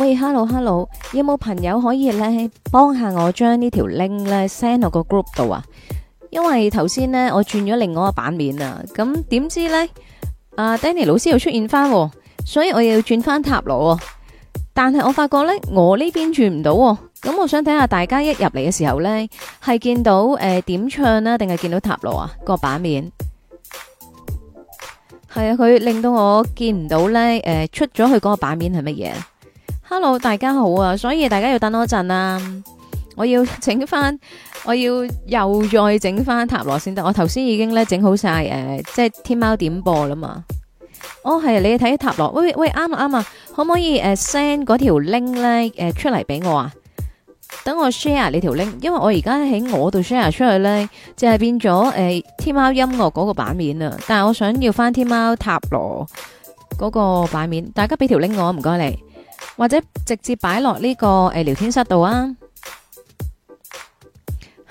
喂，hello hello，有冇朋友可以咧幫下我將呢條 link 咧 send 到個 group 度啊？因為頭先咧我轉咗另外個版面啊，咁點知咧阿、uh, Danny 老師又出現翻，所以我又要轉翻塔羅、啊。但係我發覺咧我呢邊轉唔到，咁、啊、我想睇下大家一入嚟嘅時候咧係見到誒、呃、點唱啦，定係見到塔羅啊、嗰個版面？係啊，佢令到我見唔到咧誒、呃、出咗去嗰個版面係乜嘢？hello，大家好啊！所以大家要等多陣啊，我要整翻，我要又再整翻塔羅先得。我頭先已經咧整好晒誒、呃，即係天貓點播啦嘛。哦，係啊，你睇塔羅，喂喂，啱啊啱啊，可唔可以誒 send 嗰條 link 咧誒出嚟俾我啊？等我 share 你條 link，因為我而家喺我度 share 出去咧，就係變咗誒、呃、天貓音樂嗰個版面啦。但係我想要翻天貓塔羅嗰個版面，大家俾條 link 我啊，唔該你。或者直接擺落呢個誒、呃、聊天室度啊，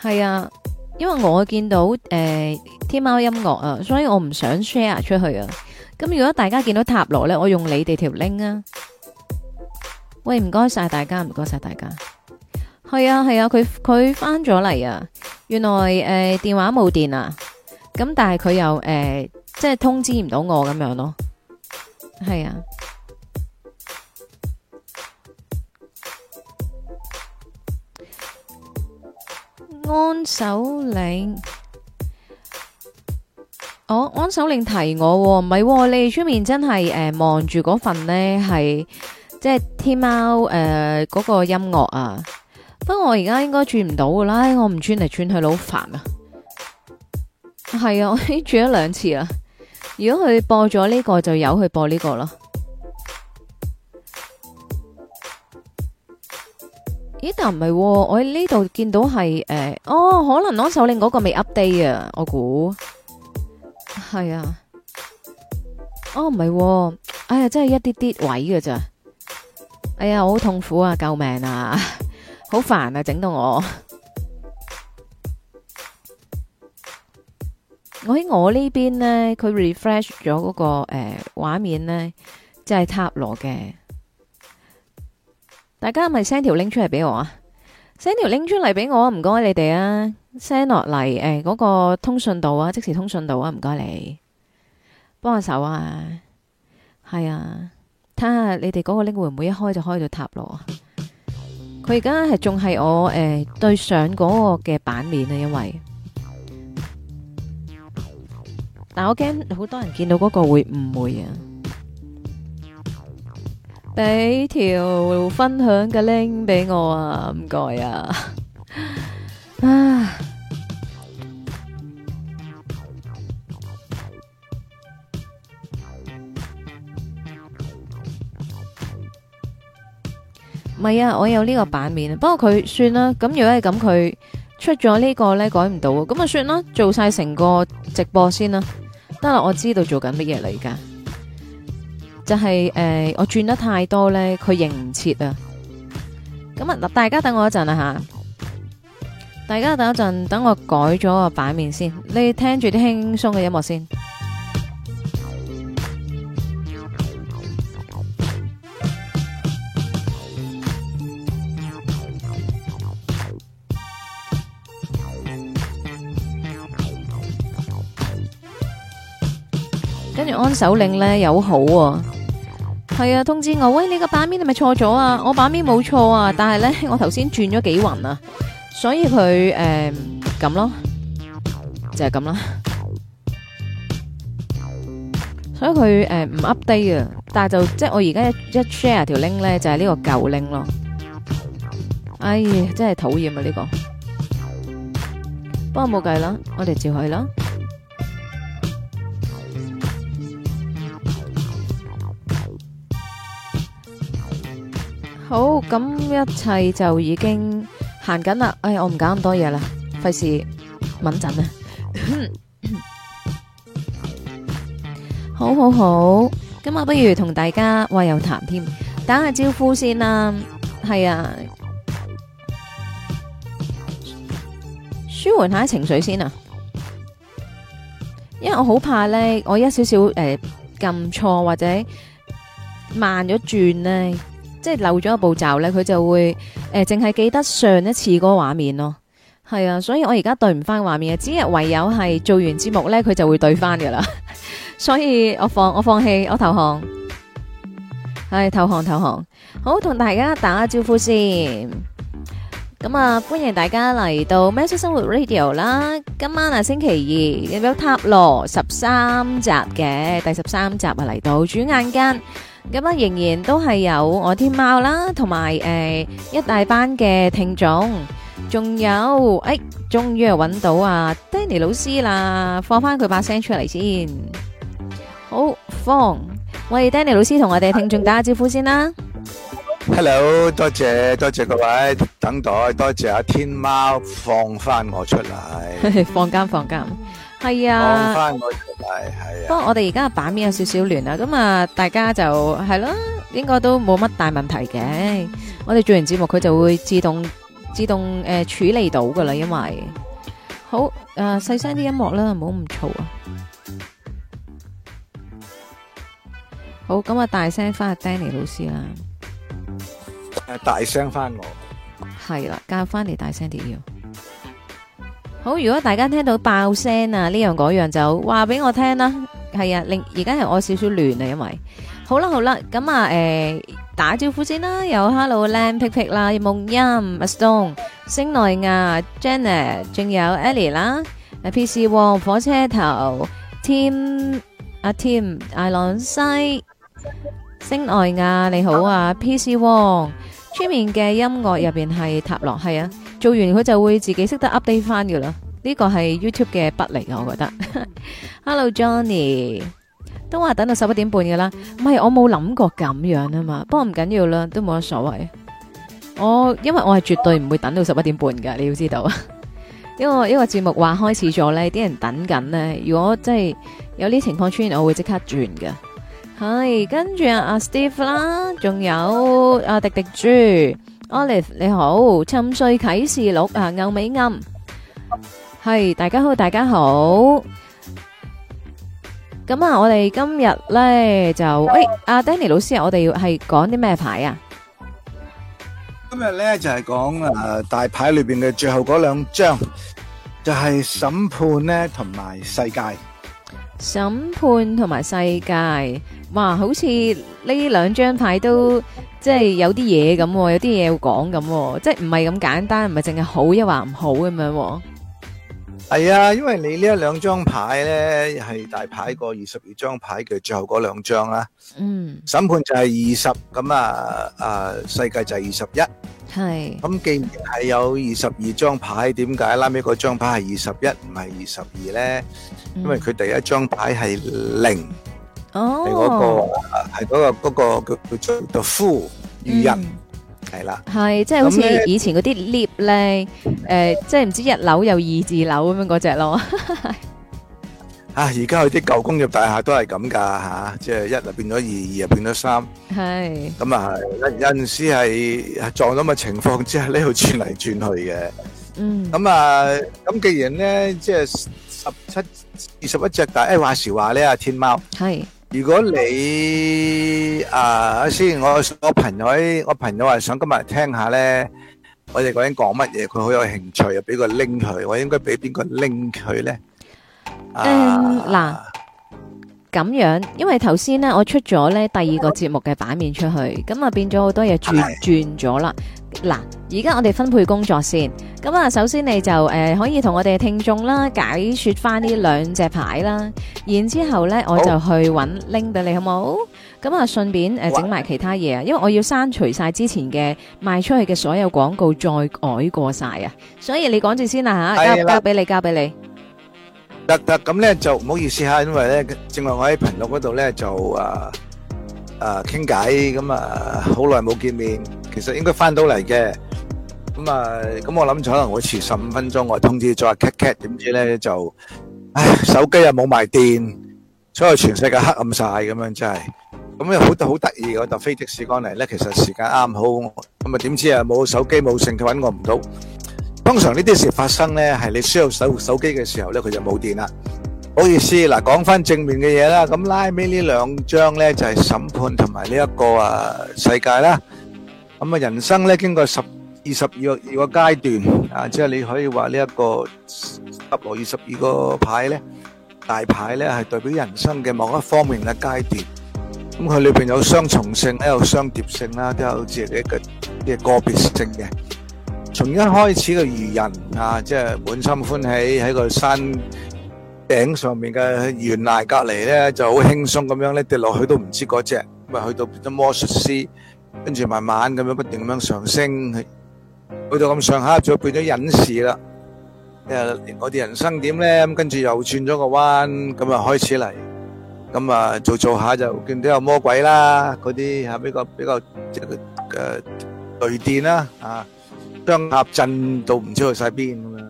係啊，因為我見到誒、呃、天貓音樂啊，所以我唔想 share 出去啊。咁如果大家見到塔羅呢，我用你哋條 link 啊。喂，唔該晒大家，唔該晒大家。係啊係啊，佢佢返咗嚟啊，原來誒、呃、電話冇電啊，咁但係佢又誒、呃、即係通知唔到我咁樣咯，係啊。啊安守領，哦，安守領提我、哦，唔係、哦，你哋出面真係誒，望住嗰份呢，係即係天喵誒嗰個音樂啊，不過我而家應該轉唔到噶啦，我唔轉嚟轉去老煩啊，係啊，我已經轉咗兩次啦，如果佢播咗呢、這個就由佢播呢個啦。咦？但唔係、哦，我喺呢度見到係誒、哎，哦，可能攞手令嗰個未 update 啊，我估係啊，是啊哦，哦唔係，哎，點點哎呀，真係一啲啲位㗎咋，哎呀，我好痛苦啊，救命啊，好煩啊，整到我， 我，我喺我呢邊咧，佢 refresh 咗嗰個誒畫面咧，即係塔羅嘅。大家係咪 send 條 link 出嚟俾我啊！send 條 link 出嚟俾我啊！唔該你哋啊，send 落嚟誒，嗰、哎嗰個通訊度啊，即時通訊度啊，唔該你，幫下手啊，係啊，睇下你哋嗰個 link 會唔會一開就開咗塔羅啊？佢而家係仲係我誒對上嗰個嘅版面啊，因為但我驚好多人見到嗰個會誤會啊。俾條分享嘅 link 俾我啊，唔該啊。唔係啊，我有呢個版面，不過佢算啦。咁如果係咁，佢出咗呢個咧，改唔到啊。咁啊，算啦，做晒成個直播先啦。得啦，我知道做緊乜嘢嚟噶。就係誒，我轉得太多咧，佢認唔切啊！咁啊，嗱，大家等我一陣啊吓，大家等一陣，等我改咗個版面先。你聽住啲輕鬆嘅音樂先。跟住安守令咧，又好喎。係啊，通知我，喂，你個版面係咪錯咗啊？我版面冇錯啊，但係咧我頭先轉咗幾雲啊，所以佢誒咁咯，就係咁啦。所以佢誒唔 update 啊，但係就即係我而家一 share 條 link 咧就係呢個舊 link 咯。哎，真係討厭啊呢個，不過冇計啦，我哋照去啦。好，咁一切就已經行緊啦。哎，我唔搞咁多嘢啦，費事搵震啊。 好好好，咁我不如同大家話又談添，打下先招呼先啦。係啊，舒緩下情緒先啊，因為我好怕咧，我一少少誒撳錯或者慢咗轉呢。即係漏咗個步驟咧，佢就會誒，淨係記得上一次嗰個畫面咯。係啊，所以我而家對唔翻畫面啊，只係唯有係做完節目咧，佢就會對翻噶啦。 所以我放我放棄我投降，係投降投降。好，同大家打招呼先。咁啊，歡迎大家嚟到《喵式生活 Radio》啦！今晚啊，星期二有塔羅十三集嘅第十三集啊，嚟到，轉眼間，咁啊，仍然都係有我天貓啦，同埋誒一大班嘅聽眾，仲有誒，終於係搵到啊，Danny 老師啦，放翻佢把聲出嚟先，好放，喂 Danny 老師同我哋聽眾打下招呼先啦。Hello，多謝多謝各位等待，多謝阿天貓放翻我出嚟， 放監放監，係啊，放翻我出嚟係啊。不過我哋而家版面有少少亂啊，咁啊，大家就係咯，啊，應該都冇乜大問題嘅。我哋做完節目，佢就會自動自動誒、呃、處理到噶啦，因為好誒細聲啲音樂啦，唔好咁嘈啊。好，咁啊大聲翻阿 Danny 老師啦。誒，大聲翻我係啦，教翻嚟大聲啲要。好，如果大家聽到爆聲啊，呢樣嗰樣就話俾我聽啦。係啊，令而家係我少少亂啊，因為好啦好啦，咁啊誒，打招呼先啦。有 Hello Lam Pip Pip 啦，夢音阿 Stone 星奈亞 Janet，仲有 Ellie 啦，誒 PC 王火車頭 Tim 阿 Tim 艾朗西星奈亞你好啊，PC 王。出面嘅音樂入邊係塔羅，係啊，做完佢就會自己識得 update 翻噶啦。呢個係 YouTube 嘅筆嚟嘅，我覺得。 Hello Johnny，都話等到十一點半噶啦，唔係我冇諗過咁樣啊嘛，不過唔緊要啦，都冇乜所謂。我因為我係絕對唔會等到十一點半噶，你要知道啊。 因為呢個節目話開始咗呢，啲人等緊呢。如果真係有啲情況出現，我會即刻轉噶。係，跟住阿、阿 Steve 啦，仲有阿迪迪豬，Olive，你好，沉睡啟示錄啊，牛尾暗，係，大家好，大家好。咁啊，我哋今日咧就誒，阿 Danny 老師，我哋要係講啲咩牌啊？今日咧就係講誒大牌裏邊嘅最後嗰兩張，就係審判咧同埋世界。審判同埋世界，哇，好似呢兩張牌都即係有啲嘢咁，有啲嘢要講咁，即係唔係咁簡單，唔係淨係好又話唔好咁樣。係啊，因為你呢一兩張牌咧係大牌過二十二張牌嘅最後嗰兩張啦。嗯，審判就係二十，咁啊啊，世界就係二十一。係。咁既然係有二十二張牌，點解拉尾嗰張牌係二十一唔係二十二咧？因為佢第一張牌係零，係、oh. 嗰、那個，係嗰、那個叫、那個那個、叫做 The Fool 愚人係啦，係即係好似以前嗰啲 lift 咧，誒、呃、即係唔知道一樓又二字樓咁樣嗰隻咯。 啊，而家佢啲舊工業大廈都係咁噶嚇，即係一啊變咗二，二啊變咗三，係咁啊，有陣時係撞到咁嘅情況之下，呢度轉嚟轉去嘅。嗯，咁啊，咁既然咧，即係十七。四十，但係話時話咧啊，天喵係。如果你啊，先我我朋友，我朋友話想今日聽下咧，我哋嗰陣講乜嘢，佢好有興趣，又俾個拎佢，我應該俾邊個拎佢咧？誒，嗱，咁樣，因為頭先咧，我出咗咧第二個節目嘅版面出去，咁啊變咗好多嘢轉轉咗啦。嗱，而家我哋分配工作先，咁啊，首先你就誒可以同我哋嘅聽眾啦解說翻呢兩隻牌啦，然之後咧我就去揾拎到你好唔好？咁啊順便誒整埋其他嘢啊，因為我要刪除晒之前嘅賣出去嘅所有廣告再改過晒啊，所以你講住先啦吓，交交俾你，交俾你。得得，咁咧就唔好意思吓，因為咧，正話我喺頻道嗰度咧就啊。誒，傾偈咁啊，好耐冇見面，其實應該翻到嚟嘅。咁啊，咁我諗住可能會遲十五分鐘，我通知咗 Cat Cat，點知咧就，唉，手機又冇埋電，所以全世界黑暗晒咁樣，真係。咁又好好得意，我搭飛的士過嚟咧，其實時間啱好。咁啊，點知啊冇手機冇剩，佢揾我唔到。通常呢啲事發生咧，係你需要手手機嘅時候咧，佢就冇電啦。唔好意思，嗱，講翻正面嘅嘢啦，咁拉尾呢兩張咧就係審判同埋呢一個啊世界啦。咁啊，人生咧經過十二十二個階段啊，即係你可以話呢一個十二十二個牌咧，大牌咧係代表人生嘅某一方面嘅階段。咁佢裏邊有雙重性咧，有相疊性啦，都有自己嘅個別性嘅。從一開始嘅愚人啊，即係滿心歡喜喺個山頂上面嘅懸崖隔籬咧，就好輕鬆咁樣咧跌落去都唔知嗰隻，咁啊去到變咗魔術師，跟住慢慢咁樣不斷咁樣上升，去到咁上下再變咗隱士啦。誒，連我哋人生點咧？咁跟住又轉咗個彎，咁啊開始嚟，咁啊做做下就見到有魔鬼啦，嗰啲吓比較比較誒雷電啦，啊，將鴨震到唔知去晒邊咁樣。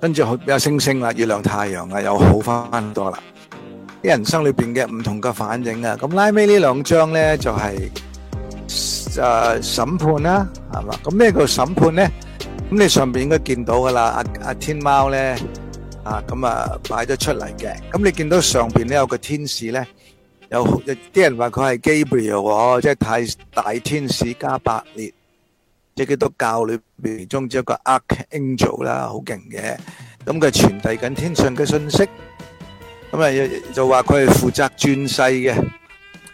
跟住好有星星啦、月亮、太陽啊，又好翻翻多啦。啲人生裏邊嘅唔同嘅反應啊，咁拉尾呢兩張咧就係誒審判啦，係嘛？咁咩叫審判咧？咁你上邊應該見到噶啦，阿阿天喵咧啊，咁啊擺咗出嚟嘅。咁你見到上邊咧有個天使咧，有啲人話佢係 Gabriel，即係太大天使加百列。基督教裏邊中其中一個 archangel 啦，好勁嘅，咁佢傳遞緊天上嘅信息。咁啊就話佢係負責轉世嘅。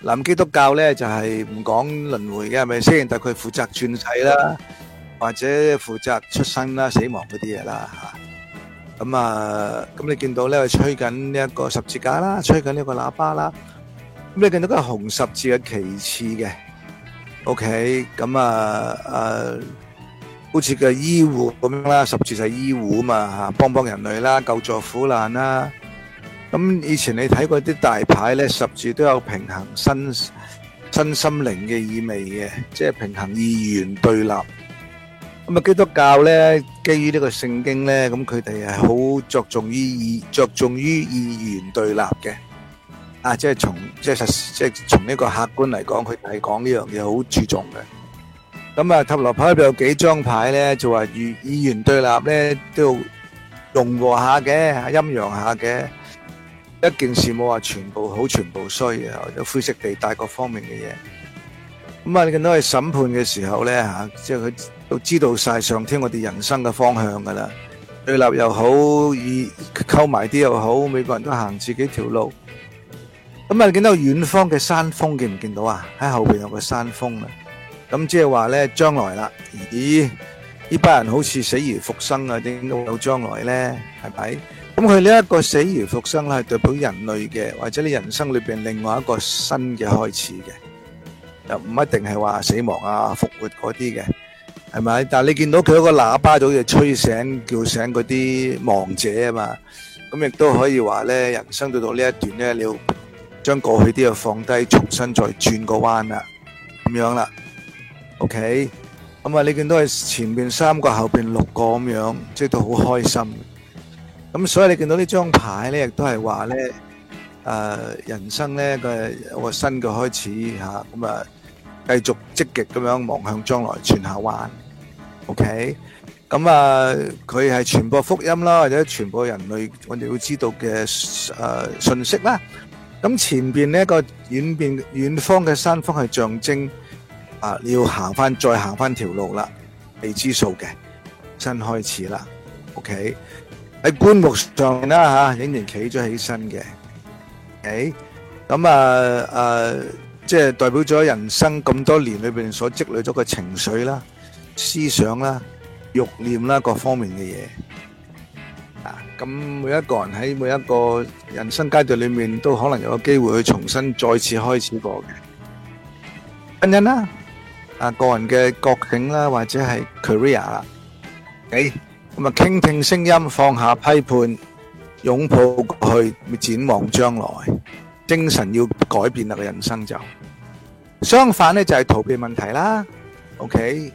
咁基督教咧就係唔講輪回嘅，係咪先？但係佢負責轉世啦，或者負責出生啦、死亡嗰啲嘢啦吓。咁啊，咁你見到咧，佢吹緊呢一個十字架啦，吹緊呢個喇叭啦。咁你見到個紅十字嘅旗幟嘅。O K，咁啊，誒、嗯嗯，好似個醫護咁啦，十字係醫護嘛吓，幫幫人類啦，救助苦難啦、啊。咁、嗯、以前你睇過啲大牌呢，十字都有平衡身、身心靈嘅意味嘅，即係平衡二元對立。咁、嗯、啊，基督教呢，基於呢個聖經呢，咁佢哋係好着重於意，着重於二元對立嘅。啊！即係從即係實即係從呢個客觀嚟講，佢係講呢樣嘢好注重嘅。咁啊，塔羅牌嗰度有幾張牌咧，就話意意願對立咧都要融合下嘅，陰陽下嘅一件事，冇話全部好，全部衰啊，或者灰色地帶各方面嘅嘢。咁啊，你見到佢審判嘅時候咧，吓即係佢都知道晒上天，我哋人生嘅方向㗎喇，對立又好，以溝埋啲又好，每個人都行自己條路。咁啊！見到遠方嘅山峰，見唔見到啊？喺後邊有個山峰啦、啊。咁即係話呢，將來啦，咦？呢班人好似死而復生啊！點解會有將來呢？係咪？咁佢呢一個死而復生咧，係代表人類嘅，或者你人生裏邊另外一個新嘅開始嘅，又唔一定係話死亡啊、復活嗰啲嘅，係咪？但係你見到佢有個喇叭組就吹醒叫醒嗰啲亡者啊嘛，咁亦都可以話呢，人生到到呢一段呢。了。將過去啲嘢放低，重新再轉個彎啦，咁樣啦，OK，咁啊，你見到係前面三個，後邊六個咁樣，即係都好開心。咁所以你見到呢張牌咧，亦都係話咧，誒，人生咧有個新嘅開始吓，咁啊，繼續積極咁樣望向將來，轉下彎，OK，咁啊，佢係傳播福音啦，或者傳播人類我哋要知道嘅誒信息啦。咁前邊呢一個遠邊遠方嘅山峰係象徵啊，你要行翻再行翻條路啦，未知數嘅新開始啦。OK，喺棺木上啦吓，仍然企咗起身嘅。誒，咁啊誒，即係代表咗人生咁多年裏邊所積累咗嘅情緒啦、思想啦、欲念啦各方面嘅嘢。咁每一個人喺每一個人生階段裏面，都可能有個機會去重新再次開始過嘅。婚姻啦，啊個人嘅覺醒啦，或者係 career 啦，誒，咁啊傾聽聲音，放下批判，擁抱過去，展望將來，精神要改變啦，個人生就。相反呢就係逃避問題啦，OK，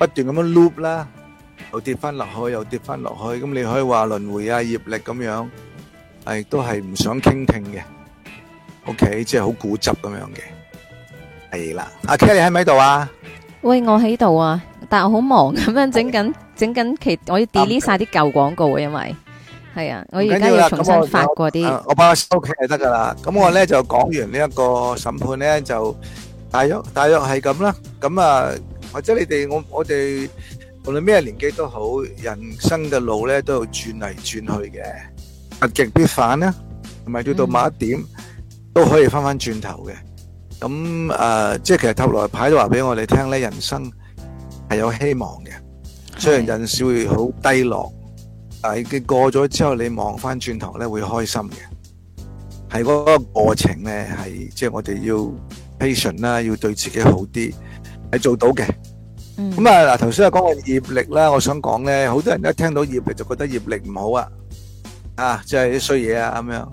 不斷咁樣 loop 啦。又跌翻落去，又跌翻落去，咁你可以話輪回啊、業力咁樣，係都係唔想傾聽嘅。OK，即係好固執咁樣嘅，係啦。阿 K，你喺唔喺度啊？喂，我喺度啊，但係我好忙咁樣整緊，整緊其我要 delete 晒啲舊廣告啊，因為係啊，我而家要重新發過啲。我把我收起就得噶啦。咁我咧就講完呢一個審判咧，就大約大約係咁啦。咁啊或者你哋我我哋。無論咩年紀都好，人生嘅路咧都要轉嚟轉去嘅，物極必反啦，啊，同埋做到某一點都可以翻翻轉頭嘅。咁、mm、誒 -hmm. 呃，即係其實塔羅牌都話俾我哋聽咧，人生係有希望嘅。雖然人少會好低落，mm -hmm. 但係嘅過咗之後，你望翻轉頭咧會開心嘅。係嗰個過程咧，係即係我哋要 patient 啦，要對自己好啲，係做到嘅。咁啊，嗱，頭先啊講個業力啦，我想講咧，好多人一聽到業力就覺得業力唔好啊，啊，即係啲衰嘢啊咁樣，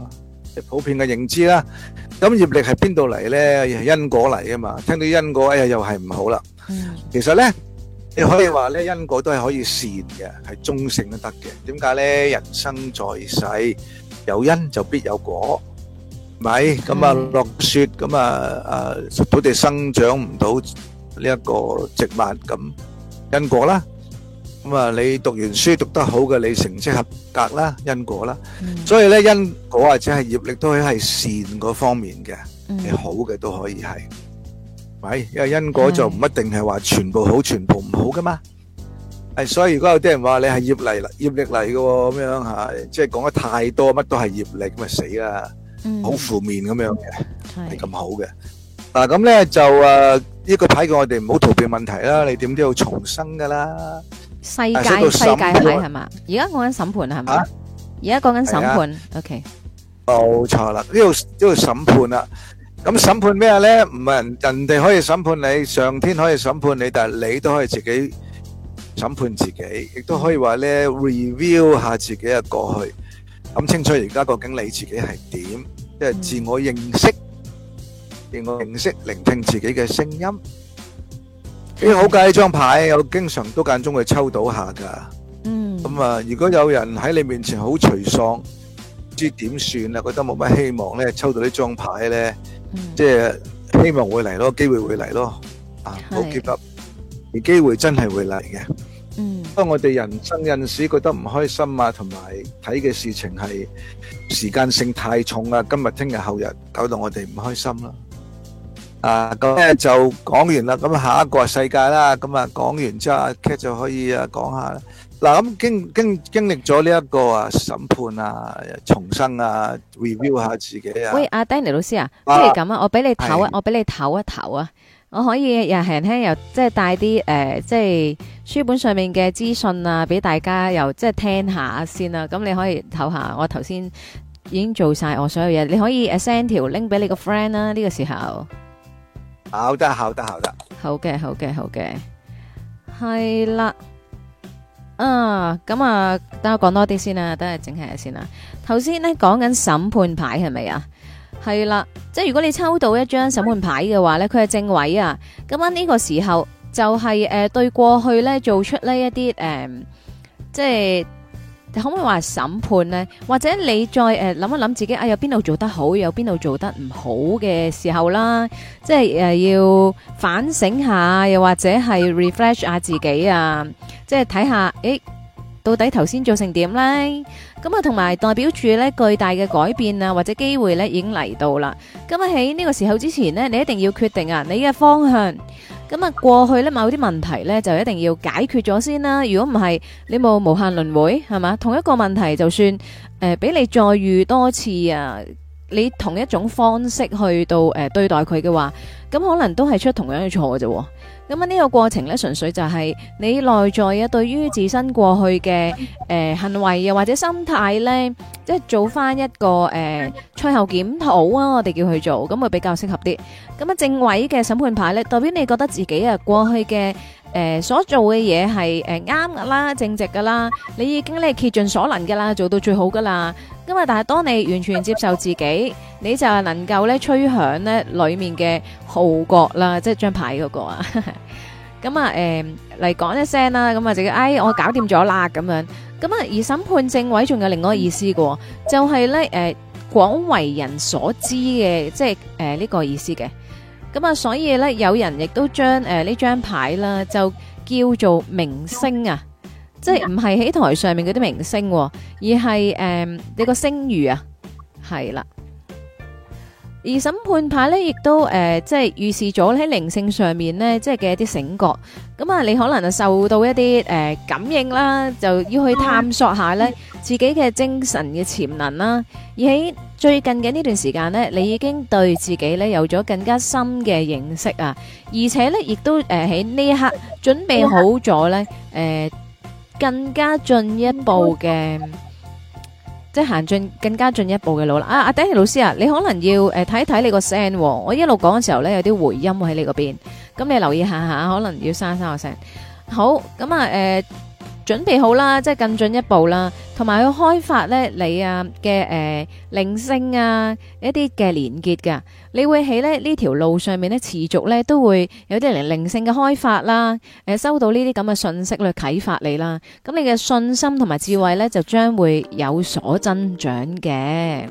即係普遍嘅認知啦。咁業力係邊度嚟咧？因果嚟啊嘛。聽到因果，哎呀，又係唔好啦。其實咧，你可以話咧，因果都係可以善嘅，係中性都得嘅。點解咧？人生在世，有因就必有果，咪？咁啊，落雪，咁啊，誒，土地生長唔到。呢一個植物咁因果啦，咁啊你讀完書讀得好嘅，你成績合格啦，因果啦。所以咧，因果或者係業力都可以係善嗰方面嘅，係好嘅都可以係。喂，因為因果就唔一定係話全部好，全部唔好噶嘛，係所以如果有啲人話你係業力啦，業力嚟嘅咁樣吓，即係講得太多，乜都係業力咁啊死啦，好負面咁樣嘅，係咁好嘅。嗱咁咧就誒，呢個牌嘅我哋唔好逃避問題啦，你點都要重生噶啦。世界世界牌係咪？而家講緊審判係咪？而家講緊審判，OK，冇錯啦，呢度呢度審判啦。咁審判咩咧？唔係人人哋可以審判你，上天可以審判你，但係你都可以自己審判自己，亦都可以話咧 review 下自己嘅過去，咁清楚而家究竟你自己係點，即係自我認識。令我認識聆聽自己嘅聲音，咁好嘅，呢張牌，我經常都間中會抽到下噶。嗯，咁啊，如果有人喺你面前好沮喪，唔知點算呀，覺得冇乜希望咧，抽到呢張牌咧，即係希望會嚟咯，機會會嚟咯。啊，冇記得，而機會真係會嚟嘅。嗯，當我哋人生有陣時，覺得唔開心啊，同埋睇嘅事情係時間性太重啊，今日、聽日、後日搞到我哋唔開心啦。啊，咁咧就講完啦。咁下一個世界啦。咁啊，講完之後，阿、啊、Cat 就可以啊講下啦。嗱、啊，咁經經經歷咗呢一個啊審判啊重生啊 review 下自己啊。喂，阿、啊、Danny 老師啊，不如咁啊，我俾你唞啊，啊，我俾你唞一唞啊。我可以天天又輕輕又即係帶啲誒，即、呃、係、就是、書本上面嘅資訊啊，俾大家又即係、就是、聽下先啦、啊。咁你可以唞下、啊，我頭先已經做晒我所有嘢，你可以 send 條拎俾你個 friend 啦。呢、這個時候。好得，好得，好得。好嘅，好嘅，好嘅，係啦。啊，咁啊，等我講多啲先啊，等我整下先啦。頭先咧講緊審判牌係咪啊？係啦，即係如果你抽到一張審判牌嘅話咧，佢係正位啊。咁喺呢個時候就係、是、誒、呃、對過去咧做出呢一啲誒、呃，即係。可唔可以話審判呢？或者你再誒諗一諗自己，啊有邊度做得好，有邊度做得唔好嘅時候啦，即係誒要反省下，又或者係 refresh 下自己啊，即係睇下，誒到底頭先做成點呢？咁啊，同埋代表住呢巨大嘅改變啊，或者機會呢已經嚟到啦。咁啊，喺呢個時候之前呢，你一定要決定啊，你嘅方向。咁啊，過去咧某啲問題咧就一定要解決咗先啦。如果唔係，你冇無限輪迴係嘛？同一個問題就算誒俾、呃、你再遇多次啊。你同一種方式去到誒、呃、對待佢嘅話，咁可能都係出同樣嘅錯嘅啫。咁啊呢個過程咧，純粹就係你內在啊對於自身過去嘅誒、呃、行為又或者心態咧，即係做翻一個誒賽、呃、後檢討啊，我哋叫佢做，咁會比較適合啲。咁啊正位嘅審判牌咧，代表你覺得自己啊過去嘅。誒、呃，所做嘅嘢係誒啱噶啦，正直噶啦，你已經咧竭盡所能噶啦，做到最好噶啦。咁啊，但係當你完全接受自己，你就係能夠咧吹響咧裏面嘅號角啦，即係張牌嗰、那個啊。咁啊，誒嚟講一聲啦，咁、嗯、啊，就叫哎我搞掂咗啦，咁樣。咁啊，而審判正位仲有另外一個意思嘅，就係咧誒廣為人所知嘅，即係誒呢個意思嘅。咁啊，所以咧，有人亦都將誒呢、呃、張牌啦，就叫做明星啊，即係唔係喺台上面嗰啲明星、啊，而係誒、呃、你個聲譽啊，係啦。而審判牌咧，亦都誒、呃，即係預示咗喺靈性上面咧，即係嘅一啲醒覺。咁啊，你可能啊受到一啲誒、呃、感應啦，就要去探索下咧自己嘅精神嘅潛能啦。而喺最近嘅呢段時間呢，你已經對自己咧有咗更加深嘅認識啊，而且咧亦都誒喺呢一刻準備好咗咧，誒、呃、更加進一步嘅。即係行進更加進一步嘅路啦，阿阿 Danny 老師啊，你可能要誒睇一睇你個聲，哦，我一路講嘅時候咧有啲回音喺你嗰邊，咁你留意下下，可能要閂閂個聲，好，咁啊誒。呃準備好啦，即係更進一步啦，同埋去開發咧你啊嘅誒靈性啊一啲嘅連結噶，你會喺咧呢條路上面咧持續咧都會有啲靈靈性嘅開發啦，誒收到呢啲咁嘅信息去啟發你啦，咁你嘅信心同埋智慧咧就將會有所增長嘅。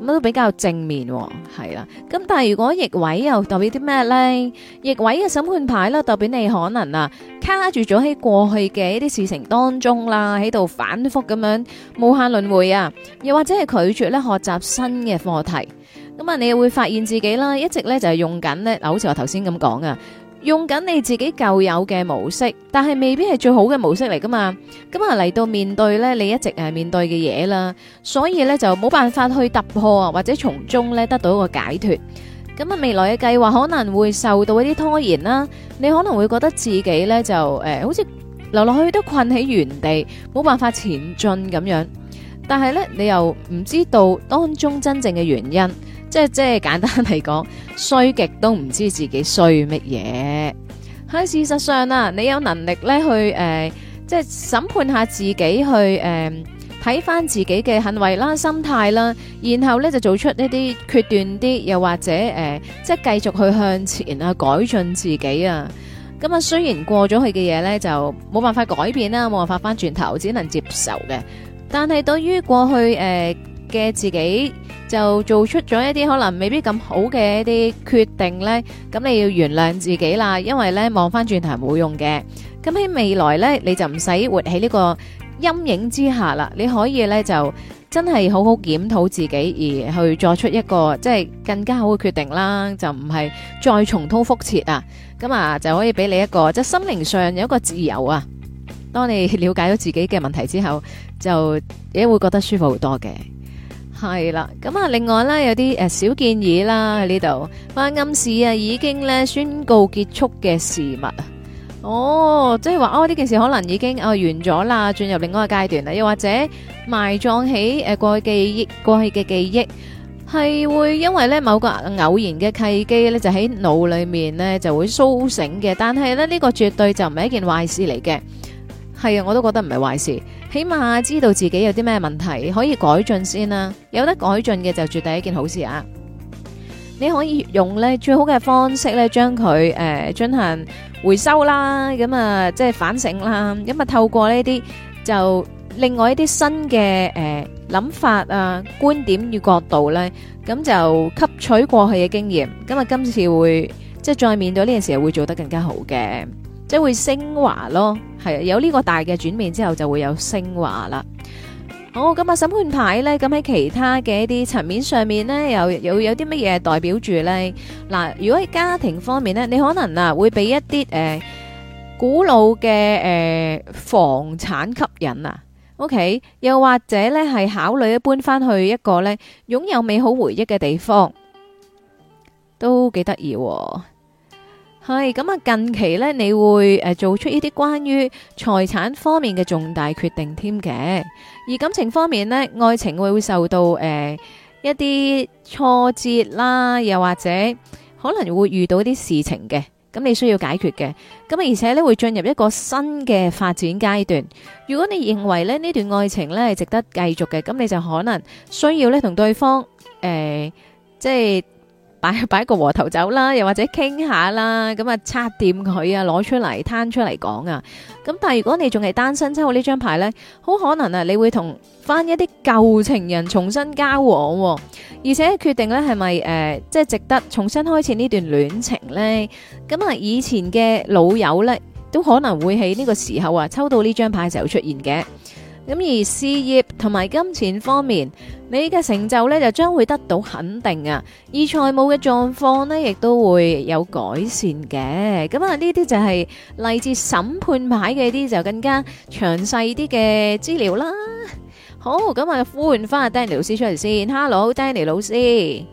咁都比較正面喎，係啦。咁但係如果逆位又代表啲咩呢？逆位嘅審判牌咧，代表你可能啊卡住咗喺過去嘅一啲事情當中啦，喺度反覆咁樣無限輪迴啊，又或者係拒絕咧學習新嘅課題。咁啊，你會發現自己啦，一直咧就係用緊呢，嗱，好似我頭先咁講啊。用緊你自己舊有嘅模式，但係未必係最好嘅模式嚟噶嘛？咁啊嚟到面對呢，你一直係面對嘅嘢啦，所以呢就冇辦法去突破啊，或者從中呢得到一個解脫。咁啊未來嘅計劃可能會受到一啲拖延啦，你可能會覺得自己呢就誒好似流落去都困喺原地，冇辦法前進咁樣。但係呢你又唔知道當中真正嘅原因。即係即係簡單嚟講，衰極都唔知自己衰乜嘢。喺事實上你有能力咧去誒、呃，即係審判下自己，去誒睇翻自己嘅行為啦、心態啦，然後咧就做出一啲決斷啲，又或者誒、呃，即係繼續去向前啊，改進自己啊。咁、嗯、啊，雖然過咗去嘅嘢咧就冇辦法改變啦，冇辦法翻轉頭，只能接受嘅。但係對於過去誒嘅、呃、自己。就做出咗一啲可能未必咁好嘅一啲決定呢，咁你要原諒自己啦，因為呢望翻轉頭係冇用嘅。咁喺未來呢，你就唔使活喺呢個陰影之下啦。你可以呢，就真係好好檢討自己，而去作出一個即係、就是、更加好嘅決定啦，就唔係再重蹈覆轍啊。咁啊就可以俾你一個即係、就是、心靈上有一個自由啊。當你了解到自己嘅問題之後，就你會覺得舒服好多嘅。係啦，咁啊，另外咧有啲誒、呃、小建議啦喺呢度，翻暗示啊，已經咧宣告結束嘅事物，哦，即係話哦呢件事可能已經哦、呃、完咗啦，進入另外一個階段啦，又或者埋葬起誒、呃、過去記憶過去嘅記憶，係會因為咧某個偶然嘅契機咧，就喺腦裏面咧就會蘇醒嘅，但係咧呢、這個絕對就唔係一件壞事嚟嘅，係啊，我都覺得唔係壞事。起碼知道自己有啲咩問題可以改進先啦，有得改進嘅就絕對一件好事啊！你可以用咧最好嘅方式咧，將佢誒進行回收啦，咁啊即係反省啦，咁啊透過呢啲就另外一啲新嘅誒諗法啊觀點與角度咧，咁就吸取過去嘅經驗，咁啊今次會即係再面對呢件事會做得更加好嘅。即係會升華咯，係啊，有呢個大嘅轉變之後，就會有升華啦。好，咁啊，審判牌咧，咁喺其他嘅一啲層面上面咧，又有有啲乜嘢代表住咧？嗱，如果喺家庭方面咧，你可能啊會俾一啲誒古老嘅誒房產吸引啊。O K，又或者咧係考慮搬翻去一個咧擁有美好回憶嘅地方，都幾得意喎。係咁啊！近期咧，你會誒做出呢啲關於財產方面嘅重大決定添嘅。而感情方面咧，愛情會會受到誒、呃、一啲挫折啦，又或者可能會遇到啲事情嘅。咁你需要解決嘅。咁而且咧會進入一個新嘅發展階段。如果你認為咧呢段愛情咧值得繼續嘅，咁你就可能需要咧同對方誒、呃、即係。擺擺一個和頭酒啦，又或者傾下啦，咁啊，拆掂佢啊，攞出嚟攤出嚟講啊。咁但係如果你仲係單身抽呢張牌呢，好可能啊，你會同翻一啲舊情人重新交往，而且決定咧係咪誒，即係值得重新開始呢段戀情呢？咁啊，以前嘅老友呢，都可能會喺呢個時候啊，抽到呢張牌嘅時候出現嘅。咁而事業同埋金錢方面，你嘅成就咧就將會得到肯定啊！而財務嘅狀況呢，亦都會有改善嘅。咁啊，呢啲就係嚟自審判牌嘅一啲就更加詳細啲嘅資料啦。好，咁啊，呼喚翻阿 Danny 老師出嚟先。Hello，Danny 老師。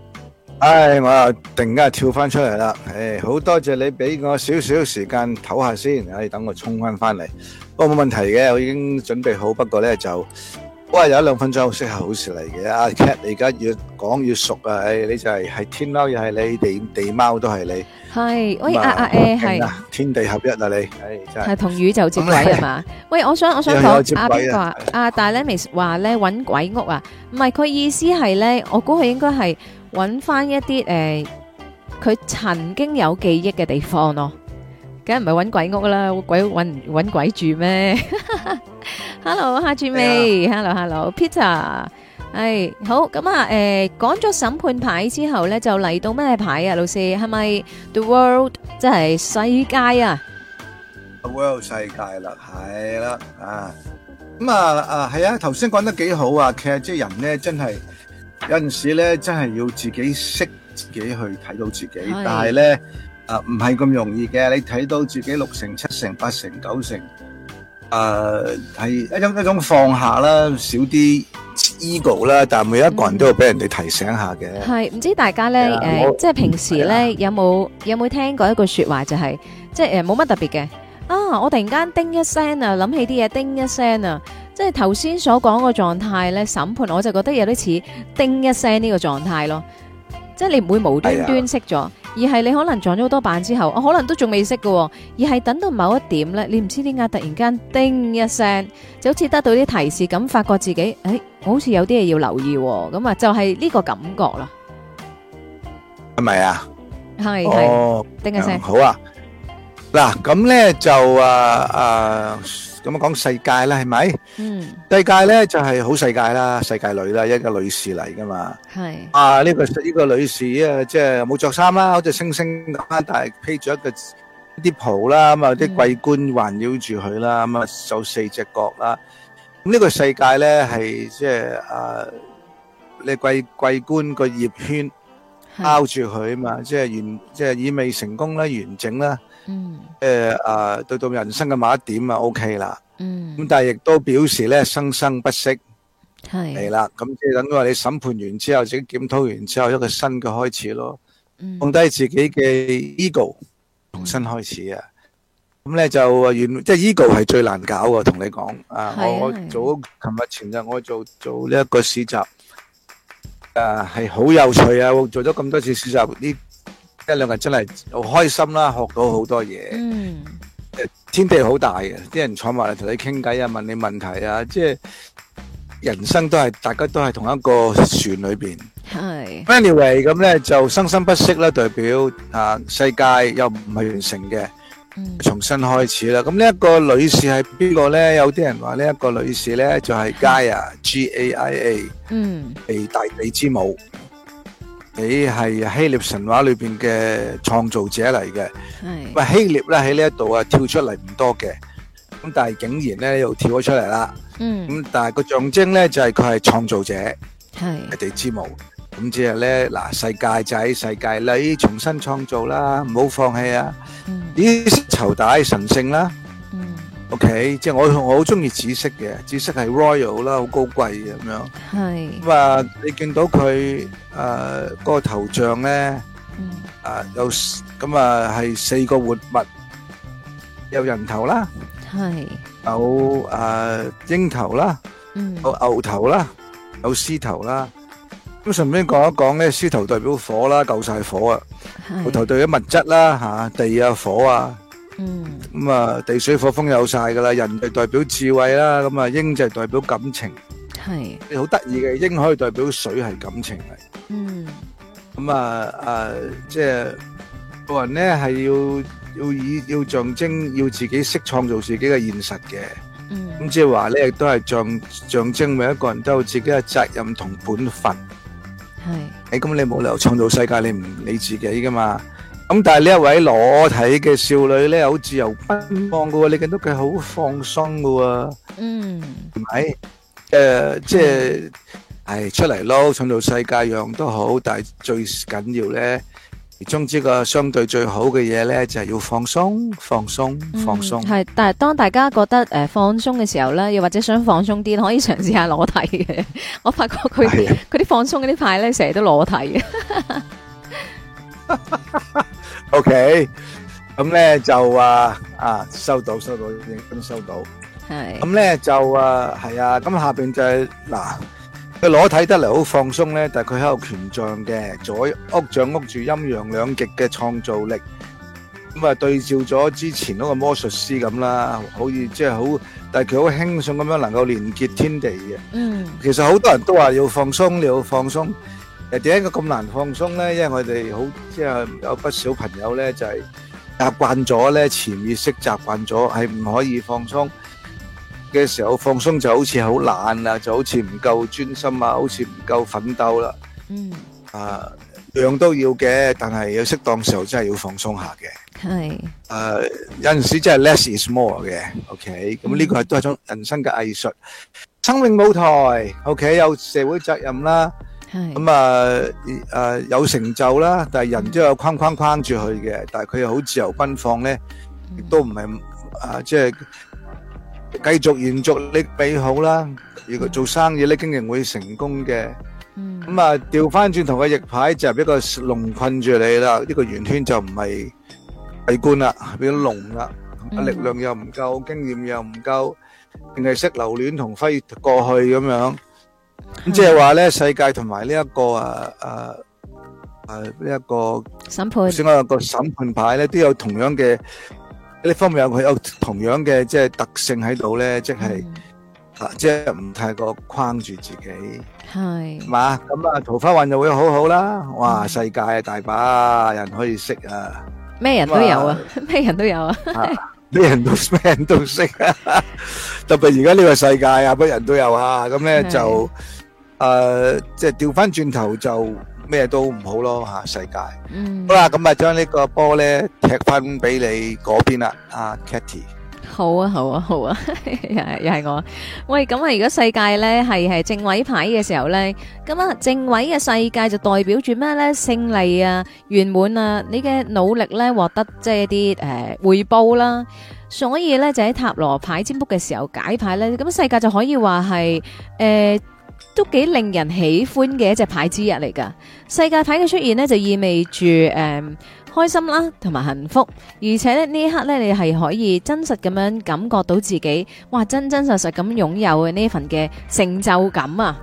唉，我呀突然間跳翻出嚟啦！唉，好多謝你俾我少少時間唞下先，唉，等我沖翻翻嚟，不過冇問題嘅，我已經準備好。不過咧就，喂，有一兩分鐘好適合好事嚟嘅。阿 cat，你而家越講越熟啊！唉，你就係係天貓又係你地地貓都係你，係喂阿阿誒，係天地合一啊你，係同宇宙接軌係嘛？喂，我想我想講阿邊個話，阿大 Lemis 話咧搵鬼屋啊，唔係佢意思係咧，我估佢應該係。揾翻一啲誒，佢曾經有記憶嘅地方咯，梗係唔係揾鬼屋啦，鬼揾揾鬼住咩？Hello，夏志偉，Hello，Hello，Peter，誒，好，咁啊，誒，講咗審判牌之後咧，就嚟到咩牌啊？老師係咪 The World，即係世界啊？The World 世界啦，係啦，啊，咁啊啊，係啊，頭先講得幾好啊，其實即係人咧，真係。有陣時咧，真係要自己識自己去睇到自己，但係咧，誒，唔係咁容易嘅。你睇到自己六成、七成、八成、九成，誒、呃，係一種一種放下啦，少啲 ego 啦。但係每一個人都要俾人哋提醒下嘅。係、嗯，唔知大家咧，誒、呃，即係平時咧有冇有冇聽過一句說話、就是，就係即係誒冇乜特別嘅啊！我突然間叮一聲啊，諗起啲嘢，叮一聲啊。即係頭先所講個狀態咧，審判我就覺得有啲似叮一聲呢個狀態咯。即係你唔會無端端識咗，哎，而係你可能撞咗好多板之後，我可能都仲未識嘅，而係等到某一點咧，你唔知點解突然間叮一聲，就好似得到啲提示咁，發覺自己誒、哎，我好似有啲嘢要留意，咁、嗯、啊，就係、是、呢個感覺啦。係咪啊？係係、哦，叮一聲，好啊。嗱，咁咧就啊啊。啊咁啊，講世界啦，係咪？嗯，世界咧就係好世界啦，世界女啦，一個女士嚟噶嘛。係。啊，呢個呢個女士啊，即係冇着衫啦，好似星星咁，但係披住一個啲袍啦，咁啊啲桂冠環繞住佢啦，咁啊有四隻角啦。咁呢個世界咧係即係啊，你桂桂冠個葉圈包住佢啊嘛，即係完即係以未成功啦，完整啦。嗯，即係到到人生嘅某一點啊，OK 啦。嗯，咁但係亦都表示咧生生不息係嚟啦。咁即係等於話你審判完之後，自己檢討完之後，一個新嘅開始咯。嗯、放低自己嘅 ego，重新開始啊。咁、嗯、咧、嗯嗯、就原即係、就是、ego 係最難搞嘅，同你講啊。我、啊、我做，琴日前日我做做呢一個市集，誒係好有趣啊！我做咗咁多次市集呢？一兩日真係好開心啦，學到好多嘢。嗯，誒，天地好大嘅，啲人坐埋嚟同你傾偈啊，問你問題啊，即係人生都係，大家都係同一個船裏邊。係、anyway, anyway 咁咧就生生不息啦，代表啊世界又唔係完成嘅，mm. 重新開始啦。咁呢一個女士係邊個咧？有啲人話呢一個女士咧就係佳亞，G A I A。嗯。係大地之母。你係希臘神話裏邊嘅創造者嚟嘅，喂希臘咧喺呢一度啊跳出嚟唔多嘅，咁但係竟然咧又跳咗出嚟啦，咁但係個象徵咧就係佢係創造者，大地之母，咁即係咧嗱世界仔世界女重新創造啦，唔好放棄啊，呢啲籌大神聖啦。O.K. 即係我好我好中意紫色嘅，紫色係 Royal 啦，好高貴嘅咁樣。係咁啊！你見到佢誒個頭像咧，啊有咁啊係四個活物，有人頭啦，係有誒鷹頭啦，有牛頭啦，有獅頭啦。咁順便講一講咧，獅頭代表火啦，夠晒火啊，牛頭代表物質啦，吓地啊火啊。嗯，咁啊，地水火風有晒噶啦，人就代表智慧啦，咁啊，鷹就代表感情，係好得意嘅，鷹可以代表水係感情嚟，嗯，咁啊，誒，即係個人咧係要要以要象徵要自己識創造自己嘅現實嘅，嗯，咁即係話咧亦都係象象徵每一個人都有自己嘅責任同本分，係，誒，咁你冇理由創造世界，你唔理自己噶嘛。咁但係呢一位裸體嘅少女咧，好自由奔放嘅，你見到佢好放鬆嘅，嗯，唔係，誒，即係，係出嚟囉，創造世界樣都好，但係最緊要咧，其中之一個相對最好嘅嘢咧，就係要放鬆，放鬆，放鬆。係，但係當大家覺得誒放鬆嘅時候咧，又或者想放鬆啲，可以嘗試下裸體嘅。我發覺佢佢啲放鬆嗰啲派咧，成日都裸體嘅。O.K. 咁咧就啊啊收到收到已經收到，係咁咧就啊係啊，咁下邊就係嗱，佢裸體得嚟好放鬆咧，但係佢喺度權杖嘅左屋掌屋住陰陽兩極嘅創造力，咁啊對照咗之前嗰個魔術師咁啦，好似即係好，但係佢好輕鬆咁樣能夠連結天地嘅，嗯，其實好多人都話要放鬆，你要放鬆。誒，點解佢咁難放鬆咧？因為我哋好即係有不少朋友咧，就係習慣咗咧，潛意識習慣咗係唔可以放鬆嘅時候，放鬆就好似好懶啊，就好似唔夠專心啊，好似唔夠奮鬥啦。嗯。啊，樣都要嘅，但係有適當時候真係要放鬆下嘅。係。誒，有陣時真係 less is more 嘅，OK。咁呢個都係種人生嘅藝術。生命舞台，OK，有社會責任啦。咁啊，誒有成就啦，但係人都有框框框住佢嘅，但係佢又好自由奔放咧，亦都唔係啊，即係繼續延續你比好啦。如果做生意咧，經營會成功嘅。咁啊，調翻轉頭嘅逆牌就係一個籠困住你啦，呢個圓圈就唔係閉關啦，變咗籠啦，力量又唔夠，經驗又唔夠，淨係識留戀同揮過去咁樣。咁即係話咧，世界同埋呢一個啊啊啊呢一個，所以我個審判牌咧都有同樣嘅呢方面有佢有同樣嘅即係特性喺度咧，即係，嗯、啊，即係唔太過框住自己係，嘛咁啊桃花運就會好好啦。哇，嗯、世界大把人可以識啊，咩人都有啊，啊，咩人都有啊。 咩人都咩人都識啊，特別而家呢個世界啊，乜人都有啊，咁咧就誒，即係調翻轉頭就咩都唔好咯吓，世界。嗯。好啦，咁啊，將呢個波咧踢翻俾你嗰邊啦，阿 Katie。好啊！好啊！好啊！又係又係我。喂，咁啊，如果世界呢係係正位牌嘅時候呢，咁啊正位嘅世界就代表住咩呢？勝利啊，圓滿啊，你嘅努力呢獲得即係一啲誒回報啦。所以呢就喺塔羅牌占卜嘅時候解牌呢，咁世界就可以話係誒都幾令人喜歡嘅一隻牌之一嚟㗎。世界牌嘅出現呢就意味住誒。開心啦、啊，同埋幸福，而且咧，呢呢一刻咧，你係可以真實咁樣感覺到自己，哇真真實實咁擁有呢份嘅成就感啊！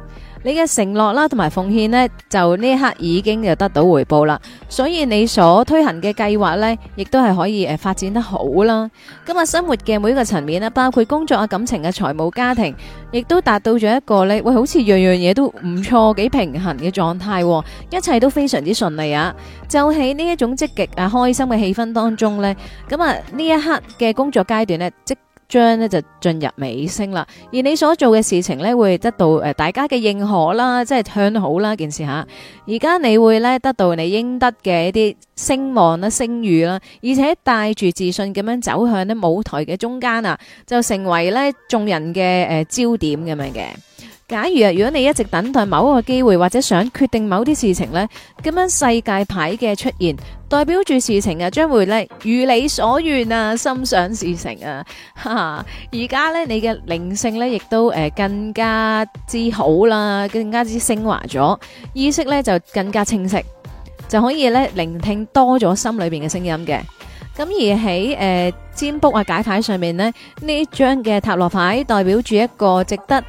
你嘅承諾啦，同埋奉獻呢，就呢一刻已經就得到回報啦。所以你所推行嘅計劃呢，亦都係可以誒發展得好啦。咁啊生活嘅每一個層面包括工作啊、感情嘅財務、家庭，亦都達到咗一個咧，喂，好似樣樣嘢都唔錯，幾平衡嘅狀態，一切都非常之順利啊！就喺呢一種積極啊、開心嘅氣氛當中呢，咁啊呢一刻嘅工作階段呢。即。將呢就進入尾聲啦，而你所做嘅事情呢，會得到誒大家嘅認可啦，即係向好啦件事吓。而家你會呢得到你應得嘅一啲聲望啦、聲譽啦，而且帶住自信咁樣走向呢舞台嘅中間啊，就成為呢眾人嘅誒焦點咁樣嘅。假如啊，如果你一直等待某一個機會，或者想決定某啲事情呢，咁樣，世界牌嘅出現，代表住事情啊，將會咧如你所願啊，心想事成啊。而家呢，你嘅靈性呢亦都誒更加之好啦，更加之升華咗，意識呢就更加清晰，就可以呢聆聽多咗心裏邊嘅聲音嘅。咁而喺誒、呃、占卜啊解牌上面呢，呢張嘅塔羅牌代表住一個值得。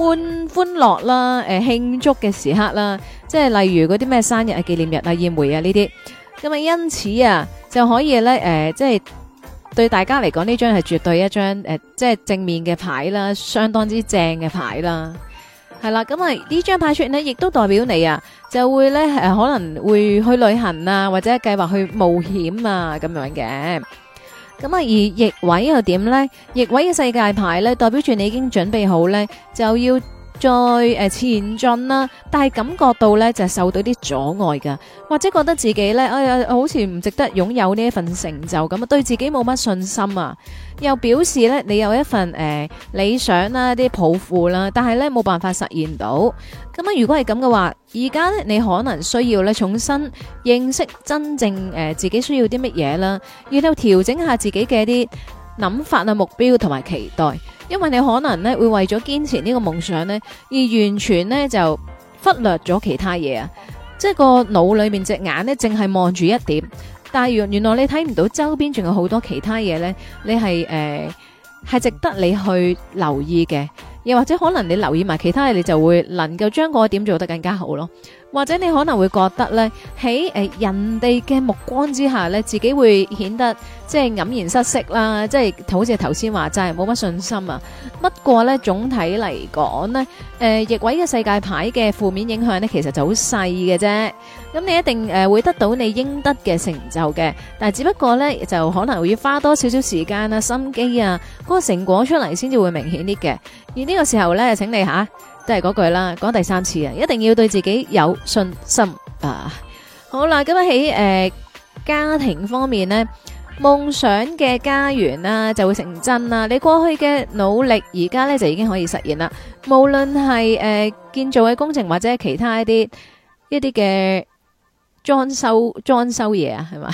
歡歡樂啦，誒、呃、慶祝嘅時刻啦，即係例如嗰啲咩生日啊、紀念日啊、宴會啊呢啲，咁啊因此啊就可以咧，誒、呃、即係對大家嚟講呢張係絕對一張誒、呃、即係正面嘅牌啦，相當之正嘅牌啦，係啦，咁啊呢張牌出現呢，亦都代表你啊就會咧誒可能會去旅行啊或者計劃去冒險啊咁樣嘅。咁啊，而逆位又點咧？逆位嘅世界牌咧，代表住你已經準備好咧，就要再前進啦，但係感覺到呢就係受到啲阻礙㗎，或者覺得自己呢好似唔值得擁有呢一份成就咁啊，對自己冇乜信心啊，又表示呢你有一份誒理想啦、啲抱負啦，但係呢冇辦法實現到。咁啊，如果係咁嘅話，而家呢你可能需要呢重新認識真正誒自己需要啲乜嘢啦，要到調整下自己嘅啲諗法啊、目標同埋期待。因為你可能咧，會為咗堅持呢個夢想咧，而完全咧就忽略咗其他嘢啊，即係個腦裏面的眼隻眼咧，淨係望住一點，但係原原來你睇唔到周邊仲有好多其他嘢咧，你係誒係值得你去留意嘅，又或者可能你留意埋其他嘢，你就會能夠將嗰一點做得更加好咯。或者你可能會覺得呢喺，誒、呃、人哋嘅目光之下呢，自己會顯得即係黯然失色啦，即係好似頭先話，真係冇乜信心啊。不過呢，總體嚟講呢誒、呃、逆位嘅世界牌嘅負面影響呢，其實就好細嘅啫。咁你一定誒、呃、會得到你應得嘅成就嘅，但係只不過呢，就可能會花多少少時間啊、心機啊，嗰、那個成果出嚟先至會明顯啲嘅。而呢個時候呢，請你吓。即係嗰句啦，講第三次啊，一定要對自己有信心啊！好啦，咁啊喺誒家庭方面呢，夢想嘅家園啊就會成真啦！你過去嘅努力而家呢就已經可以實現啦！無論係誒建造嘅工程或者其他一啲一啲嘅。裝修裝修嘢啊，係嘛，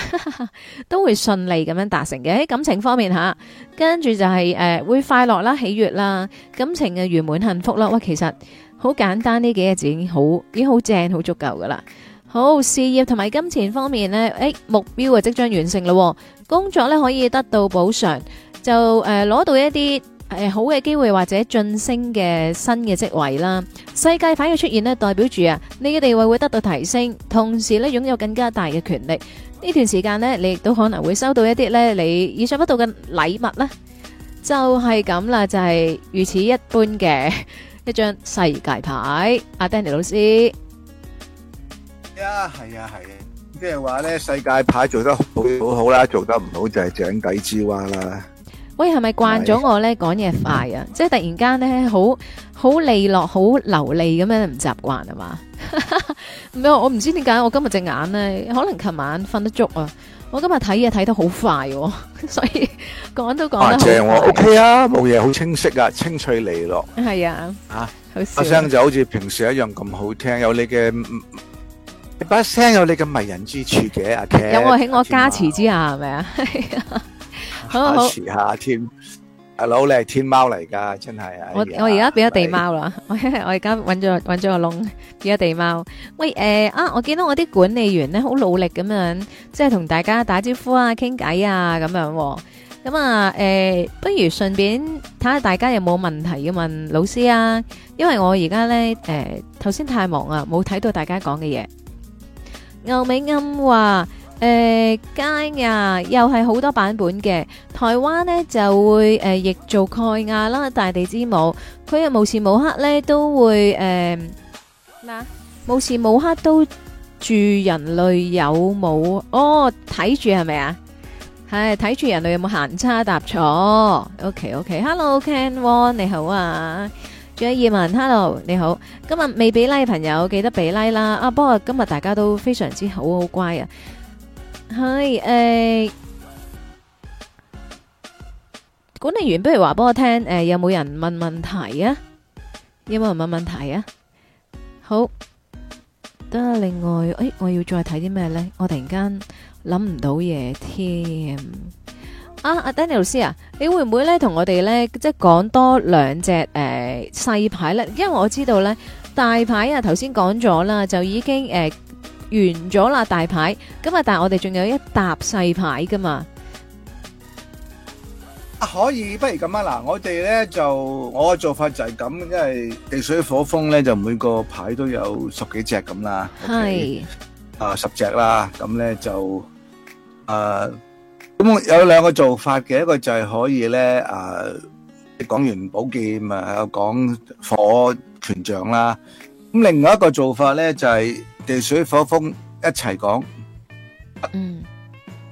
都會順利咁樣達成嘅。喺感情方面吓，跟住就係誒會快樂啦、喜悅啦、感情嘅圓滿幸福啦。喂，其實好簡單，呢幾個字已經好已經好正，好足夠噶啦。好，事業同埋金錢方面咧，誒目標啊即將完成啦，工作咧，可以得到補償，就誒攞到一啲。誒、呃，好嘅機會或者晉升嘅新嘅職位啦。世界牌嘅出現咧，代表住啊，你嘅地位會得到提升，同時咧擁有更加大嘅權力。呢段時間咧，你亦都可能會收到一啲咧你意想不到嘅禮物啦。就係咁啦，就係、是、如此一般嘅一張世界牌。阿、啊、d a n n y l 老師，是啊係啊係，即係話呢，世界牌做得很好，好好啦，做得唔好就係井底之蛙啦。喂，係咪慣咗我咧講嘢快啊？嗯、即係突然間咧，好好利落、好流利咁樣，唔習慣係嘛？咁 我我唔知點解，我今日隻眼咧，可能琴晚瞓得足啊，我今日睇嘢睇得好快，啊、 快，所以講都講得。正喎，OK 啊，冇嘢，好清晰啊，清脆利落。係啊，啊，阿、啊、聲就好似平時一樣咁好聽，有你嘅把聲，有你嘅迷人之處嘅，阿、啊、Ken 有我喺我加持之下，係咪啊？好，好，遲下添。Hello，你係天貓嚟噶，真係啊！我我而家變咗地貓啦，我我而家揾咗揾咗個窿，變咗地貓。喂，誒啊！我見到我啲管理員咧，好努力咁樣，即係同大家打招呼啊、傾偈啊咁樣喎。咁啊，誒，不如順便睇下大家有冇問題要問老師啊？因為我而家咧，誒，頭先太忙啊，冇睇到大家講嘅嘢。牛尾暗話。誒、呃，街亞又係好多版本嘅。台灣呢就會誒、呃，譯做蓋亞啦。大地之母，佢又無時無刻咧都會誒咩啊？無時無刻都住人類有冇哦，睇住係咪啊？係睇住人類有冇行差踏錯。OK OK，Hello、okay. Ken Wong 你好啊，仲有葉文，Hello，你好。今日未俾拉嘅朋友記得俾拉、like、啦、啊。不過今日大家都非常之好好乖啊！係誒，管理員，不如話俾我聽誒，有冇人問問題啊？有冇人問問題啊？好，得啦。另外，誒，我要再睇啲咩咧？我突然間諗唔到嘢添。阿阿 Danny 老師啊，你會唔會咧同我哋咧即係講多兩隻誒細牌咧？因為我知道咧大牌啊，頭先講咗啦，就已經誒。完咗啦大牌，咁啊，但係我哋仲有一沓細牌噶嘛？啊，可以，不如咁啊，嗱，我哋咧就我嘅做法就係咁，因為地水火風咧就每個牌都有十幾隻咁啦，係啊十隻啦，咁咧就誒，咁有兩個做法嘅，一個就係可以咧啊，講完寶劍啊，講火權杖啦，咁另外一個做法咧就係。地水火風一齊講，嗯，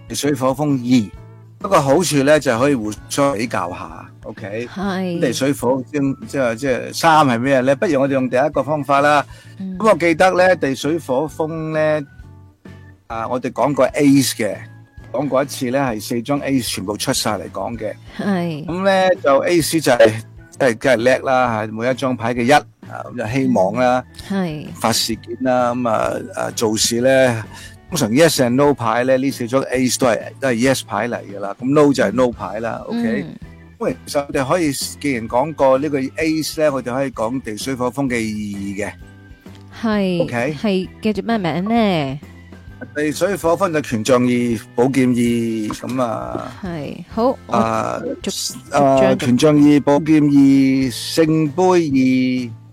地水火風二，不、那、過、個、好處咧就可以互相比較下，OK，係地水火即即係即係三係咩咧？不如我哋用第一個方法啦。咁、嗯、我記得咧地水火風咧，啊，我哋講過 Ace 嘅，講過一次咧係四張 Ace 全部出晒嚟講嘅，係咁咧就 Ace 就係即係梗係叻啦吓，每一張牌嘅一。咁就希望啦，係發事件啦，咁啊啊做事咧，通常 yes and no 牌咧呢四張 ace 都係都係 yes 牌嚟噶啦，咁 no 就係 no 牌啦。OK，因為其實我哋可以，既然講過呢個 ace 咧，我哋可以講地水火風嘅意義嘅，係 OK，係叫做咩名咧？地水火風就權杖二、寶劍二，咁啊，係好啊，啊權杖二、寶劍二、聖杯二。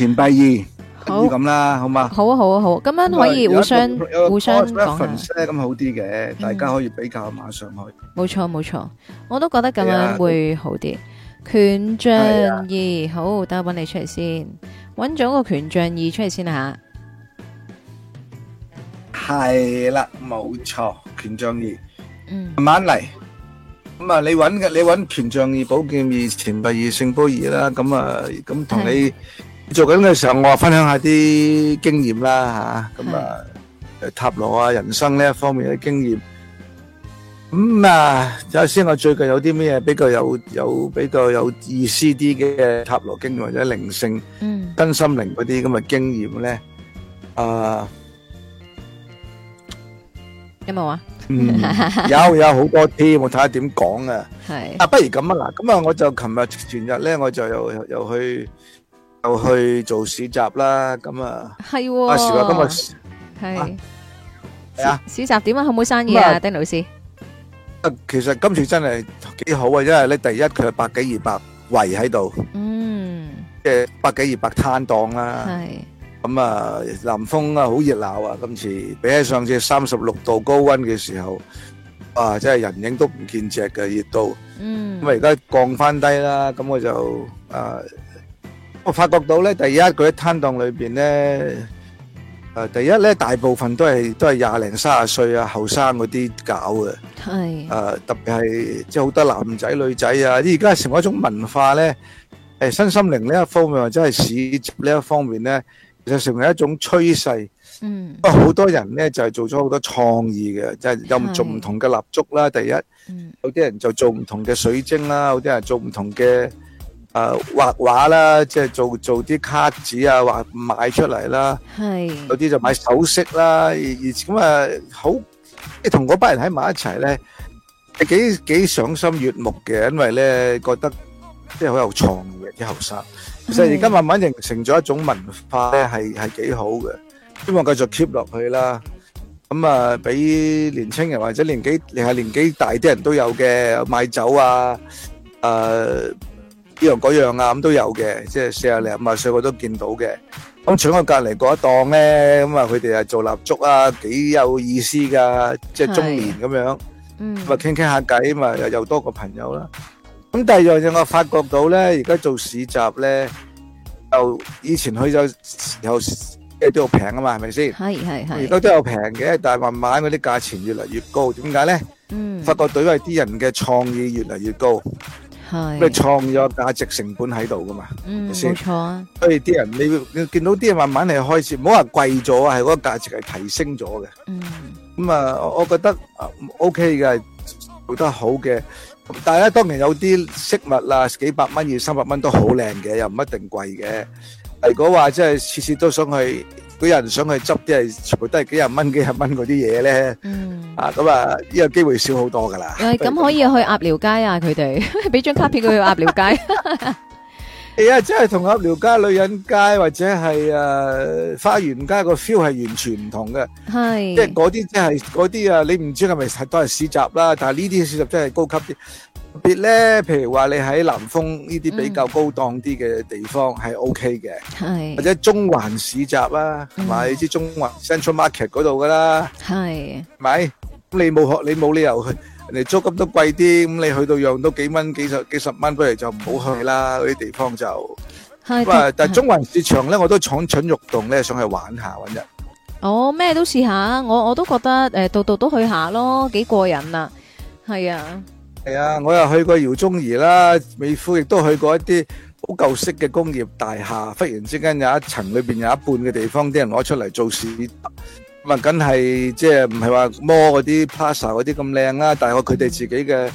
錢幣二，好咁啦，好嘛？好啊，好啊，好，咁樣可以互相互相講下，咁好啲嘅，嗯，大家可以比較馬上去。冇錯，冇錯，我都覺得咁樣會好啲。啊。權杖二、啊，好，等我搵你出嚟先，搵咗個權杖二出嚟先吓。啊。係啦，啊，冇錯，權杖二、嗯，慢慢嚟。咁啊，你搵嘅，你搵權杖二、寶劍二、錢幣二、聖杯二啦，咁啊，咁同你。做緊嘅時候，我話分享下啲經驗啦，吓，咁啊，誒塔羅啊，人生呢一方面嘅經驗。咁啊，首先，我最近有啲咩比較有有比較有意思啲嘅塔羅經驗或者靈性、嗯、跟心靈嗰啲咁嘅經驗咧？啊，有冇啊？嗯，有有好多啲，我睇下點講啊。係啊，不如咁啊嗱，咁啊，我就琴日全日咧，我就又又去。又去做市集啦，咁啊係，啊係喎今日係係啊市集點樣啊，好唔好生意啊，丁老師啊，其實今次真係幾好啊，因為咧第一佢係百幾二百圍喺度，嗯，即係百幾二百攤檔啦，係咁啊，南風啊好熱鬧啊，今次比起上次三十六度高溫嘅時候啊，真係人影都唔見隻嘅熱度，嗯，咁啊而家降翻低啦，咁我就啊。我發覺到咧，第一佢喺攤檔裏邊咧，誒，第一咧大部分都係都係廿零卅歲啊後生嗰啲搞嘅，係誒特別係即係好多男仔女仔啊，而家成為一種文化咧，誒，身心靈呢一方面或者係市集呢一方面咧，就成為一種趨勢。嗯，不過好多人咧就係做咗好多創意嘅，即係用做唔同嘅蠟燭啦。第一，有啲人就做唔同嘅水晶啦，有啲人做唔同嘅。誒，畫畫啦，即係做做啲卡紙啊，或買出嚟。啦。係。有啲就買首飾啦，而咁啊，好即係同嗰班人喺埋一齊咧，幾幾賞心悅目嘅，因為咧覺得即係好有創意嘅啲後生。其實而家慢慢形成咗一種文化咧，係係幾好嘅，希望繼續 keep 落去啦。咁啊，俾年青人或者年紀，你係年紀大啲人都有嘅買酒啊，誒。呢樣嗰樣啊，咁都有嘅，即係四十零五十歲我都見到嘅。咁除開我隔離嗰一檔咧，咁啊佢哋係做蠟燭啊，幾有意思㗎，即係中年咁樣，咁啊傾傾下偈啊嘛，又又多個朋友啦。咁第二樣嘢我發覺到咧，而家做市集咧，就以前去嗰時候都平啊嘛，係咪先？係係係。而家都有平嘅，但係慢慢嗰啲價錢越嚟越高，點解咧？嗯。發覺對位啲人嘅創意越嚟越高。咁啊，創造價值成本喺度噶嘛，先冇錯啊。所以啲人你你見到啲人慢慢係開始，唔好話貴咗啊，係嗰個價值係提升咗嘅。咁啊，我覺得 OK 嘅，做得好嘅。咁但係咧，當然有啲飾物啊，幾百蚊二三百蚊都好靚嘅，又唔一定貴嘅。如果話真係次次都想去。有人想去執啲係全部都係幾十蚊幾十蚊嗰啲嘢咧，啊咁啊呢個機會少好多㗎啦。誒、嗯、咁可以去鴨寮街啊，佢哋俾張卡片佢去鴨寮街。 係啊，真係同鴨寮街、女人街或者係誒花園街個 feel 係完全唔同嘅。係，即係嗰啲即係嗰啲啊，你唔知係咪係都係市集啦。但係呢啲市集真係高級啲。別咧，譬如話你喺南豐呢啲比較高檔啲嘅地方係 OK 嘅。係，或者中環市集啦，同埋啲中環 Central Market 嗰度㗎啦。係，咪咁你冇學，你冇理由去。人哋租金都貴啲，咁你去到讓到幾蚊、幾十、幾十蚊，不如就唔好去啦。嗰啲地方就，哇！但係中環市場咧，我都蠢蠢欲動咧，想去玩下搵日。哦，咩都試下，我我都覺得誒，度度都去下咯，幾過癮啊！係啊，係啊，我又去過姚宗儀啦，美孚亦都去過一啲好舊式嘅工業大廈，忽然之間有一層裏邊有一半嘅地方，啲人攞出嚟做事。咁啊，梗係即係唔係話摩嗰啲 Plaza 嗰啲咁靚啦，但係佢哋自己嘅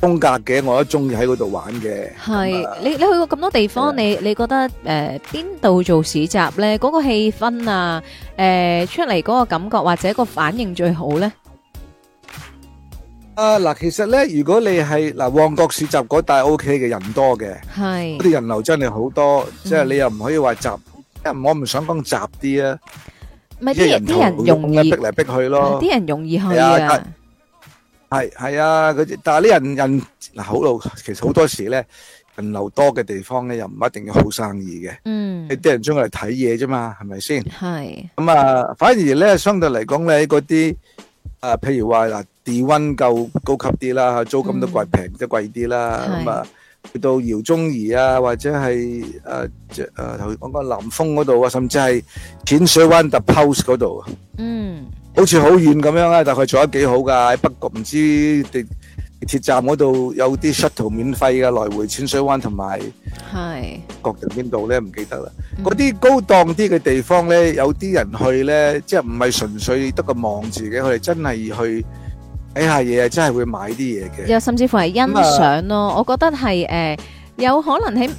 風格嘅，我都中意喺嗰度玩嘅。係，你你去過咁多地方，你你覺得誒邊度做市集咧？嗰個氣氛啊，誒出嚟嗰個感覺或者個反應最好咧？啊嗱，其實咧，如果你係嗱旺角市集嗰帶 OK 嘅，人多嘅，係啲人流真係好多，即係你又唔可以話雜，因為我唔想講雜啲啊。唔係啲人啲人容易逼嚟逼去咯，啲人容易去啊。係係啊，佢但係啲人人好老，其實好多時咧，人流多嘅地方咧又唔一定要好生意嘅。嗯，啲人中意嚟睇嘢啫嘛，係咪先？係。咁、嗯、啊，反而咧相對嚟講咧，嗰啲啊，譬如話嗱，地溫夠高級啲啦，租金都貴平、嗯、都係貴啲啦。咁啊。嗯嗯去到饒宗頤啊，或者係誒誒頭講講林峰嗰度啊，啊，啊，啊，甚至係淺水灣 The Pulse 嗰度啊，嗯，好似好遠咁樣咧，但係佢做得幾好噶。北角唔知地鐵站嗰度有啲 shuttle 免費嘅來回淺水灣同埋係，嗰定邊度咧唔記得啦。嗰、嗯、啲高檔啲嘅地方咧，有啲人去咧，即係唔係純粹得個望字嘅，佢哋真係去。睇下嘢啊，真係會買啲嘢嘅。又甚至乎係欣賞咯，我覺得係誒，有可能喺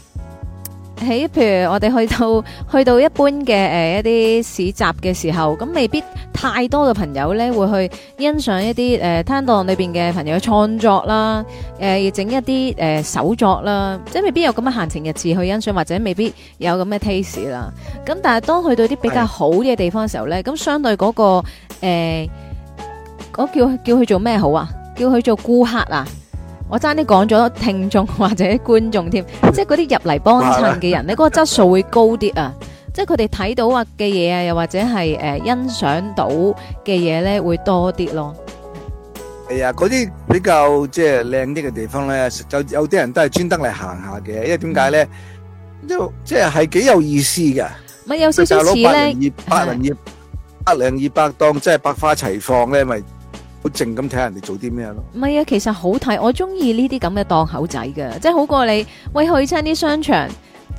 喺譬如我哋去到去到一般嘅誒一啲市集嘅時候，咁未必太多嘅朋友咧會去欣賞一啲誒攤檔裏邊嘅朋友嘅創作啦。誒，要整一啲誒手作啦，即係未必有咁嘅閒情逸致去欣賞，或者未必有咁嘅 taste 啦。咁但係當去到啲比較好嘅地方嘅時候咧，咁相對嗰個誒。我叫叫佢做咩好啊？叫佢做顧客啊！我爭啲講咗聽眾或者觀眾添，即係嗰啲入嚟幫襯嘅人，你嗰個質素會高啲啊！即係佢哋睇到啊嘅嘢啊，又或者係誒欣賞到嘅嘢咧，會多啲咯。係啊，嗰啲比較即係靚啲嘅地方咧，有有啲人都係專登嚟行下嘅，因為點解咧？即係係幾有意思噶。咪有少少似咧。百零二，百零二，百零二百檔，即係百花齊放咧，咪～好靜咁睇人哋做啲咩咯？唔係啊，其實好睇。我中意呢啲咁嘅檔口仔嘅，即係好過你喂去親啲商場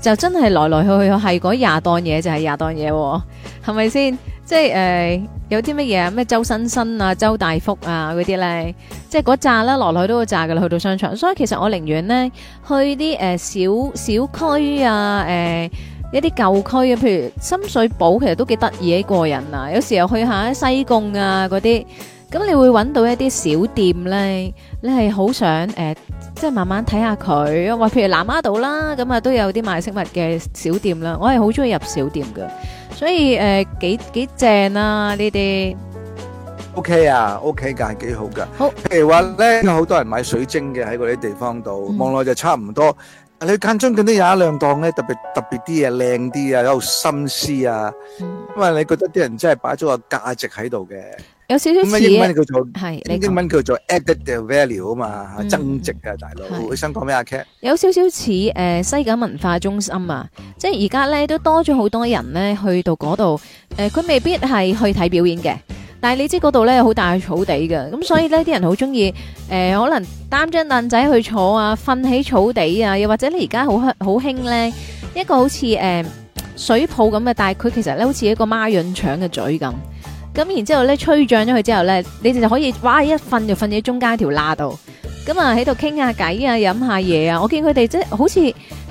就真係來來去去係嗰廿檔嘢，就係、是、廿檔嘢，哦，係咪先？即係誒、呃，有啲乜嘢啊？咩周生生啊、周大福啊嗰啲咧，即係嗰炸啦，來來都好炸噶啦。去到商場，所以其實我寧願呢，去啲誒、呃、小小區啊，誒、呃、一啲舊區嘅，啊，譬如深水埗，其實都幾得意，一個人啊。有時候去下西貢啊，嗰啲。咁你會揾到一啲小店咧？你係好想誒、呃，即係慢慢睇下佢，話譬如南丫島啦，咁啊都有啲賣飾物嘅小店啦。我係好中意入小店㗎，所以誒、呃、幾幾正啦呢啲。O、okay、K 啊，O K 噶，幾、okay、好噶。好，譬如話咧，有好多人買水晶嘅喺嗰啲地方度，望、嗯、落就差唔多。你間中都有一兩檔咧，特別特別啲嘢靚啲啊，有心思啊，因為你覺得啲人真係擺咗個價值喺度嘅。有少少似咩英文叫做係，你英文叫做 added value 啊嘛、嗯，增值啊，大佬。想講咩啊 Cat？有少少似誒、呃、西九文化中心啊，即係而家咧都多咗好多人咧去到嗰度。誒、呃，佢未必係去睇表演嘅，但係你知嗰度咧有好大嘅草地嘅，咁所以咧啲人好中意誒，可能擔張凳仔去坐啊，瞓喺草地啊，又或者你而家好好興咧一個好似誒、呃、水泡咁嘅，但係佢其實咧好似一個孖潤腸嘅嘴咁。咁然之後咧吹脹咗佢之後咧，你哋就可以哇，一瞓就瞓喺中間條罅度咁啊，喺度傾下偈啊，飲下嘢啊。我見佢哋即係好似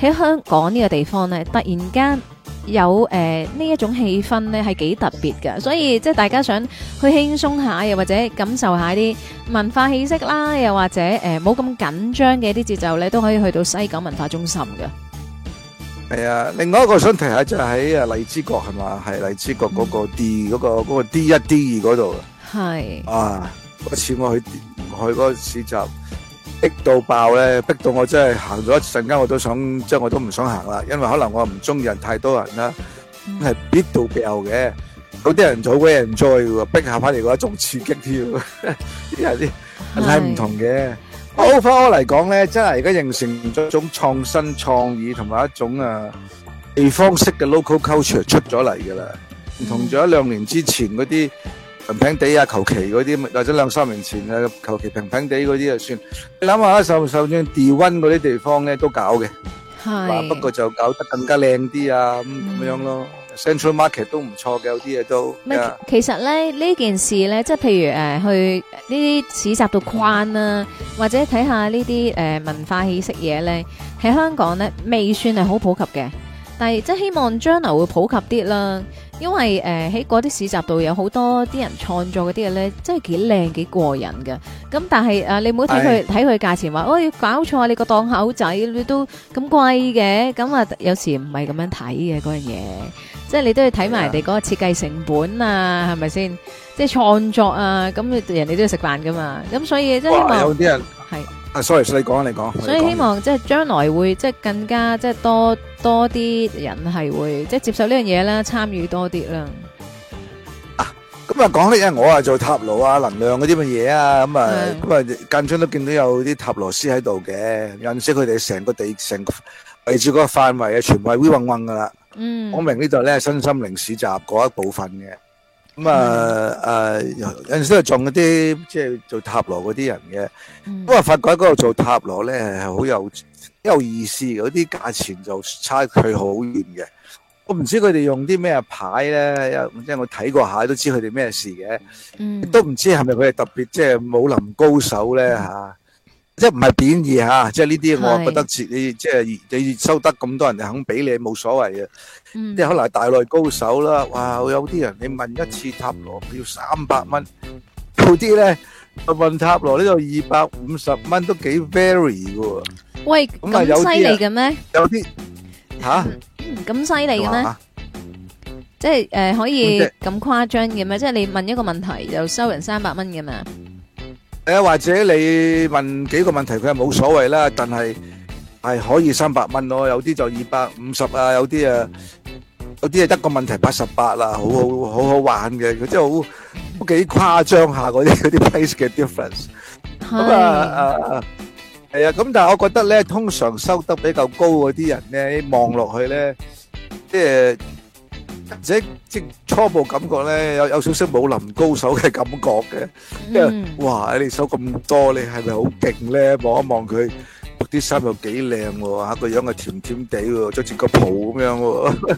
喺香港呢個地方咧，突然間有誒呢一種氣氛咧，係幾特別㗎。所以即係大家想去輕鬆下，又或者感受下啲文化氣息啦，又或者誒冇咁緊張嘅啲節奏咧，都可以去到西九文化中心㗎。係啊，另外一個想提下就喺啊荔枝角係嘛，係荔枝角嗰個 D 嗰個嗰個 D 一 D 二嗰度。係啊，嗰次我去唔去市集就逼到爆咧，逼到我真係行咗一陣間，我都想即係我都唔想行啦，因為可能我唔中意人太多人啦，係逼到爆嘅，有啲人走，有啲人好鬼 enjoy，逼下翻嚟嘅一種刺激添，係啲係唔同嘅。歐方嚟講咧，真係而家形成咗一種創新創意同埋一種啊地方式嘅 local culture 出咗嚟噶啦，唔同咗兩年之前嗰啲平平地啊求其嗰啲，或者兩三年前啊求其平平地嗰啲就算。你諗下，受唔受咗地溫嗰啲地方咧都搞嘅，係，不過就搞得更加靚啲啊咁咁樣咯。Central Market 都唔錯嘅，有啲嘢都、yeah。其實咧呢件事咧，即係譬如誒、呃、去呢啲市集度逛啊，或者睇下呢啲誒文化氣息嘢咧，喺香港咧未算係好普及嘅。但係即係希望將來會普及啲啦，因為誒喺嗰啲市集度有好多啲人創作嗰啲嘢咧，真係幾靚幾過人嘅。咁但係、呃、你唔好睇佢睇佢價錢話，喂、哎、搞錯，你個檔口仔你都咁貴嘅，咁啊有時唔係咁樣睇嘅嗰樣嘢。那個即係你都要睇埋人哋嗰個設計成本啊，係咪先？即係創作啊，咁人哋都要食飯噶嘛。咁所以即係希望有啲人係，啊，sorry，sorry，所以你講你講。所以希望即係將來會即係更加即係多多啲人係會即係接受呢樣嘢啦，參與多啲啦。啊，咁啊，講起因為我係做塔羅啊，能量嗰啲嘅嘢啊，咁啊咁啊，近排都見到有啲塔羅師喺度嘅，認識佢哋成個地成個。圍住個範圍全部係 we 嗡嗡噶啦我明呢度咧身心靈市集嗰一部分嘅，咁啊誒、嗯啊，有陣時都係種嗰啲即係做塔羅嗰啲人嘅，都、嗯、不過發覺嗰度做塔羅咧係好有有意思，嗰啲價錢就差佢好遠嘅。我唔知佢哋用啲咩牌咧，即係我睇過下都知佢哋咩事嘅，都、嗯、唔知係咪佢哋特別即係武林高手咧吓。嗯啊即係唔係貶義吓，即係呢啲我覺得似你，即係你收得咁多人肯俾你冇所謂嘅，即係可能係大內高手啦。哇，有啲人你問一次塔羅要三百蚊，嗰啲咧問塔羅呢度二百五十蚊都幾 very 嘅。喂，咁有犀利嘅咩？有啲吓，咁犀利嘅咩？即係誒，可以咁誇張嘅咩？即係你問一個問題就收人三百蚊嘅嘛？誒，或者你問幾個問題，佢係冇所謂啦，但係係可以三百蚊咯，有啲就二百五十啊，有啲啊，有啲啊得個問題八十八啊，好好好好玩嘅，佢真係好幾誇張下嗰啲嗰啲 price 嘅 difference。咁啊啊啊，係啊，咁但係我覺得咧，通常收得比較高嗰啲人咧，望落去咧，即係。即即初步感覺咧，有有少少武林高手嘅感覺嘅，因為哇，你手咁多，你係咪好勁咧？望一望佢，服啲衫又幾靚喎，嚇個樣又甜甜地喎，著住個袍咁樣喎，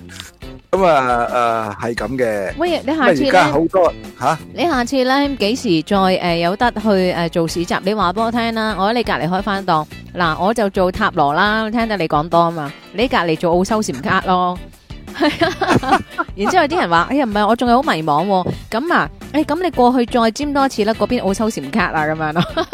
咁啊啊係咁嘅。喂，你下次咧，我而家好多嚇。你下次咧幾時再誒有得去誒做市集？你話俾我聽啦，我喺你隔離開翻檔。嗱，我就做塔羅啦，聽到你講多啊嘛。你隔離做奧修禪卡咯。係， 然之後有啲人話，哎呀，唔係，我仲係好迷茫，哦，咁啊，誒、哎，咁你過去再尖多次啦，嗰邊奧修禪卡啦，咁樣咯。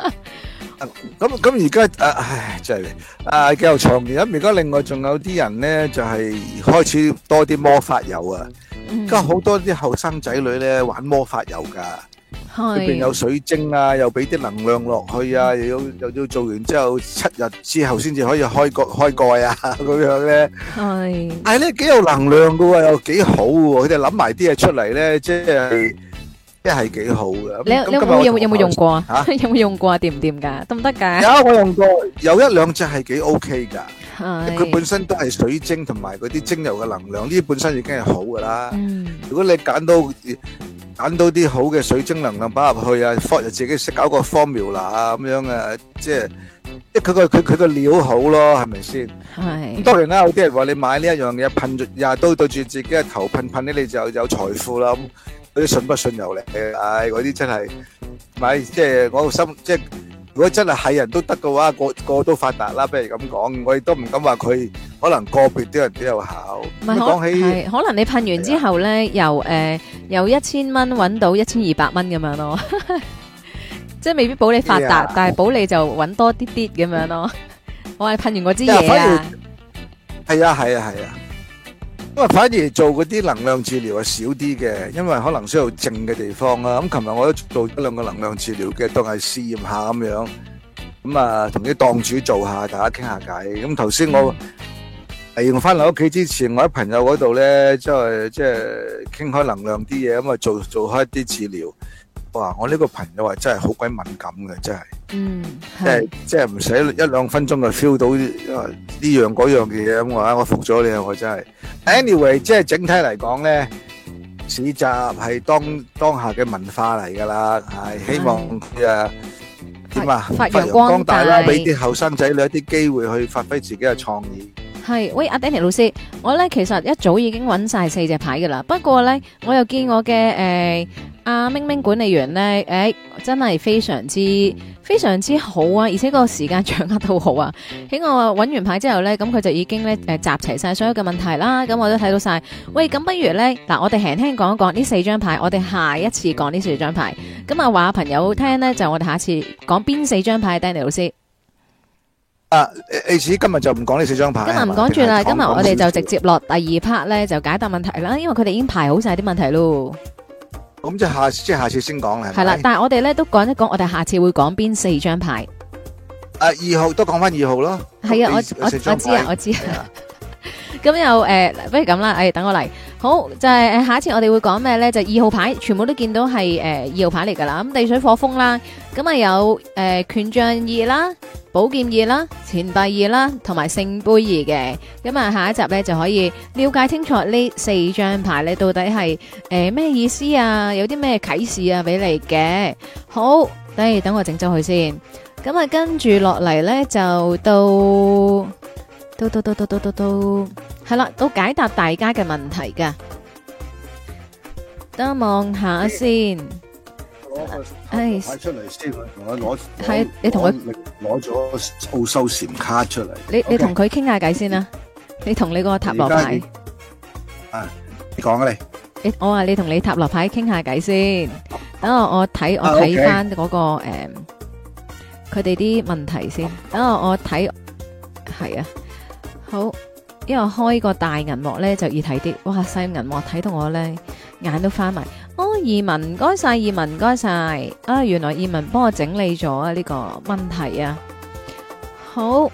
咁咁而家誒，唉，真係，誒，幾又長嘅，咁而家另外仲有啲人咧，就係開始多啲魔法油啊，而家好多啲後生仔女咧玩魔法油噶。邊有水晶啊？又俾啲能量落去啊！又要又要做完之後七日之後先至可以開蓋開蓋啊！咁樣咧係，係咧幾有能量噶，又幾好。佢哋諗埋啲嘢出嚟咧，即係即係幾好噶。你你有冇用有冇用過啊？有冇用過啊？掂唔掂噶？得唔得噶？有我用過，有一兩隻係幾 OK 噶。佢本身都係水晶同埋嗰啲精油嘅能量，呢啲本身已經係好噶啦。嗯，如果你揀到。揀到啲好嘅水晶能量擺入去啊，自己識搞個 formula 啊，咁樣啊，即係，即佢個佢佢個料好咯，係咪先？係。咁當然啦，有啲人話你買呢一樣嘢噴，住日都對住自己嘅頭噴噴你，你你就有財富啦。嗰啲信不信由你，唉，嗰啲真係，買即係我個心即。如果真係係人都得嘅話，個個都發達啦。不如咁講，我亦都唔敢話佢可能個別啲人都有效。唔係講起，係可能你噴完之後咧、啊，由誒、呃、由一千蚊搵到一千二百蚊咁樣咯， 即係未必保你發達，啊，但係保你就搵多啲啲咁樣咯。我話你噴完嗰支嘢啊！係啊係啊係啊！咁啊，反而做嗰啲能量治療係少啲嘅，因為可能需要靜嘅地方啦。咁琴日我都做一兩個能量治療嘅，當係試驗下咁樣。咁啊，同啲檔主做下，大家傾下偈。咁頭先我誒用翻嚟屋企之前，我喺朋友嗰度咧，即係即係傾開能量啲嘢，咁啊做做開啲治療。哇！我呢個朋友係真係好鬼敏感嘅，真係，嗯，即係即係唔使一兩分鐘就 feel 到呢樣嗰樣嘅嘢咁話，我服咗你，我真係。Anyway，即係整體嚟講咧，市集係當當下嘅文化嚟噶啦，係希望誒點啊，發揚光大啦，俾啲後生仔女一啲機會去發揮自己嘅創意。係喂，阿 Danny 老師，我咧其實一早已經揾晒四隻牌噶啦，不過咧我又見我嘅誒。阿、啊、明明管理員咧，誒、欸，真係非常之非常之好啊，而且個時間掌握到好啊。喺我揾完牌之後咧，咁佢就已經咧誒集齊晒所有嘅問題啦。咁我都睇到晒。喂，咁不如咧，嗱，我哋輕輕講一講呢四張牌，我哋下一次講呢四張牌。咁啊話朋友聽咧，就我哋下次講邊四張牌，d Danny 老師。啊，歷、啊、史、啊、今日就唔講呢四張牌。今日唔講住啦，今日我哋就直接落第二 part 咧，就解答問題啦。因為佢哋已經排好晒啲問題咯。咁即係下次即係下次先講啦。係啦，但係我哋咧都講一講，我哋下次會講邊四張牌。啊，二號都講翻二號咯。係啊，我我我知啊，我知啊。咁 又誒、呃，不如咁啦，誒、哎，等我嚟。好，就係、是、下一次我哋會講咩咧？就二號牌全部都見到係誒、呃、二號牌嚟噶啦。咁地水火風啦，咁啊有誒、呃、權杖二啦、寶劍二啦、錢幣二啦，同埋聖杯二嘅。咁啊下一集咧就可以了解清楚呢四張牌咧到底係誒咩意思啊？有啲咩啟示啊俾你嘅。好，等等我整咗佢先。咁啊跟住落嚟咧就到。都都都都都都都係啦，都解答大家嘅問題噶等望下先，攞，派出嚟先，同佢攞係你同佢攞咗奧修禪卡出嚟。你你同佢傾下偈先啦。你同你個塔羅牌啊，你講啊你。誒，我話你同你塔羅牌傾下偈先。等我我睇我睇翻嗰個誒，佢哋啲問題先。等我我睇係啊。好，因為開個大銀幕咧就易睇啲。哇，細銀幕睇到我咧眼都花埋。哦，移民，唔該晒，移民，唔該晒。啊，原來移民幫我整理咗啊呢個問題啊。好，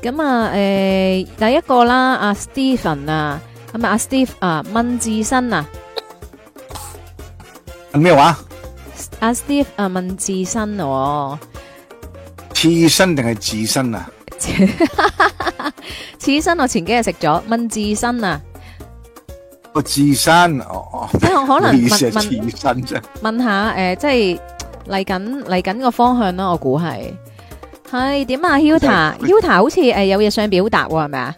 咁啊，誒、欸，第一個啦，阿、啊、Steven 啊，咁啊，阿 Steve 啊，問自身啊。咩話？阿、啊、Steve 啊，問自身哦、啊。刺身定係自身啊？ 刺身我前幾日食咗，問刺身啊？個刺身哦哦，即、哎、係可能問刺身啫，問，問一下誒、呃，即係嚟緊嚟緊個方向啦，我估係係點啊？Hilda Hilda 好似誒、呃、有嘢想表達係咪啊？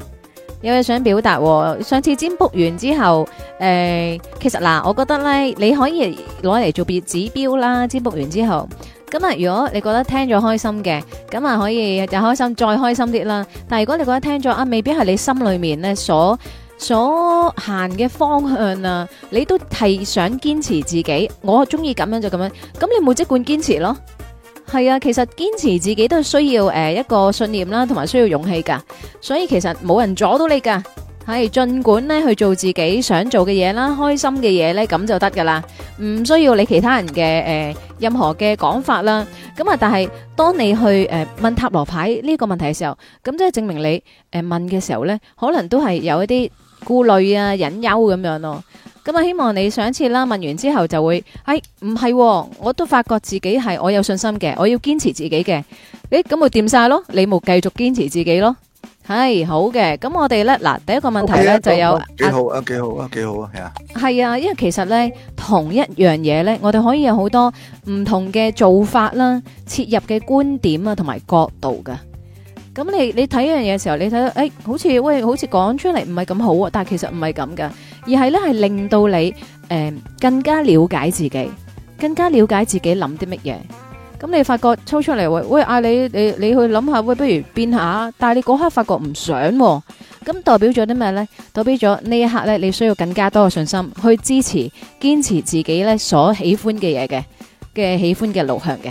有嘢想表達、哦，上次占卜完之後誒、呃，其實嗱，我覺得咧你可以攞嚟做別指標啦，占卜完之後。咁啊，如果你覺得聽咗開心嘅，咁啊可以就開心，再開心啲啦。但係如果你覺得聽咗啊，未必係你心裏面咧所所行嘅方向啊，你都係想堅持自己，我中意咁樣就咁樣，咁你冇即管堅持咯。係啊，其實堅持自己都係需要誒一個信念啦，同埋需要勇氣噶。所以其實冇人阻到你噶。係，盡管咧去做自己想做嘅嘢啦，開心嘅嘢咧，咁就得噶啦，唔需要你其他人嘅誒、呃、任何嘅講法啦。咁啊，但係當你去誒、呃、問塔羅牌呢個問題嘅時候，咁即係證明你誒、呃、問嘅時候咧，可能都係有一啲顧慮啊、隱憂咁樣咯。咁、嗯、啊，希望你上一次啦，問完之後就會誒，唔係喎，我都發覺自己係我有信心嘅，我要堅持自己嘅。誒，咁咪掂晒咯，你冇繼續堅持自己咯。係好嘅，咁我哋咧嗱，第一個問題咧、okay, 就有幾好啊，幾好啊、啊，幾好啊，係啊，係啊，因為其實咧同一樣嘢咧，我哋可以有好多唔同嘅做法啦，切入嘅觀點啊，同埋角度噶。咁你你睇一樣嘢嘅時候，你睇到誒，好似喂，好似講出嚟唔係咁好啊，但係其實唔係咁噶，而係咧係令到你誒、呃、更加了解自己，更加了解自己諗啲乜嘢。咁你發覺抽出嚟，喂喂，啊你你你，你去諗下喂，不如變下，但你嗰刻發覺唔想、哦，喎，咁代表咗啲咩呢？代表咗呢一刻咧，你需要更加多嘅信心去支持、堅持自己咧所喜歡嘅嘢嘅嘅喜歡嘅路向嘅，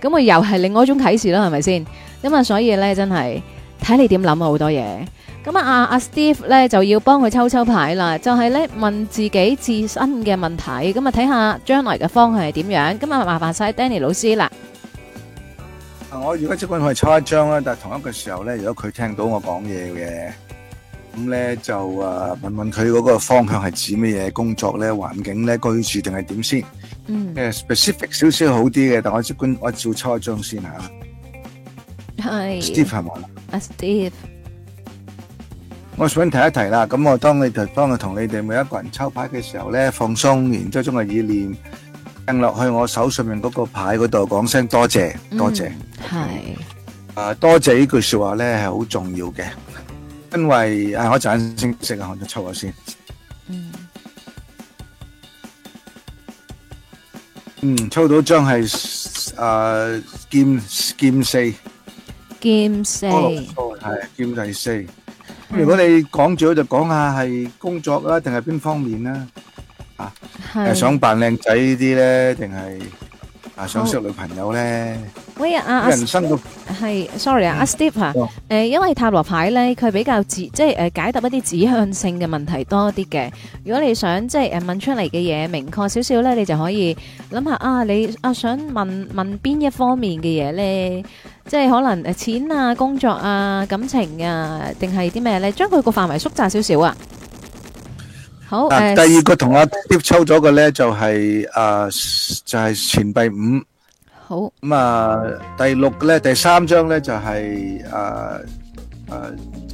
咁咪又係另外一種啟示囉，係咪先？因為所以呢，真係睇你點諗好多嘢。咁啊，阿阿 Steve 咧，就要幫佢抽抽牌啦，就係咧問自己自身嘅問題，咁啊睇下將來嘅方向係點樣，咁啊麻煩晒 Danny 老師啦。啊，我而家即管我係抽一張啦，但係同一個時候咧，如果佢聽到我講嘢嘅，咁咧就啊問問佢嗰個方向係指乜嘢，工作咧、環境咧、居住定係點先，嗯，誒 specific 少少好啲嘅，但係我即管我照抽一張先吓。係。Steve 係嘛？阿 Steve。我想提一提啦，咁我當你哋當我同你哋每一個人抽牌嘅時候咧，放鬆，然之後將個意念掟落去我手上面嗰個牌嗰度，講聲多謝，多謝。係，啊，多謝呢句說話咧，係好重要嘅，因為啊，我暫時先食下，我先抽下先。嗯。嗯，抽到張係啊，劍劍四，劍四，係劍第四。嗯、如果你講住，我就講下係工作啦，定係邊方面啦、啊？係、啊、想扮靚仔呢啲呢？定係？啊！想識女朋友咧，哦啊，人生都係，啊、sorry 啊，阿 Steve 吓、啊、誒、啊啊，因為塔羅牌咧，佢比較指即係誒，解答一啲指向性嘅問題多啲嘅。如果你想即係誒問出嚟嘅嘢明確少少咧，你就可以諗下啊，你啊想問問邊一方面嘅嘢咧，即係可能誒錢啊、工作啊、感情啊，定係啲咩咧？將佢個範圍縮窄少少啊！好、啊啊，第二個同阿 Dick 抽咗嘅咧就係、是、誒、啊、就係、是、錢幣五，好，咁啊第六咧第三張咧就係誒誒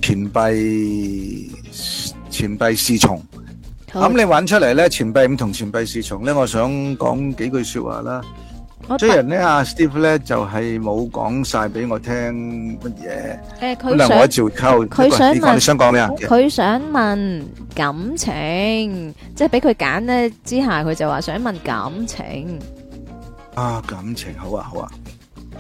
錢幣錢幣侍從，咁、啊、你揾出嚟咧錢幣五同錢幣侍從咧，我想講幾句說話啦。雖然咧阿 Steve 咧就係冇講晒俾我聽乜嘢，佢能我照溝，佢想，想問，你想講咩？佢想，想問感情，yeah. 即係俾佢揀咧之下，佢就話想問感情。啊，感情好啊，好啊，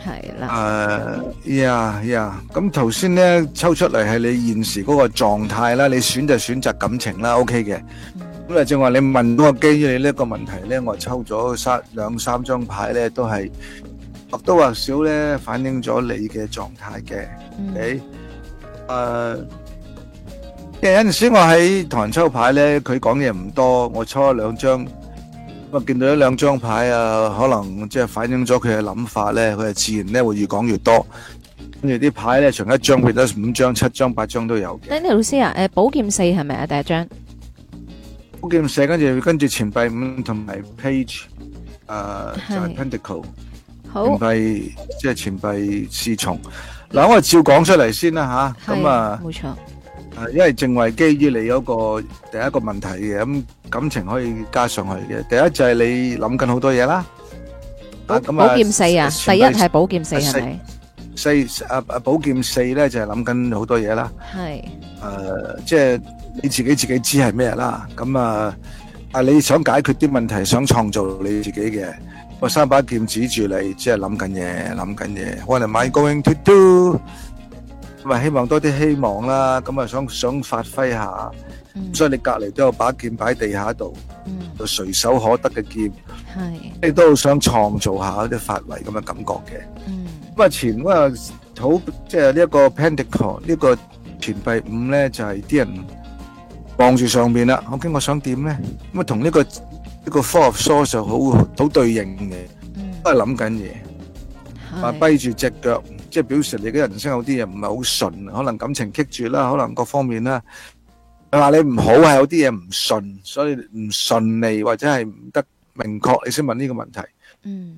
係啦。誒、uh, yeah, yeah.，呀，啊依啊，咁頭先咧抽出嚟係你現時嗰個狀態啦，你選就選擇感情啦，OK 嘅。嗯。咁啊，正話你問到我基於你呢一個問題咧，我抽咗三兩三張牌咧，都係或多或少咧反映咗你嘅狀態嘅。你誒，因為有陣時我喺同人抽牌咧，佢講嘢唔多，我抽咗兩張，咁啊見到一兩張牌啊，可能即係反映咗佢嘅諗法咧，佢係自然咧會越講越多。跟住啲牌咧，從一張變到五張、七張、八張都有。Danny 老師啊，誒，寶劍四係咪啊？第一張？寶劍四，跟住，跟住錢幣五同埋 page，誒，就 pentacle，錢幣即係錢幣侍從。嗱，我係照講出嚟先啦吓，咁啊，冇錯。啊，因為正為基於你嗰個第一個問題嘅，咁感情可以加上去嘅。第一就係你諗緊好多嘢啦。寶劍四啊，第一係寶劍四係咪？四啊啊！寶劍四咧就係諗緊好多嘢啦。係。誒，即係你自己自己知係咩啦？咁啊，啊你想解決啲問題，想創造你自己嘅，個三把劍指住你，即係諗緊嘢，諗緊嘢，What am I going to do，咪希望多啲希望啦。咁啊，想想發揮下，所以你隔籬都有把劍擺喺地下度，就隨手可得嘅劍，你都好想創造下嗰啲發圍咁嘅感覺嘅。咁啊，前嗰個好，即係呢一個 pentacle 呢個。錢幣五咧就係啲人望住上邊啦。OK，我想點咧咁啊？同呢個呢個 Four of Swords 好好對應嘅，都係諗緊嘢，話跛住隻腳，即係表示你嘅人生有啲嘢唔係好順，可能感情棘住啦，可能各方面啦，佢話你唔好係有啲嘢唔順，所以唔順利或者係唔得明確，你先問呢個問題。嗯。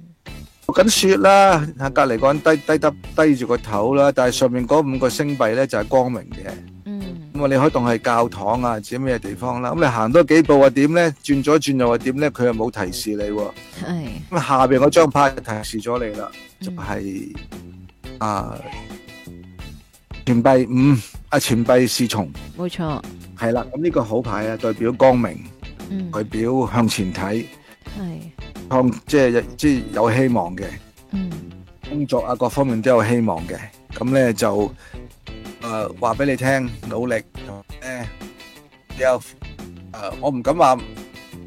落緊雪啦，啊隔籬嗰人低低得低住個頭啦，但係上面嗰五個星幣咧就係光明嘅。嗯，咁啊你可以當係教堂啊，或者咩地方啦，咁你行多幾步啊點咧，轉左轉右啊點咧，佢又冇提示你。係，咁下邊嗰張牌提示咗你啦，就係啊錢幣五啊錢幣是從，冇錯，係啦，咁呢個好牌啊，代表光明，代表向前睇。係。創即係即係有希望嘅，嗯，工作啊，各方面都有希望嘅。咁咧就誒話俾你聽，努力誒又誒，我唔敢話，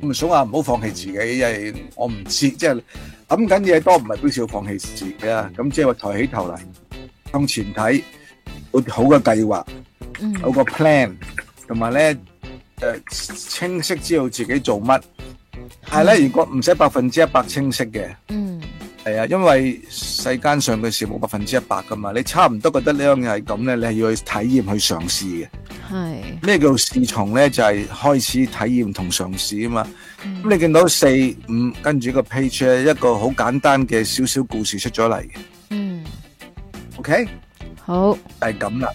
唔想話唔好放棄自己，因為我唔知，即係諗緊嘢多，唔係表示要放棄自己啊。咁即係話抬起頭嚟，向前睇，有好嘅計劃，嗯，有個 plan，同埋咧誒清晰知道自己做乜。係咧，如果唔使百分之一百清晰嘅，嗯，係啊，因為世間上嘅事冇百分之一百噶嘛，你差唔多覺得呢樣嘢係咁咧，你係要去體驗去嘗試嘅。係咩叫試從咧？就係、是、開始體驗同嘗試啊嘛。咁、嗯、你見到四五跟住一個 page 咧，一個好簡單嘅少少故事出咗嚟。嗯，OK，好，係咁啦。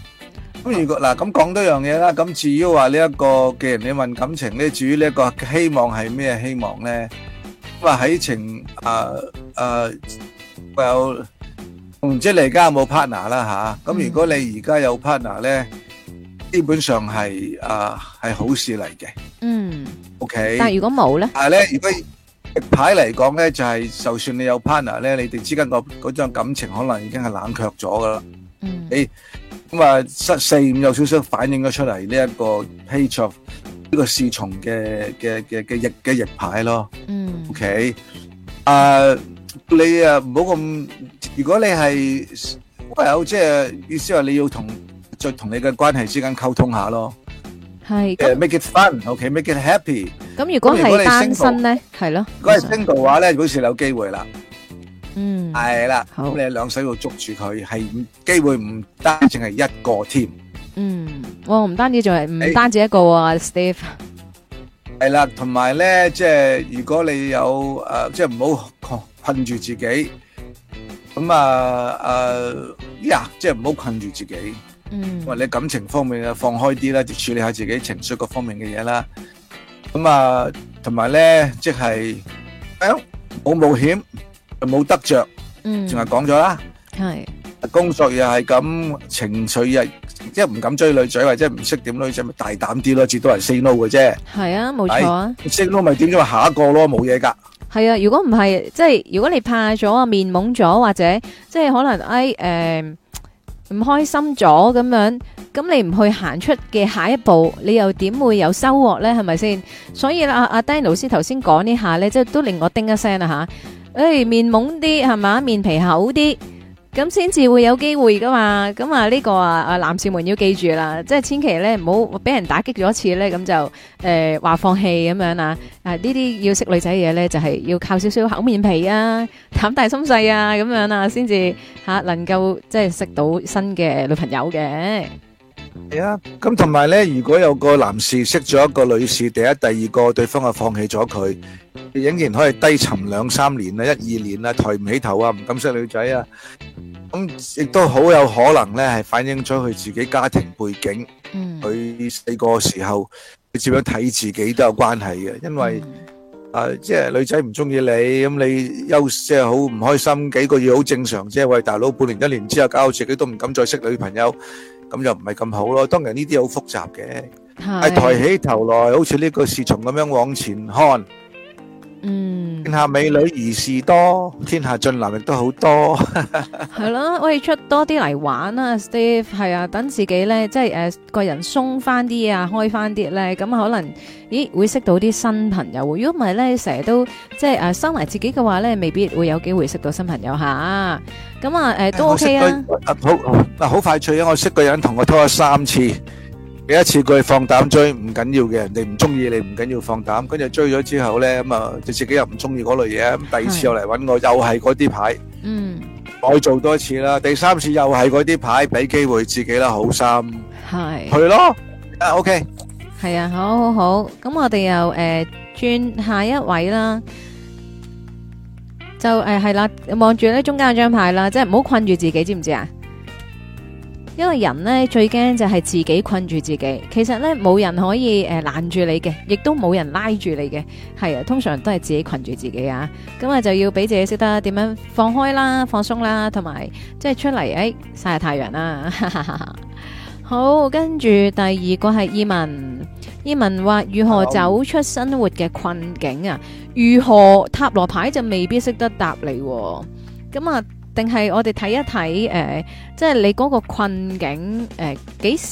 不如嗱咁講多樣嘢啦。咁至於話呢一個，既然你問感情咧，至於呢一個希望係咩希望咧？咁啊喺情啊啊，有唔知你而家有冇 partner 啦吓。咁如果你而家有 partner 咧，基本上係啊係好事嚟嘅。嗯。O K。但係如果冇咧？但係咧，如果牌嚟講咧，就係就算你有 partner 咧，你哋之間個嗰種感情可能已經係冷卻咗噶啦。嗯。你？咁啊，失四五有少少反映咗出嚟，呢一個 page，呢個侍從嘅嘅嘅嘅逆嘅逆牌咯。嗯。O K，啊，你啊唔好咁，如果你係，我有即係意思話你要同，再同你嘅關係之間溝通下咯。係。誒，make it fun，O K，make it happy。咁如果係單身咧，係咯。如果係 single 嘅話咧，好似有機會啦。嗯，係啦，咁你兩手要捉住佢，係機會唔單淨係一個添。嗯，我唔單止仲係唔單止一個喎，Steve。係啦，同埋咧，即係如果你有誒，即係唔好困住自己。咁啊誒呀，即係唔好困住自己。嗯，或者感情方面啊，放開啲啦，就處理下自己情緒各方面嘅嘢啦。咁啊，同埋咧，即係冇冒險冇得着，嗯，淨係講咗啦，係工作又係咁情緒，又即係唔敢追女仔，或者唔識點追女仔咪大膽啲咯，至多人 say no 嘅啫。係啊，冇錯啊，say no 咪點咗下一個咯，冇嘢噶。係啊。如果唔係，即係如果你怕咗啊，面懵咗或者即係可能哎誒唔開心咗咁樣，咁你唔去行出嘅下一步，你又點會有收穫咧？係咪先？所以啦，阿 Danny 老師頭先講呢下咧，即係都令我叮一聲啦吓。誒、哎，面懵啲係嘛，面皮厚啲，咁先至會有機會噶嘛。咁啊呢個啊，啊男士們要記住啦，即係千祈咧唔好俾人打擊咗一次咧，咁就誒話、呃、放棄咁樣啊呢啲、啊、要識女仔嘢咧，就係、是、要靠少少厚面皮啊，膽大心細啊，咁樣啊，先至吓能夠即係識到新嘅女朋友嘅。係啊，咁同埋咧，如果有個男士識咗一個女士，第一、第二個對方啊放棄咗佢，仍然可以低沉兩三年啊、一二年啊，抬唔起頭啊，唔敢識女仔啊，咁亦都好有可能咧，係反映咗佢自己家庭背景，佢細個時候你點樣睇自己都有關係嘅，因為啊，即係女仔唔中意你，咁你又即係好唔開心，幾個月好正常啫，喂大佬，半年一年之後，搞到自己都唔敢再識女朋友。咁就唔係咁好咯。當然呢啲好複雜嘅，係抬起頭來，好似呢個侍從咁樣往前看。嗯，天下美女如是多，天下俊男亦都好多。係 咯，可以出多啲嚟玩啊，Steve。係啊，等自己咧，即係誒、呃、個人鬆翻啲啊，開翻啲咧，咁可能咦會識到啲新朋友。如果唔係咧，成日都即係誒收埋自己嘅話咧，未必會有機會識到新朋友吓。咁啊誒、啊呃欸、都 OK 啊,啊。好，嗱好快脆啊！我識個人同我拖咗三次。第一次佢放膽追唔緊要嘅，人哋唔中意你唔緊要放膽，跟住追咗之後咧，咁啊，你自己又唔中意嗰類嘢，咁第二次又嚟揾我，又係嗰啲牌，嗯，再做多次啦，第三次又係嗰啲牌，俾機會自己啦，好心，係，去咯，啊，OK，係啊，好好好，咁我哋又誒轉下一位啦，就誒係啦，望住咧中間嗰張牌啦，即係唔好困住自己，知唔知啊？因為人咧最驚就係自己困住自己，其實咧冇人可以誒、呃、攔住你嘅，亦都冇人拉住你嘅，係啊，通常都係自己困住自己啊。咁、嗯、啊就要俾自己識得點樣放開啦、放鬆啦，同埋即係出嚟誒、哎、曬下太陽啦。哈哈哈哈好，跟住第二個係意文，意文話如何走出生活嘅困境啊？如何塔羅牌就未必識得答你咁啊？嗯嗯定係我哋睇一睇，誒、呃，即係你嗰個困境，誒、呃，幾時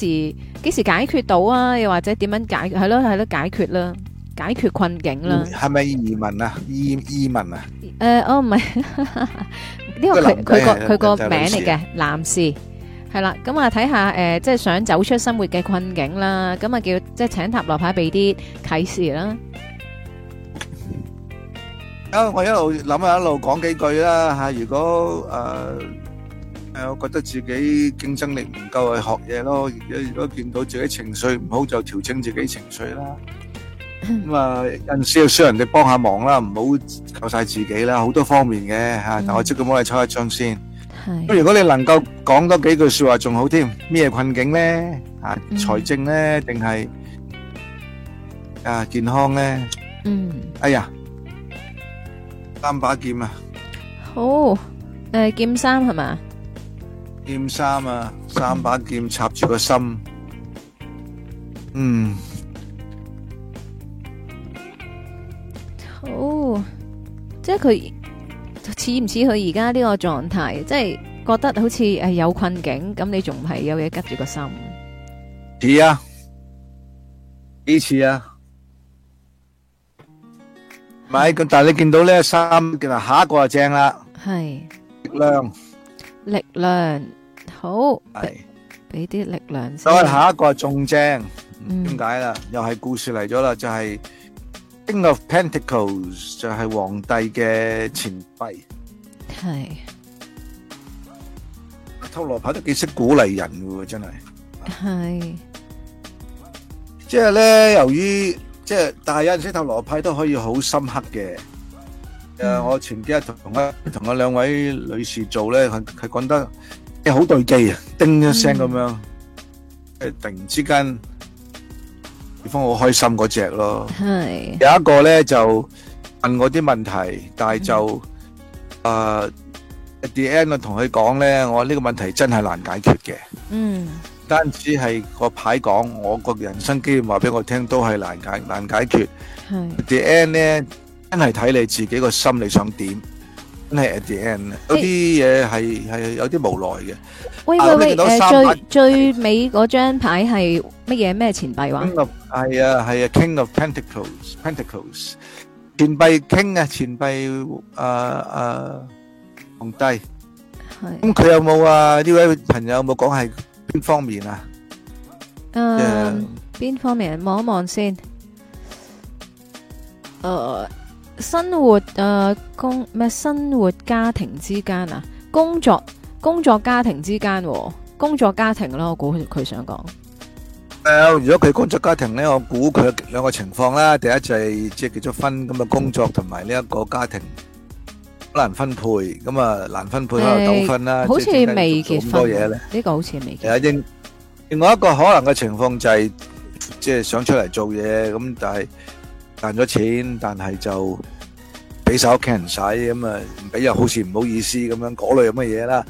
幾時解決到啊？又或者點樣解？係咯係咯，解決啦，解決困境啦。係咪移民啊？移移民啊？誒、呃，我唔係，呢個佢佢個佢個名嚟嘅男士，係、嗯嗯嗯、啦。咁、嗯、啊，睇下誒，即、嗯、係想走出生活嘅困境啦。咁啊，叫即係請塔羅牌俾啲啟示啦。啊！我一路諗啊，一路講幾句啦吓。如果誒誒，我覺得自己競爭力唔夠，去學嘢咯。如果見到自己情緒唔好，就調整自己情緒啦。咁啊，有陣時要需要人哋幫下忙啦，唔好靠晒自己啦。好多方面嘅吓，但我即刻幫你抽一張先。咁如果你能夠講多幾句說話仲好添。咩困境咧？啊，財政咧，定係啊健康咧？嗯。哎呀！三把劍啊！好，誒，劍三係嘛？劍三啊，三把劍插住個心。嗯，好。即係佢似唔似佢而家呢個狀態？即係覺得好似誒有困境，咁你仲唔係有嘢拮住個心？似啊，幾似啊。咪咁，但係你見到呢三件，下一個就正啦。係力量，力量好。係俾啲力量。所以下一個係仲正，點解啦？又係故事嚟咗啦，就係 King of Pentacles，就係皇帝嘅錢幣。係。偷羅牌都幾識鼓勵人噶，真係。係。即係咧，由於。即係，但係有陣時塔羅派都可以好深刻嘅。誒，我前幾日同啊同啊兩位女士做咧，佢，佢講得好對機啊，叮一聲咁樣，誒，突然之間，對方好開心嗰隻咯。係有一個咧就問我啲問題，但係就誒，Danny 我同佢講咧，我呢個問題真係難解決嘅。嗯。單止係個牌講，我個人生經驗話俾我聽，都係難解難解決。係，the end 咧，真係睇你自己個心理想點。真係 at the end，有啲嘢係係有啲無奈嘅。喂喂喂，誒最最尾嗰張牌係乜嘢？咩錢幣話？King of，係啊係啊 King of Pentacles Pentacles，錢幣 King 啊錢幣啊啊皇帝。係。咁佢有冇啊？呢位朋友有冇講係。邊方面啊？誒，邊方面望一望先。誒、uh,，生活誒、呃，工咩？生活家庭之間啊，工作工作家庭之間，啊，工作家庭咯，啊。我估佢想講。誒、呃，如果佢工作家庭咧，我估佢兩個情況啦。第一就係即係結咗婚咁嘅工作同埋呢一個家庭。難分配，咁啊難分配可能糾紛啦。好似未結婚，咁多嘢咧？呢個好似未。啊，另另外一個可能嘅情況就係，即係想出嚟做嘢，咁但係賺咗錢，但係就俾晒屋企人使，咁啊唔俾又好似唔好意思咁樣，嗰類咁嘅嘢啦。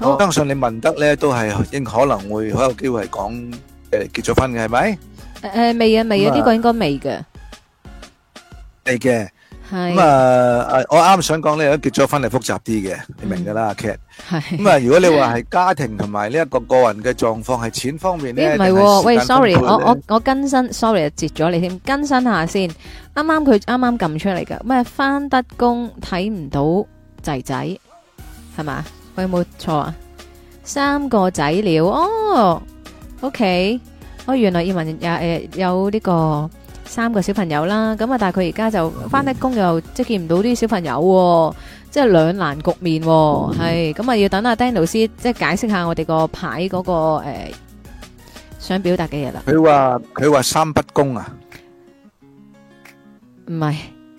我相信你問得咧，都係應可能會好有機會係講誒結咗婚嘅係咪？誒未啊未啊，呢個應該未嘅。未嘅。咁啊！我啱想講咧，如果結咗婚係複雜啲嘅，你明噶啦，Cat。係咁啊！如果你話係家庭同埋呢一個個人嘅狀況，係錢方面咧，唔係？喂，sorry，我我我更新，sorry 截咗你添，更新下先。啱啱佢啱啱撳出嚟噶，咩翻得工睇唔到仔仔係嘛？喂，冇錯啊，三個仔了哦。OK，我原來葉文也誒有呢個。三個小朋友啦，咁啊，但係佢而家就翻得工又即係見唔到啲小朋友，即係兩難局面，係咁啊，要等阿 Danny 老師即係解釋下我哋個牌嗰個誒想表達嘅嘢啦。佢話佢話三不公啊，唔係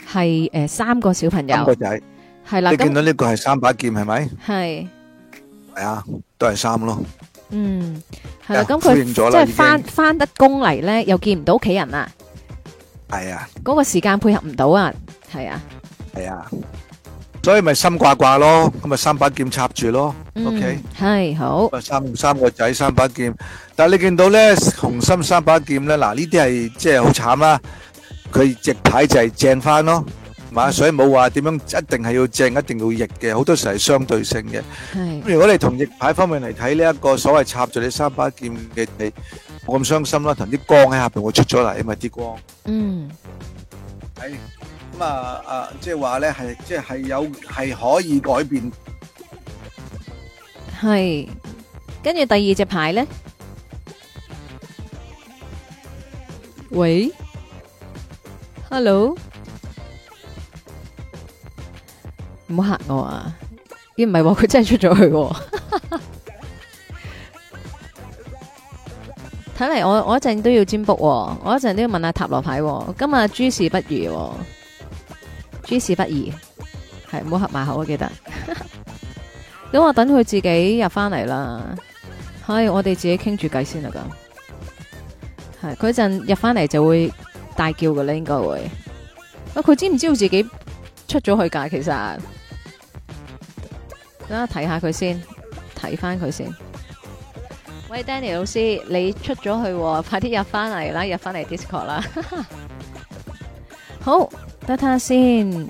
係誒三個小朋友，三個仔，係啦。你見到呢個係三把劍係咪？係係啊，都係三咯。嗯，係啦。咁佢即係翻翻得工嚟咧，又見唔到屋企人啊。係啊，嗰、嗰個時間配合唔到啊，係啊，係啊，所以咪心掛掛咯，咁咪三把劍插住咯、嗯、，OK，係好，三三個仔三把劍，但係你見到咧紅心三把劍咧，嗱呢啲係即係好慘啦，佢直牌就係正翻咯。嘛，所以冇話點樣一定係要正，一定要逆嘅，好多時候係相對性嘅。咁如果你同逆牌方面嚟睇，呢一個所謂插住你三把劍嘅你，冇咁傷心啦。同啲光喺下邊會出咗嚟啊嘛，啲光。嗯。係咁啊，啊，即係話咧，係即係有係可以改變。係。跟住第二隻牌咧。喂。Hello。唔好嚇我啊！咦、哎，唔係喎，佢真係出咗去喎、哦。睇 嚟我我一陣都要占卜、哦，我一陣都要問下塔羅牌、哦。今日諸事不如、哦，諸事不宜，係唔好合埋口啊！記得，因 我等佢自己入翻嚟啦。係、哎、我哋自己傾住計先啦，咁係佢一陣入翻嚟就會大叫噶啦，應該會。啊、哎，佢知唔知道自己出咗去噶？其實。等睇下佢先，睇翻佢先。喂，Danny 老師，你出咗去喎，快啲入翻嚟啦，入翻嚟 Discord 啦。 好，等睇下先。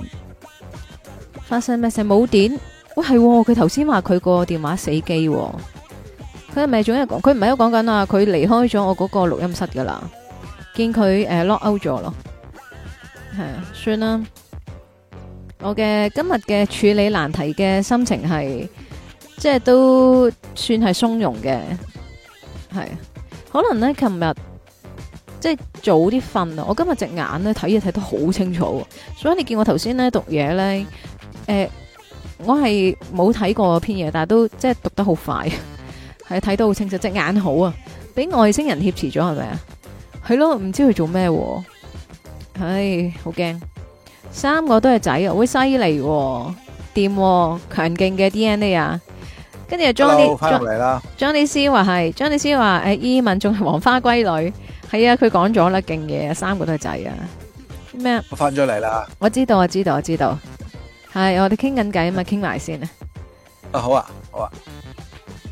發生咩事？冇電？喂，係，佢頭先話佢個電話死機。佢係咪仲一個？佢唔係都講緊啊？佢離開咗我嗰個錄音室噶啦，見佢誒 lock out 咗咯。係、呃，算啦。我嘅今日嘅處理難題嘅心情係，即係都算係鬆容嘅，係可能咧，琴日即係早啲瞓啊。我今日隻眼咧睇嘢睇得好清楚，所以你見我頭先咧讀嘢咧，誒、呃，我係冇睇過篇嘢，但係都即係讀得好快，係睇得好清楚，隻眼好啊，俾外星人挾持咗係咪啊？係咯，唔知佢做咩喎，唉，好驚。三個都係仔啊，好犀利，掂，強勁嘅 DNA 啊！跟住阿 Johnny 翻入嚟啦，Johnny 詩話係，Johnny 詩話誒，伊文仲係黃花閨女，係啊，佢講咗啦，勁嘢，三個都係仔啊！咩我翻咗嚟啦！我知道，我知道，我知道，係我哋傾緊偈啊嘛，傾埋先啊！啊好啊，好啊！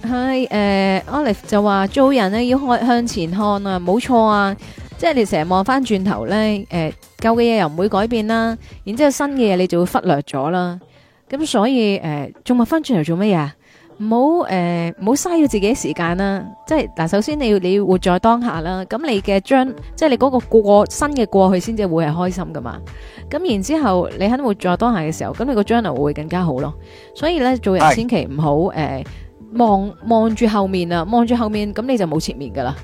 係誒、呃、Olive 就話做人咧要向前看，沒錯啊，冇錯啊！即係你成日望翻轉頭咧，誒，舊嘅嘢，又唔會改變啦，然之後新嘅嘢你就會忽略咗啦。咁所以誒，仲望翻轉頭做乜嘢？唔好誒，唔好嘥咗自己時間啦。即係嗱，首先你要你要活在當下啦。咁你嘅將，即係你嗰個過新嘅過去，先至會係開心噶嘛。咁然之後，你肯活在當下嘅時候，咁你個將來會更加好咯。所以咧，做人千祈唔好誒，望望住後面啊，望住後面，咁你就冇前面噶啦。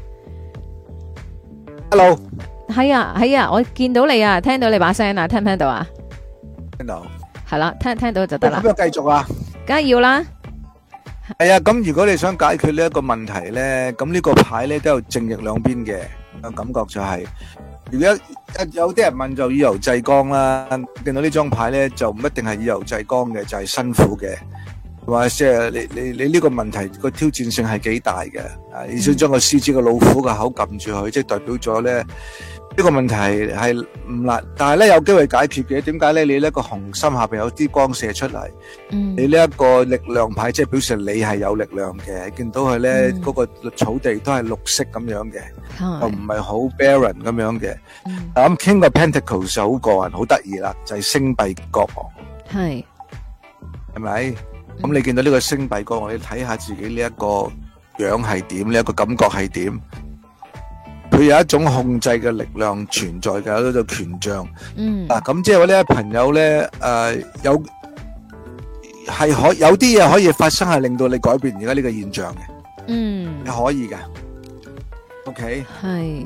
Hello，係啊係啊，我見到你啊，聽到你把聲啊，聽唔聽到啊？聽到，係啦，聽聽到就得啦。咁要繼續啊？梗係要啦。係啊，咁如果你想解決呢一個問題咧，咁呢個牌咧都有正逆兩邊嘅，個感覺就係，如果一有啲人問就以柔制剛啦，見到呢張牌咧就唔一定係以柔制剛嘅，就係辛苦嘅。話即係你你你呢個問題個挑戰性係幾大嘅，啊！你想將個獅子個老虎個口撳住佢，即係代表咗咧呢個問題係唔辣，但係咧有機會解決嘅。點解咧？你呢個紅心下邊有啲光射出嚟。嗯，你呢一個力量牌，即係表示你係有力量嘅。見到佢咧，嗰個草地都係綠色咁樣嘅，又唔係好 barren 咁樣嘅。嗯，咁 King of Pentacles 就好個人好得意啦，就係星幣國王，係，係咪？咁、嗯、你見到呢個星幣國王，你睇下自己呢一個樣係點，呢、這、一個感覺係點？佢有一種控制嘅力量存在嘅，呢個叫權杖。嗯。嗱、啊，咁即係話咧，朋友咧，誒、呃，有係可有啲嘢可以發生，係令到你改變而家呢個現象嘅。嗯。你可以嘅。O、okay？K。係。誒，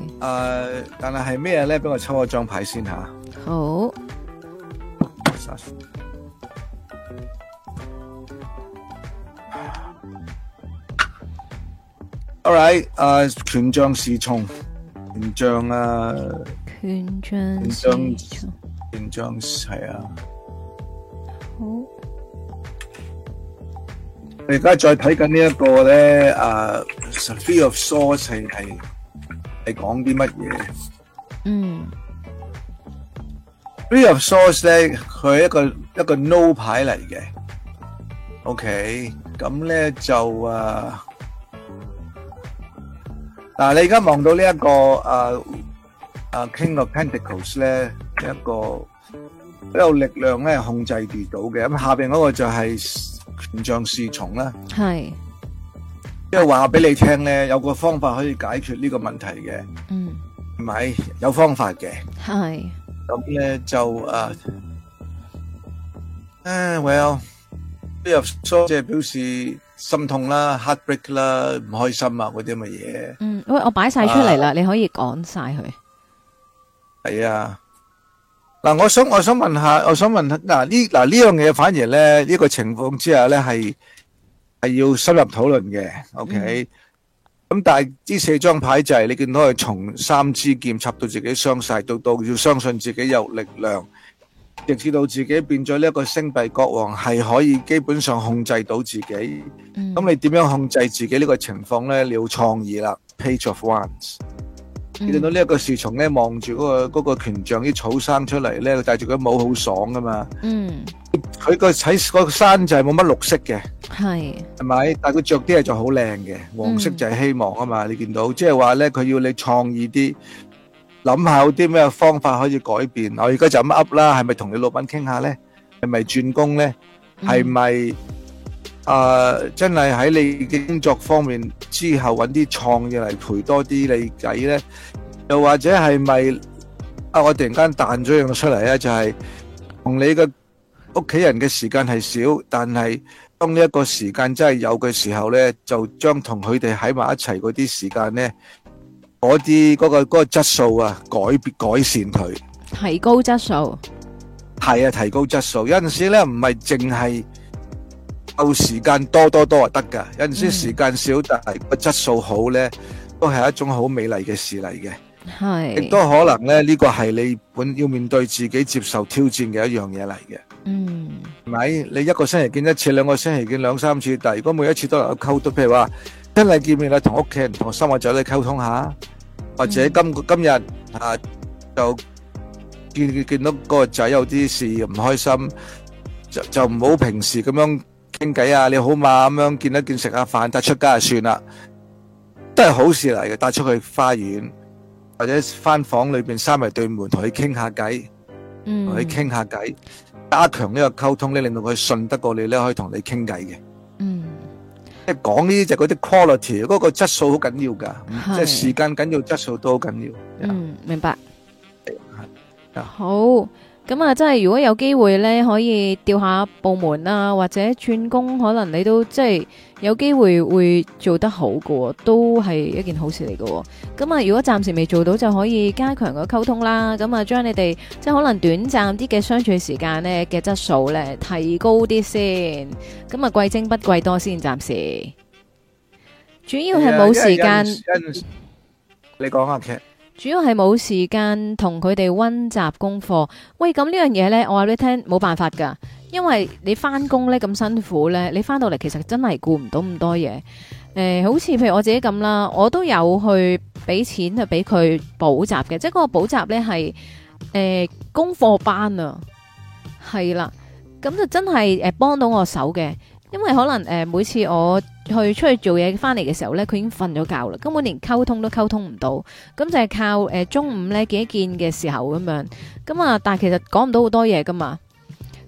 但係係咩咧？俾我抽個張牌先吓、啊。好。Alright，誒，權杖侍從，權杖啊，權杖，權杖，權杖係啊，好。我而家再睇緊呢一個咧，誒，Three of Swords 係係係講啲乜嘢？嗯，Three of Swords 咧，佢係一個一個 No 牌嚟嘅。OK，咁咧就誒。嗱、啊，你而家望到呢、這、一個啊啊 King of Pentacles 咧，一個有力量咧控制得到嘅，咁、嗯、下邊嗰個就係權杖侍從啦。係，即係話俾你聽咧，有個方法可以解決呢個問題嘅。嗯，係咪有方法嘅？係。咁咧就啊啊 Well，呢個即係表示。心痛啦，heartbreak 啦，唔開心啊，嗰啲乜嘢？嗯，我我擺晒出嚟啦，你可以講晒佢。係啊，嗱，我想我想問下，我想問下嗱呢嗱呢樣嘢，反而咧呢個情況之下咧係係要深入討論嘅。OK，咁但係呢四張牌就係你見到佢從三支劍插到自己傷晒，到到要相信自己有力量。直至到自己變咗呢一個星幣國王，係可以基本上控制到自己。咁、嗯、你點樣控制自己呢個情況咧？你要創意啦，Page of Wands。見、嗯、到這個呢一、那個侍從咧，望住嗰個嗰個權杖啲草生出嚟咧，戴住個帽好爽噶嘛。嗯，佢個喺嗰個山就係冇乜綠色嘅，係係咪？但係佢着啲係著好靚嘅，黃色就係希望啊嘛、嗯。你見到即係話咧，佢、就是、要你創意啲。諗下有啲咩方法可以改變，我而家就咁噏啦，係咪同你老闆傾下咧？係咪轉工咧？係咪啊？真係喺你嘅工作方面之後搵啲創意嚟陪多啲你仔咧？又或者係咪啊？我突然間彈咗樣出嚟咧，就係、是、同你嘅屋企人嘅時間係少，但係當呢一個時間真係有嘅時候咧，就將同佢哋喺埋一齊嗰啲時間咧。嗰啲嗰個嗰、嗰個質素啊，改變改善佢，提高質素。係啊，提高質素。有陣時咧，唔係淨係夠時間多多多就得噶有陣時時間少，嗯、但係個質素好咧，都係一種好美麗嘅事嚟嘅。係亦都可能咧，呢個係你本要面對自己接受挑戰嘅一樣嘢嚟嘅。嗯，係咪？你一個星期見一次，兩個星期見兩三次，但係如果每一次都能夠溝通，譬如話。真係見面啦，同屋企人同生位仔咧溝通下、嗯，或者今今日啊，就見見到個仔有啲事唔開心，就就唔好平時咁樣傾偈啊！你好嘛咁樣見一見食下飯，帶出街就算啦，都係好事嚟嘅。帶出去花園或者翻房裏邊閂埋對門同佢傾下偈，同佢傾下偈，加強呢個溝通咧，令到佢信得過你咧，可以同你傾偈嘅，嗯。即係講呢啲就嗰、是、啲 quality，嗰個質素好緊要噶，即係時間緊要，質素都好緊要。嗯，yeah. 明白。Yeah. 好，咁啊，即係如果有機會咧，可以調下部門啊，或者轉工，可能你都即係。有機會會做得好過，都係一件好事嚟嘅。咁啊，如果暫時未做到，就可以加強個溝通啦。咁啊，將你哋即係可能短暫啲嘅相處時間呢嘅質素呢，提高啲先。咁啊，貴精不貴多先，暫時。主要係冇時間。你講下劇。主要係冇時間同佢哋溫習功課。喂，咁呢樣嘢呢，我話畀你聽，冇辦法噶。因為你翻工咧咁辛苦咧，你翻到嚟其實真係顧唔到咁多嘢。誒、呃，好似譬如我自己咁啦，我都有去俾錢去俾佢補習嘅，即係嗰個補習咧係誒功課班啊，係啦，咁就真係誒、呃、幫到我手嘅。因為可能誒、呃、每次我去出去做嘢翻嚟嘅時候咧，佢已經瞓咗覺啦，根本連溝通都溝通唔到，咁就係靠誒、呃、中午咧見一見嘅時候咁樣。咁啊，但係其實講唔到好多嘢噶嘛。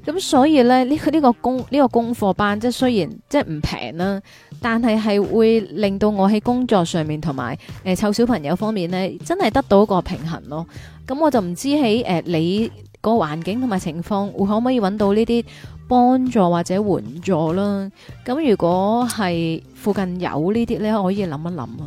咁所以咧，呢、呢個呢、呢個功呢、呢個功課班，即係雖然即係唔平啦，但係係會令到我喺工作上面同埋誒湊小朋友方面咧，真係得到一個平衡咯。咁、嗯、我就唔知喺誒、呃、你個環境同埋情況會可唔可以揾到呢啲幫助或者援助啦。咁、嗯、如果係附近有呢啲咧，我可以諗一諗啊。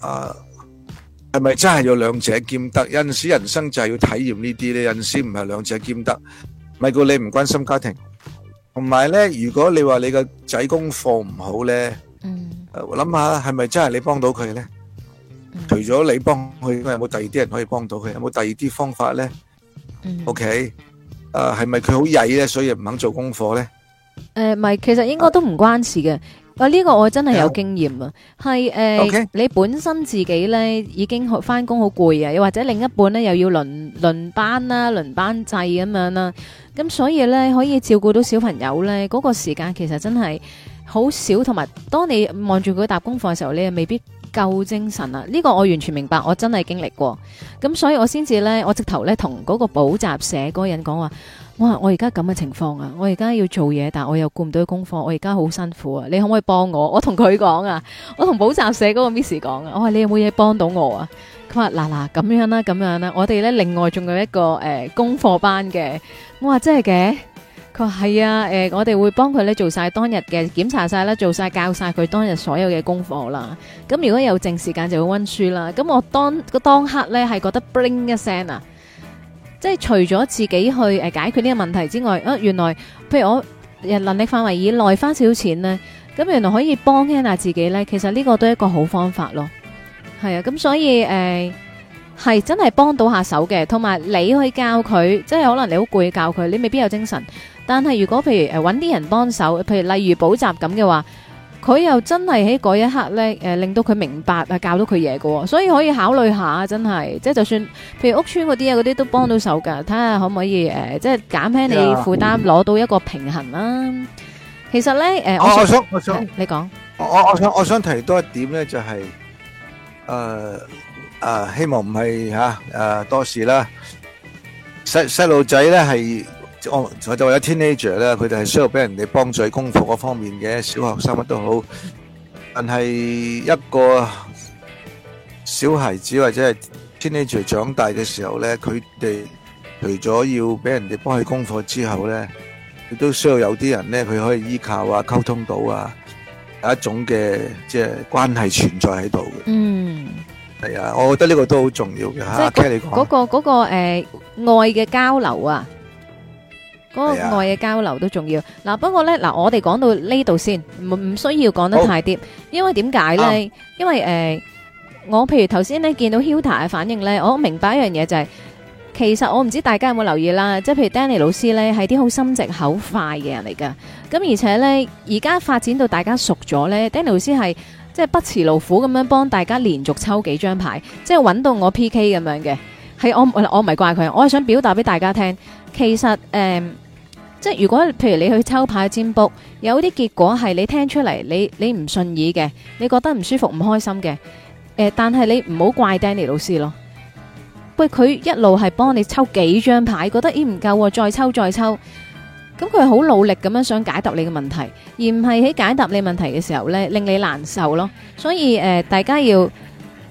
啊，係咪真係要兩者兼得？有陣時人生就係要體驗呢啲咧。有陣時唔係兩者兼得，咪叫你唔關心家庭。同埋咧，如果你話你個仔功課唔好咧，嗯，諗下係咪真係你幫到佢咧？嗯，除咗你幫佢，有冇第二啲人可以幫到佢？有冇第二啲方法咧？OK 誒，係咪佢好曳咧，所以唔肯做功課咧？誒，唔係，其實應該都唔關事嘅。Uh, 啊！呢個我真係有經驗啊，係誒，你本身自己咧已經返工好攰啊，又或者另一半咧又要輪輪班啦、輪班制咁樣啦，咁所以咧可以照顧到小朋友咧，嗰個時間其實真係好少，同埋當你望住佢搭功課嘅時候，你又未必。夠精神啊！呢個我完全明白，我真係經歷過，咁所以我先至呢，我直頭呢同嗰個補習社嗰個人講話，我話我而家咁嘅情況啊，我而家要做嘢，但我又顧唔到功課，我而家好辛苦啊！你可唔可以幫我？我同佢講啊，我同補習社嗰個 miss 講啊，我話你有冇嘢幫到我啊？佢話嗱嗱咁樣啦、啊，咁樣啦、啊，我哋呢，另外仲有一個誒、呃、功課班嘅，我話真係嘅。係啊，誒，我哋會幫佢咧做晒當日嘅檢查晒啦，做晒教晒佢當日所有嘅功課啦。咁如果有剩時間，就會溫書啦。咁我當個當刻咧係覺得 bling 一聲啊，即係除咗自己去誒解決呢個問題之外，啊，原來譬如我人能力範圍以內花少少錢咧，咁原來可以幫輕下自己咧。其實呢個都係一個好方法咯。係啊，咁所以誒係真係幫到下手嘅，同埋你去教佢，即係可能你好攰教佢，你未必有精神。但係如果譬如誒揾啲人幫手，譬如例如補習咁嘅話，佢又真係喺嗰一刻咧誒，令到佢明白啊，教到佢嘢噶，所以可以考慮下，真係即係就算譬如屋村嗰啲啊，嗰啲都幫到手噶，睇下可唔可以誒，即係減輕你負擔，攞、嗯、到一個平衡啦、啊。其實咧誒、呃，我想、啊、我想你講，我、啊、你我我，我想我想提多一點咧、就係，就係誒誒，希望唔係吓誒多事啦，細細路仔咧係。我我就話有 teenager 咧，佢哋係需要俾人哋幫助喺功課嗰方面嘅小學生乜都好，但係一個小孩子或者係 teenager 長大嘅時候咧，佢哋除咗要俾人哋幫佢功課之後咧，亦都需要有啲人咧佢可以依靠啊、溝通到啊，有一種嘅即係關係存在喺度嘅。嗯，係啊，我覺得呢個都好重要嘅吓，聽你講嗰個嗰個誒愛嘅交流啊。嗰、那個愛嘅交流都重要。嗱、哎啊，不過咧，嗱、啊，我哋講到呢度先，唔唔需要講得太啲，因為點解咧？因為誒、呃，我譬如頭先咧見到 Huta 嘅反應咧，我明白一樣嘢就係、是，其實我唔知大家有冇留意啦，即係譬如 Danny 老師咧係啲好心直口快嘅人嚟㗎，咁而且咧而家發展到大家熟咗咧、嗯、，Danny 老師係即係不辭勞苦咁樣幫大家連續抽幾張牌，即係揾到我 PK 咁樣嘅，係我我我唔係怪佢，我係想表達俾大家聽，其實誒。嗯即係如果譬如你去抽牌占卜，有啲結果係你聽出嚟，你你唔順耳嘅，你覺得唔舒服唔開心嘅，誒，但係你唔好怪 Danny 老師咯。喂，佢一路係幫你抽幾張牌，覺得咦唔夠喎，再抽再抽，咁佢係好努力咁樣想解答你嘅問題，而唔係喺解答你問題嘅時候咧令你難受咯。所以誒，大家要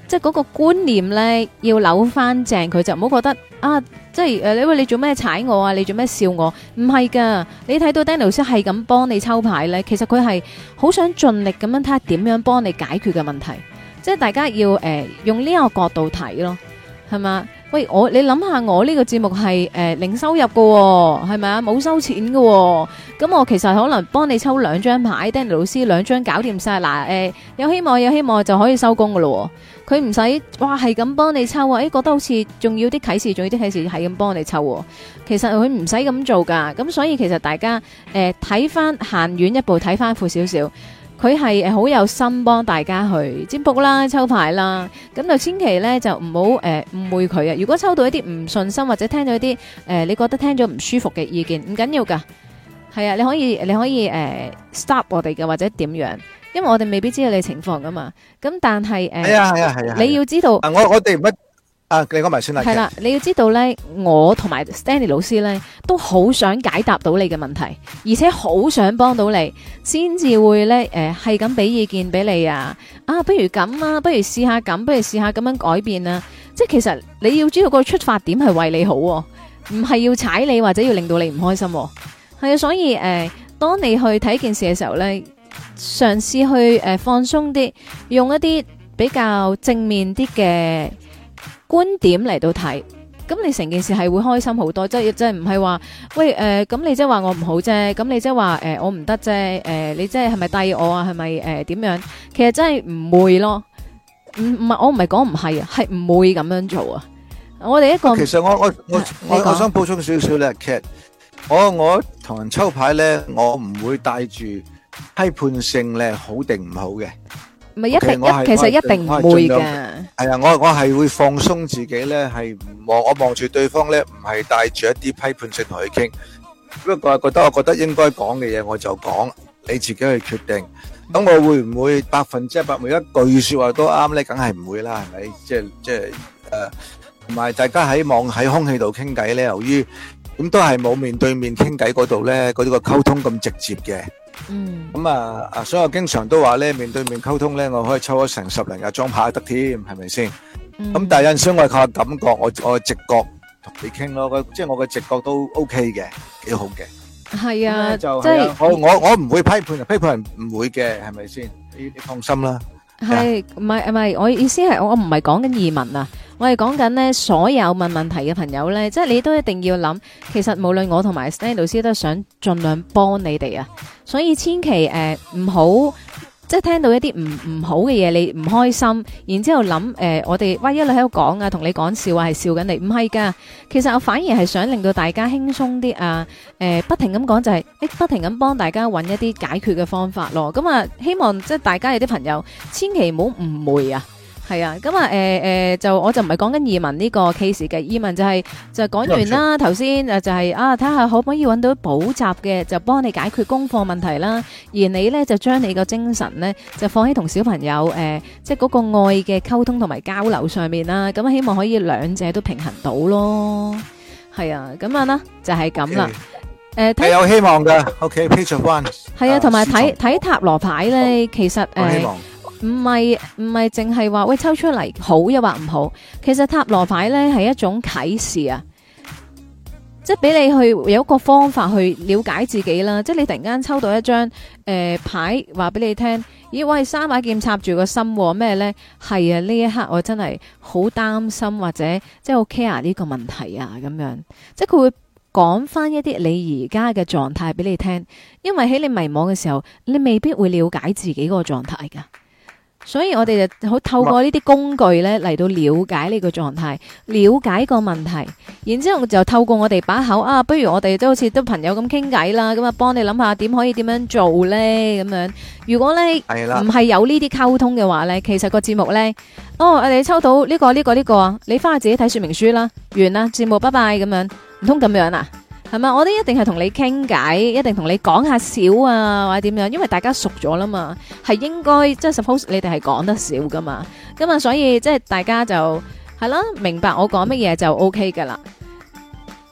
即係嗰個觀念咧要扭返正佢就，唔好覺得啊。即係誒，因為你做咩踩我啊？你做咩笑我？唔係噶，你睇到 Danny 老師係咁幫你抽牌咧，其實佢係好想盡力咁樣睇下點樣幫你解決嘅問題。即係大家要誒、呃、用呢個角度睇咯，係嘛？喂，我你諗下，我呢個節目係誒零收入噶、哦，係咪啊？冇收錢噶、哦，咁我其實可能幫你抽兩張牌，Danny 老師兩張搞掂晒。嗱，誒、呃、有希望有希望就可以收工噶咯。佢唔使哇，係咁幫你抽啊！誒、哎，覺得好似仲要啲啟示，仲要啲啟示，係咁幫你抽喎。其實佢唔使咁做噶，咁所以其實大家誒睇翻行遠一步，睇翻闊少少，佢係誒好有心幫大家去占卜啦、抽牌啦。咁就千祈咧就唔好誒誤會佢啊！如果抽到一啲唔順心或者聽到一啲、呃、你覺得聽咗唔舒服嘅意見，唔緊要噶，係啊，你可以你可以、呃、stop 我哋嘅或者點樣。因為我哋未必知道你嘅情況噶嘛，咁但係誒，係啊係啊係啊，你要知道，啊、我我哋唔乜，啊你講埋先啦。係啦，你要知道咧，我同埋 Stanley 老師咧，都好想解答到你嘅問題，而且好想幫到你，先至會咧誒係咁俾意見俾你啊，啊不如咁啊，不如試下咁，不如試下咁樣改變啊，即係其實你要知道個出發點係為你好，啊，唔係要踩你或者要令到你唔開心，啊，係所以誒、呃，當你去睇件事嘅時候咧。嘗試去誒、呃、放鬆啲，用一啲比較正面啲嘅觀點嚟到睇，咁你成件事係會開心好多，即係即係唔係話喂誒，咁、呃、你即係話我唔好啫，咁你即係話誒我唔得啫，誒、呃、你即係係咪低我啊，係咪誒點樣？其實真係唔會咯，唔唔係我唔係講唔係啊，係唔會咁樣做啊。我哋一個其實我我我我，我想補充少少咧，其實我我同人抽牌咧，我唔會帶住。批判性咧，好定唔好嘅？唔係一定一，其實一定唔會嘅。係啊，我我係會放鬆自己咧，係唔望我望住對方咧，唔係帶住一啲批判性同佢傾。不過我係覺得，我覺得應該講嘅嘢我就講，你自己去決定。咁我會唔會百分之一百每一句說話都啱咧？梗係唔會啦，係咪？即係即係誒，同埋大家喺網喺空氣度傾偈咧，由於。咁都係冇面對面傾偈嗰度咧，嗰啲個溝通咁直接嘅。嗯。咁啊啊，所以我經常都話咧，面對面溝通咧，我可以抽咗成十零日張牌得添，係咪先？咁但係有陣時我靠感覺，我我直覺同你傾咯，即係我嘅直覺都 OK 嘅，幾好嘅。係啊，就即係我我我唔會批判，批判人唔會嘅，係咪先？你放心啦。係、yeah，唔係唔係，我意思係我唔係講緊移民啊，我係講緊咧所有問問題嘅朋友咧，即係你都一定要諗，其實無論我同埋 Stan 老師都係想盡量幫你哋啊，所以千祈誒唔好。呃即係聽到一啲唔唔好嘅嘢，你唔開心，然之後諗誒，我哋喂一路喺度講啊，同你講笑啊，係笑緊你唔係噶，其實我反而係想令到大家輕鬆啲啊，誒，不停咁講就係誒，不停咁幫大家揾一啲解決嘅方法咯，咁啊，希望即係大家有啲朋友千祈唔好誤會啊。係啊，咁啊，誒、呃、誒、呃，就我就唔係講緊移民呢個 case 嘅，移民就係、是、就講完啦。頭先誒，就係、是、啊，睇下可唔可以揾到補習嘅，就幫你解決功課問題啦。而你咧就將你個精神咧就放喺同小朋友誒、呃，即係嗰個愛嘅溝通同埋交流上面啦。咁、嗯、希望可以兩者都平衡到咯。係啊，咁樣、就是、啦，就係咁啦。誒，睇有希望噶，OK，非常關。係啊，同埋睇睇塔羅牌咧，oh. 其實誒。Oh. 呃 oh, 希望唔係唔係，淨係話喂抽出嚟好又、啊、或唔好，其實塔羅牌呢係一種啟示啊，即係俾你去有一個方法去了解自己啦。即係你突然間抽到一張誒、呃、牌，話俾你聽，咦喂，三把劍插住個心咩呢？係啊，呢一刻我真係好擔心或者即係好 care 呢個問題啊，咁樣即係佢會講翻一啲你而家嘅狀態俾你聽，因為喺你迷茫嘅時候，你未必會了解自己嗰個狀態噶。所以我哋就好透過呢啲工具咧嚟到了解呢個狀態，了解個問題，然之後就透過我哋把口啊，不如我哋都好似都朋友咁傾偈啦，咁啊幫你諗下點可以點樣做咧咁樣。如果咧唔係有呢啲溝通嘅話咧，其實個節目咧，哦，我哋抽到呢個呢個呢個啊，你翻去自己睇說明書啦，完啦，節目拜拜咁樣，唔通咁樣啊？係咪？我都一定係同你傾偈，一定同你講下少啊，或者點樣？因為大家熟咗啦嘛，係應該即係 suppose 你哋係講得少噶嘛。咁啊，所以即係大家就係咯，明白我講乜嘢就 OK 噶啦。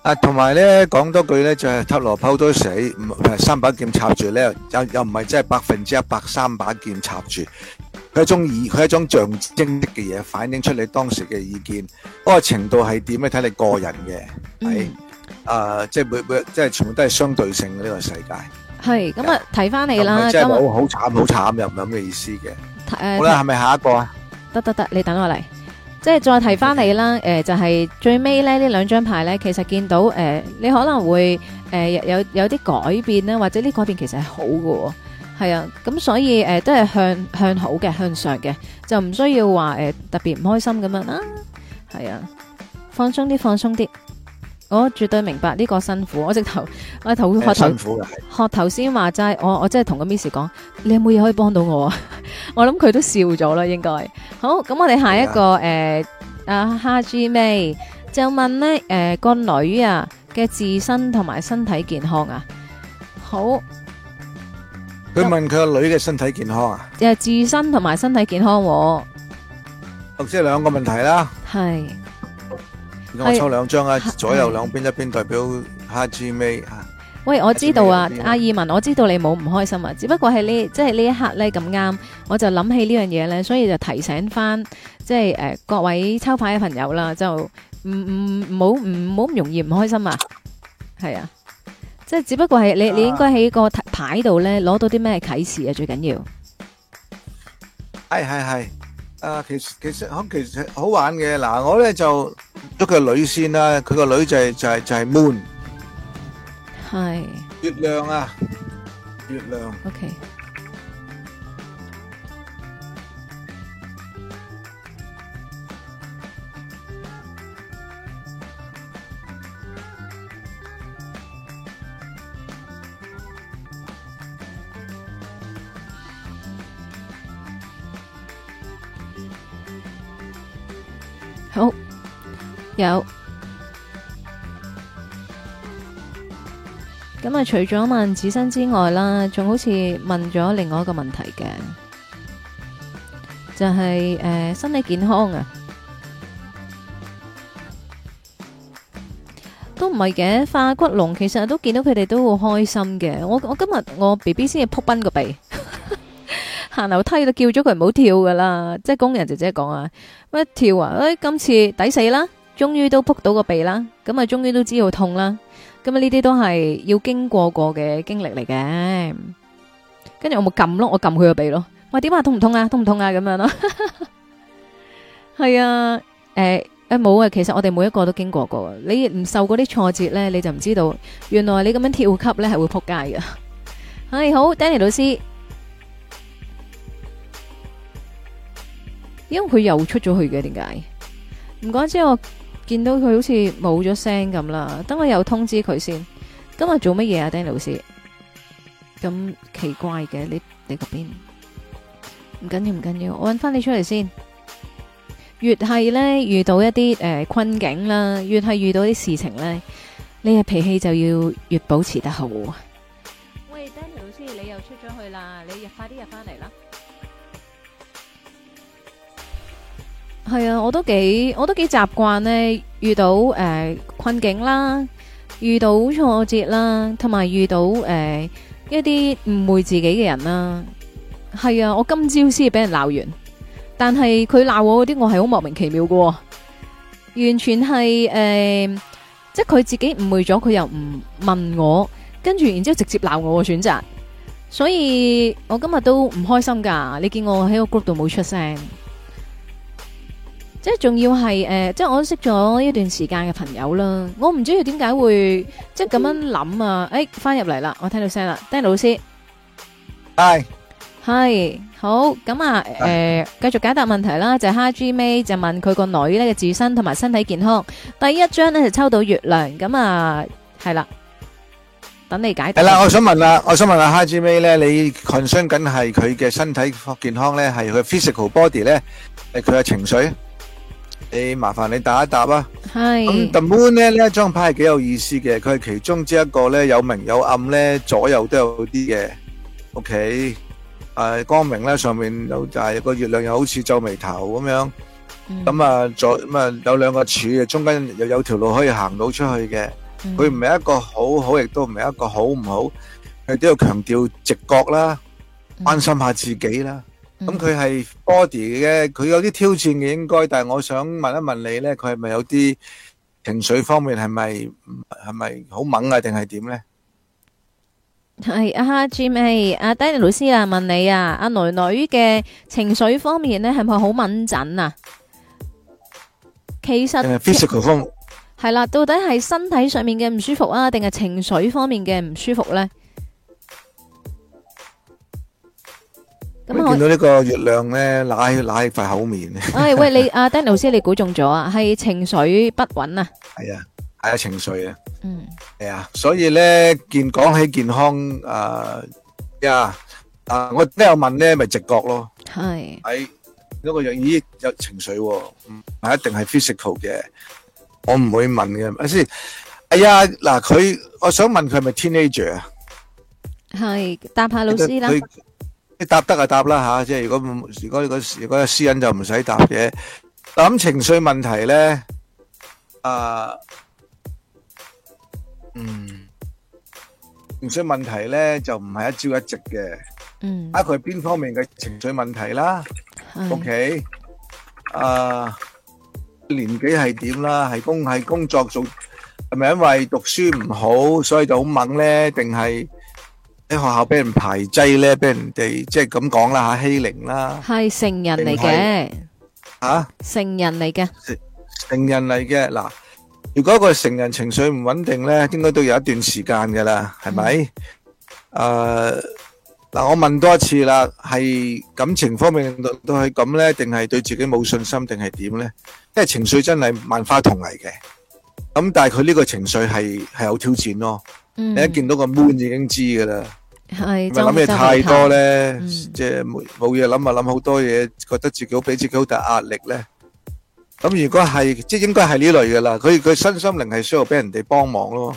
啊，同埋咧，講多句咧，就係塔羅鋪都死，唔係三把劍插住咧，又又唔係真係百分之一百三把劍插住。佢係一種意，佢係一種象徵的嘅嘢，反映出你當時嘅意見。嗰個程度係點咧？睇你個人嘅係。誒、uh，即係每每，即係全部都係相對性嘅呢個世界。係咁啊，提翻你啦。即係好好慘好慘又唔係咩嘅意思嘅。好啦，係咪下一個啊？得得得，你等我嚟。即係再提翻你啦。誒、呃，就係、是、最尾咧呢這兩張牌咧，其實見到誒、呃，你可能會誒、呃、有有啲改變啦，或者呢改變其實係好嘅。係啊，咁所以誒、呃、都係向向好嘅向上嘅，就唔需要話誒、呃、特別唔開心咁樣啦。係啊，放鬆啲，放鬆啲。我絕對明白呢、這個辛苦，我直頭我頭、嗯、學頭辛苦學頭先話齋，我我真係同個 miss 講，你有冇嘢可以幫到我啊？ 我諗佢都笑咗啦，應該。好，咁我哋下一個誒阿哈 G May 就問呢誒個女啊嘅自身同埋身體健康啊。好。佢問佢個女嘅身體健康啊？誒，自身同埋身體健康，啊，我即係兩個問題啦。係。我抽兩張啊，左右兩邊一邊代表哈，豬尾吓。喂，我知道啊，阿義文，我知道你冇唔開心啊，只不過係、就是、呢，即係呢一刻咧咁啱，我就諗起呢樣嘢咧，所以就提醒翻，即係誒各位抽牌嘅朋友啦，就唔唔唔好唔好咁容易唔開心啊。係 啊，即係只不過係你你應該喺個牌牌度咧攞到啲咩啟示啊，最緊要。係係係。哎哎啊、uh, 其實其實好其實好玩嘅，嗱，我呢就捉佢女先啦，佢個女就係、是、就係、是、就係、是、moon，係月亮啊，月亮。Okay. 好有咁啊！除咗問子孫之外啦，仲好似問咗另外一個問題嘅，就係誒身體健康啊，都唔係嘅，化骨龍其實都見到佢哋都好開心嘅。我我今日我 B B 先至撲崩個鼻，行樓梯都叫咗佢唔好跳噶啦，即係工人姐姐講啊。一跳啊！誒，今次抵死啦，終於都扑到個鼻啦，咁啊，終於都知道痛啦。咁啊，呢啲都係要經過過嘅經歷嚟嘅。跟住我咪撳咯，我撳佢個鼻咯。我話點啊，痛唔痛啊，痛唔痛啊？咁樣咯。係啊，誒，誒，冇啊。其實我哋每一個都經過過。你唔受嗰啲挫折咧，你就唔知道，原來你咁樣跳級咧係會扑街嘅。你好，Danny 老師。因為佢又出咗去嘅，點解？唔怪之，我見到佢好似冇咗聲咁啦。等我又通知佢先。今日做乜嘢啊，Danny 老師？咁奇怪嘅，你你嗰邊？唔緊要，唔緊要，我搵翻你出嚟先。越係咧遇到一啲誒困境啦，越係遇到啲事情咧，你嘅脾氣就要越保持得好。喂，Danny 老師，你又出咗去啦？你快啲入翻嚟。係啊，我都幾，我都幾習慣呢，遇到誒困境啦，遇到挫折啦，同埋遇到誒一啲誤會自己嘅人啦。係啊，我今朝先俾人鬧完，但係佢鬧我嗰啲，我係好莫名其妙嘅，完全係誒，即係佢自己誤會咗，佢又唔問我，跟住然之後直接鬧我嘅選擇，所以我今日都唔開心噶。你見我喺個 group 度冇出聲。即係仲要係誒，即係我都識咗一段時間嘅朋友啦。我唔知佢點解會即係咁樣諗啊？誒，翻入嚟啦，我聽到聲啦，Danny 老師係係好咁啊。誒，繼續解答問題啦。就係哈 G 妹就問佢個女咧嘅自身同埋身體健康，第一張咧就抽到月亮咁啊，係啦，等你解答。係啦，我想問啦，我想問阿哈 G 妹咧，你 concern 緊係佢嘅身體健康咧，係佢 physical body 咧，係佢嘅情緒？你麻煩你打一打啊，咁 The Moon 咧呢一張牌係幾有意思嘅，佢係其中之一個咧，有明有暗咧，左右都有啲嘢，ok，誒，光明咧，上面有就係個月亮又好似皺眉頭咁樣，咁啊左咁啊有兩個柱嘅中間又有條路可以行到出去嘅，佢唔係一個好好，亦都唔係一個好唔好，佢都要強調直覺啦，安心下自己啦。咁佢係 body 嘅，佢有啲挑戰嘅應該，但係我想問一問你咧，佢係咪有啲情緒方面係咪係咪好猛呢啊，定係點咧？係啊，Jimmy 係阿 Danny 老師啊，問你啊，阿女女嘅情緒方面咧，係咪好敏感啊？其實 physical 係啦，啊，到底係身體上面嘅唔舒服啊，定係情緒方面嘅唔舒服咧？咁見到呢個月亮咧，拉拉塊口面。哎，喂，你阿 Danny 老師，你估中咗啊，係情緒不穩啊？係啊，係啊，情緒啊。嗯。係啊，所以咧，健講起健康誒呀誒，我都有問咧，咪直覺咯。係。喺一個藥醫有情緒，唔係一定係 physical 嘅。我唔會問嘅。阿先，哎呀，嗱，佢我想問佢係咪 teenager 啊？係，答下老師啦。你答得就答啦吓，即係如果如果如果私隱就唔使答嘅。諗情緒問題咧，啊，嗯，情緒問題咧就唔係一朝一夕嘅。嗯，啊佢邊方面嘅情緒問題啦？O K，啊，年紀係點啦？係工係工作做，係咪因為讀書唔好所以就好猛咧？定係？喺學校俾人排擠咧，俾人哋即係咁講啦吓，欺凌啦，係成人嚟嘅，吓，成人嚟嘅，成人嚟嘅。嗱，如果個成人情緒唔穩定咧，應該都有一段時間噶啦，係咪？誒，嗱，我問多一次啦，係感情方面都係咁咧，定係對自己冇信心，定係點咧？因為情緒真係萬花筒嚟嘅，咁但係佢呢個情緒係係有挑戰咯。嗯，你一見到個 Moon 就已經知噶啦。係，諗嘢太多咧，是是多呢是是多呢，嗯、即係冇嘢諗啊，諗好多嘢，覺得自己好俾自己好大壓力咧。咁如果係，即係應該係呢類噶啦。佢佢身心靈係需要俾人哋幫忙咯。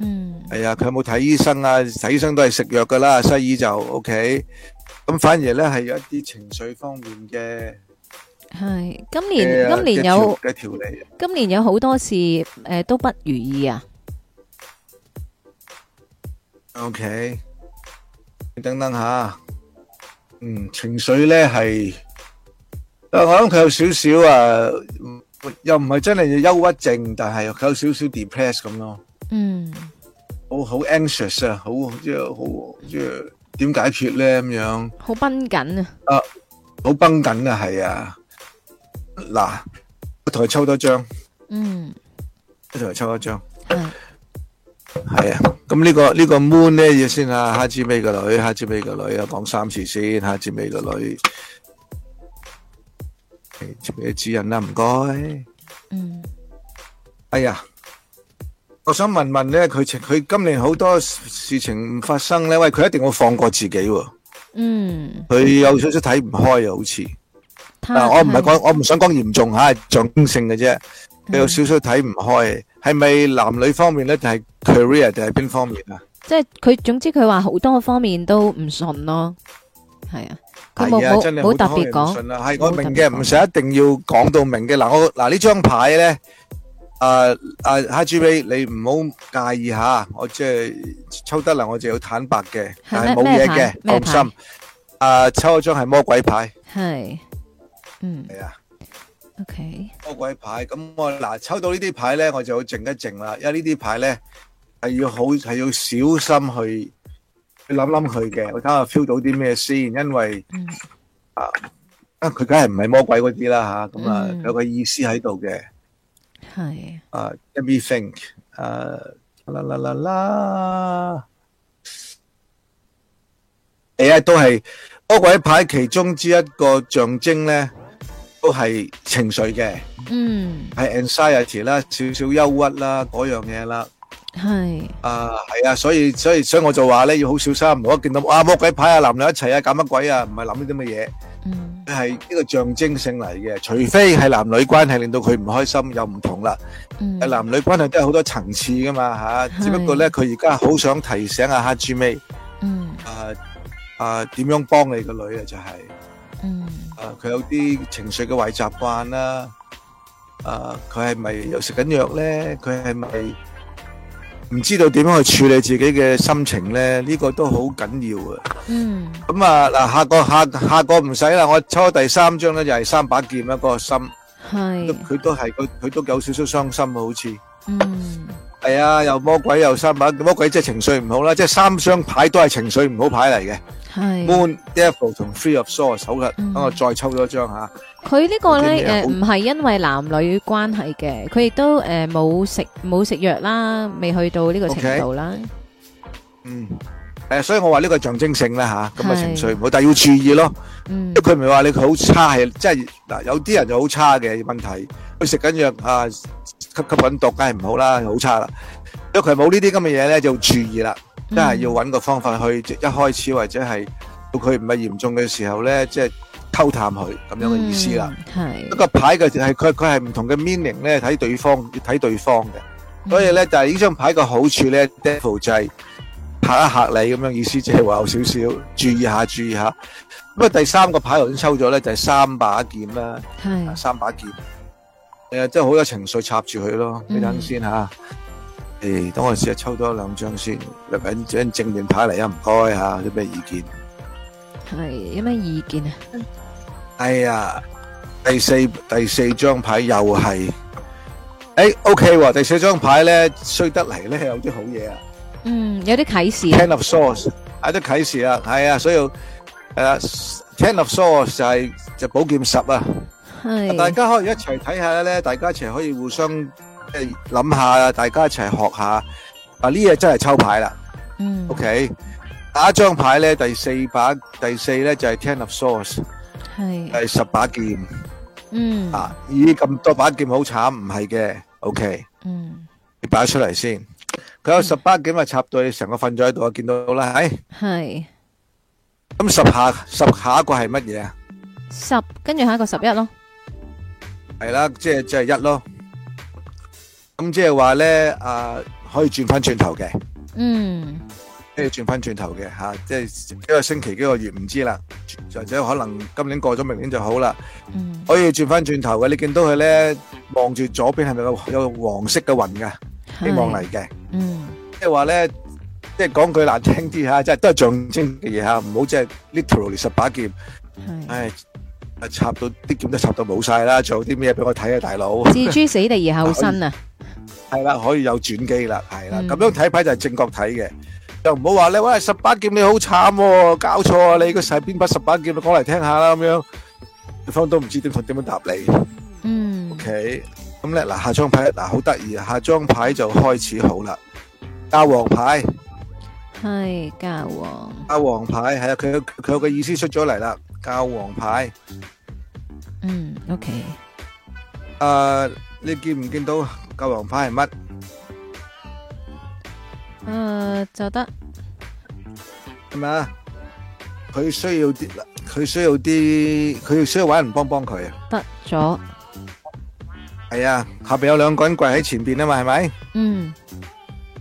嗯、哎，係啊，佢有冇睇醫生啊？睇醫生都係食藥噶啦，西醫就 O K。咁、okay? 反而咧係有一啲情緒方面嘅。係今年、呃、今年有條理今年有好多事誒、呃、都不如意啊。O、okay、K。等等下，嗯，情緒咧係，我諗佢有少少啊，又唔係真係要憂鬱症，但係佢有少少 depress 咁咯。嗯，好好 anxious 啊，好即係好即係點解決咧咁樣，好繃緊啊，啊，好繃緊啊，係啊，嗱，我同佢抽多張，嗯，我同佢抽多張。係啊，咁呢、這個呢、這個 moon 呢，嘢先啊，哈志美個女，哈志美個女啊，講三次先，哈志美個女，俾你指引啦？唔該，嗯，哎呀，我想問問咧，佢佢今年好多事情唔發生咧，喂，佢一定會放過自己喎、啊，嗯，佢有少少睇唔開啊，好似，但我唔係講，我唔想講嚴重吓，象徵性嘅啫，佢有少少睇唔開。嗯係咪男女方面咧，定係 career 定係邊方面啊？即係佢總之佢話好多個方面都唔順咯，係啊，佢冇冇冇特別講。係啊，真係好開明，唔順啊，係我明嘅，唔使一定要講到明嘅。嗱我嗱呢張牌咧，誒誒，Hi J V，你唔好介意吓，我即係抽得嚟，我就好坦白嘅，但係冇嘢嘅，放心。誒，抽咗張係魔鬼牌，係，嗯。係啊。OK 魔鬼牌，咁我嗱抽到呢啲牌咧，我就要靜一靜啦，因為呢啲牌咧係要好係要小心去去諗諗佢嘅，我睇下 feel 到啲咩先，因為啊，佢梗係唔係魔鬼嗰啲啦吓，咁啊有個意思喺度嘅，係啊，Let me think？誒，啦啦啦啦，都係魔鬼牌其中之一個象徵咧。都係情緒嘅，嗯，係 anxiety 啦，少少憂鬱啦，嗰樣嘢啦。係，啊，係啊，所以所以所以我就話咧要好小心，唔好見到啊魔鬼牌啊男女一齊啊搞乜鬼啊，唔係諗呢啲乜嘢，嗯，係呢個象徵性嚟嘅。除非係男女關係令到佢唔開心，又唔同啦，嗯，男女關係都係好多層次噶嘛吓，只不過咧佢而家好想提醒阿哈主美，嗯，啊啊點樣幫你個女啊就係，嗯。啊，佢有啲情緒嘅壞習慣啦，啊，佢係咪又食緊藥咧？佢係咪唔知道點樣去處理自己嘅心情咧？呢個都好緊要啊。嗯。咁啊，嗱，下個下下個唔使啦，我抽第三張咧，就係三把劍一個心。係。佢都係佢佢都有少少傷心啊，好似。嗯。係啊，又魔鬼又三把魔鬼即係情緒唔好啦，即係三張牌都係情緒唔好牌嚟嘅。啊、Moon Devil 同 Three of Swords 手啦，等我再抽咗一張吓。佢呢個咧，誒，唔、呃、係因為男女關係嘅，佢亦都誒冇、呃、食冇食藥啦，未去到呢個程度啦。Okay? 嗯，誒、呃，所以我話呢個象徵性啦吓，咁嘅情緒唔好，但係要注意咯。即佢唔係話你佢好差，係即係嗱，有啲人就好差嘅問題，佢食緊藥啊，吸吸緊毒，梗係唔好啦，好差啦。因為佢冇呢啲咁嘅嘢咧，就要注意啦。嗯、真係要揾個方法去，即係一開始或者係到佢唔係嚴重嘅時候咧，即係偷探佢咁樣嘅意思啦。係一個牌嘅係佢佢係唔同嘅 meaning 咧，睇對方要睇對方嘅。所以咧就係呢張牌嘅好處咧，devil、嗯、就係拍一吓你咁樣意思，即係話有少少注意下注意下。咁啊，第三個牌我已經抽咗咧，就係、是、三把劍啦，三把劍誒、呃，即係好有情緒插住佢咯。你等等先吓。嗯誒，等我試下抽多兩張先，嚟搵張正面牌嚟啊！唔該吓，有咩意見？係有咩意見啊？哎呀，第四第四張牌又係誒，OK 喎，第四張牌咧衰得嚟咧有啲好嘢啊！嗯，有啲啟示。Ten of Swords，有啲啟示啦，係啊，所以誒，Ten of Swords 就係就寶劍十啊。係，大家可以一齊睇下咧，大家一齊可以互相。諗下，大家一齊學下。嗱、啊，呢嘢真係抽牌啦。嗯，OK。打一張牌咧，第四把第四咧就係、是、Ten of Swords。係。係十把劍。嗯。啊，咦咁多把劍好慘，唔係嘅。OK。嗯。你擺出嚟先。佢有十把劍咪插到你成、嗯、個瞓咗喺度啊！我見到啦，係。係。咁十下十下一個係乜嘢啊？十跟住下一個十一咯。係啦，即係即係一咯。咁即係話咧，啊、呃、可以轉翻轉頭嘅，嗯，即係轉翻轉頭嘅吓，即係一個星期、幾個月唔知啦，或者可能今年過咗明年就好啦，嗯，可以轉翻轉頭嘅。你見到佢咧望住左邊係咪有有黃色嘅雲嘅希望嚟嘅？嗯，即係話咧，即係講句難聽啲吓，即、啊、係都係象徵嘅嘢吓，唔好即係 literally 十把劍，係，誒插到啲劍都插到冇晒啦，仲有啲咩俾我睇啊，大佬？置之死地而後生 啊！係啦，可以有轉機啦，係啦，咁、嗯、樣睇牌就係正確睇嘅，又唔好話你喂十八劍你好慘、哦，搞錯啊！你個世邊把十八劍，講嚟聽，聽下啦，咁樣對方都唔知點點樣答你。嗯，OK，咁咧嗱，下張牌嗱好得意啊，下張牌就開始好啦，教皇牌，係教皇，教皇牌係啊，佢佢有個意思出咗嚟啦，教皇牌。嗯，OK。誒、uh,。你見唔見到救王牌係乜？誒、uh,，就得。係咪啊？佢需要啲，佢需要啲，佢需要揾人幫幫佢啊！得咗。係啊，下邊有兩個人跪喺前邊啊嘛，係咪？嗯。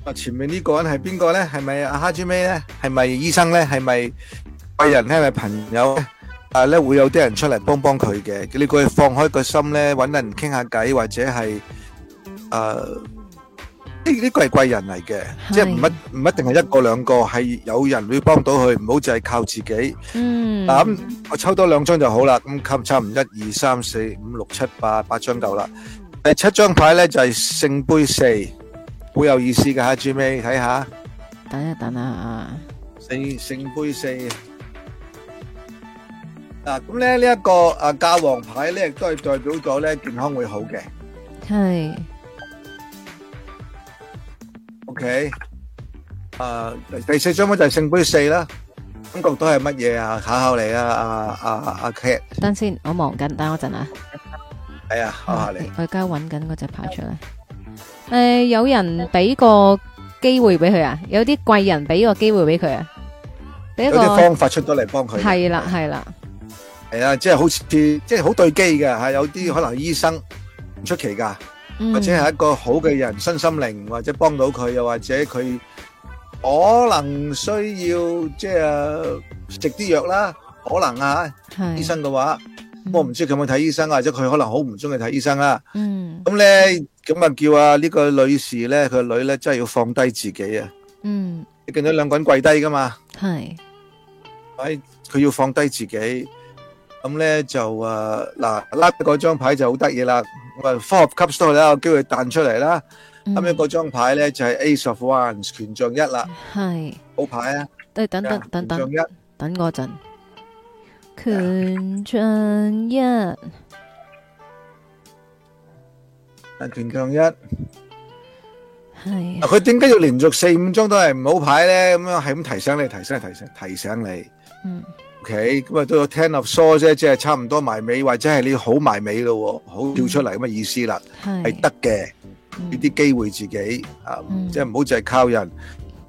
啊，前面呢個人係邊個咧？係咪阿哈豬尾咧？係咪醫生咧？係咪貴人咧？係咪朋友？但係咧會有啲人出嚟幫幫佢嘅，叫佢放開個心咧，搵人傾下偈或者係誒，呢呢個係貴人嚟嘅，即係唔一唔一定係一個兩個，係有人會幫到佢，唔好淨係靠自己。嗯，咁我抽多兩張就好啦。咁差唔多一二三四五六七八八張夠啦。第七張牌咧就係聖杯四，好有意思嘅吓，最尾睇下。等一等啊！四聖杯四。嗱、啊，咁咧呢一個誒、啊，教皇牌咧亦都係代表咗咧健康會好嘅。係。O K，誒，第四張咪就係聖杯四啦，感覺都係乜嘢啊？考考你啊，啊啊阿、啊、K。等先，我忙緊，等我陣、哎、啊。係啊，考考你。我而家揾緊嗰隻牌出嚟。誒、呃，有人俾個機會俾佢啊？有啲貴人俾個機會俾佢啊？俾一個有方法出到嚟幫佢。係啦，係啦。係啊，即 係、就是、好似即係好對機嘅吓，有啲可能醫生唔出奇噶，或者係一個好嘅人，身心靈或者幫到佢，又或者佢可能需要即係食啲藥啦，可能啊，醫生嘅話，我唔、嗯、知佢有冇睇醫生，或者佢可能好唔中意睇醫生啦。嗯，咁咧咁啊，就叫啊呢個女士咧，佢女咧真係要放低自己啊。嗯，你見到兩個人跪低噶嘛？係，喂，佢要放低自己。咁咧就誒嗱，甩嗰張牌就好得意啦。我 Four of Cups 到啦，有機會彈出嚟啦。咁樣嗰張牌咧就係 Ace of Wands，權杖一啦。係好牌啊！等等等等，權杖一，等我一陣。權杖一，但權杖一。係。佢點解要連續四五張都係唔好牌咧？咁樣係咁提醒你，提醒你，提醒提醒你。嗯。O K，咁啊，都有 Ten of Swords 啫，即係差唔多埋尾，或者係你好埋尾咯，好叫出嚟咁嘅意思啦，係得嘅，呢啲機會自己啊，即係唔好淨係靠人。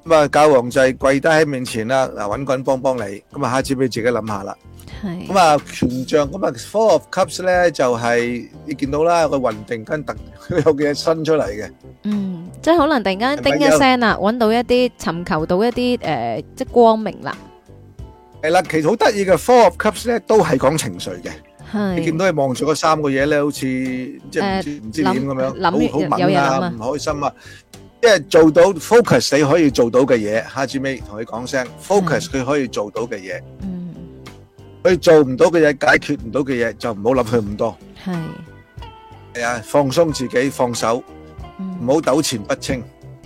咁啊，教皇就係跪低喺面前啦，嗱，揾個人幫幫你，咁啊，下次俾自己諗下啦。係。咁啊，權杖，咁啊，Four of Cups 咧就係你見到啦，個雲定跟突有嘢伸出嚟嘅。嗯，即係可能突然間叮一聲啦，揾到一啲尋求到一啲誒，即係光明啦。係啦，其實好得意嘅，Four of Cups 咧，都係講情緒嘅。係，你見到你望住嗰三個嘢咧，好似即係唔知點咁樣，好好悶啊，唔開心啊。即係做到 focus，你可以做到嘅嘢。哈至尾同你講聲，focus 佢可以做到嘅嘢。嗯。佢做唔到嘅嘢，解決唔到嘅嘢，就唔好諗佢咁多。係。係啊，放鬆自己，放手，唔好糾纏不清。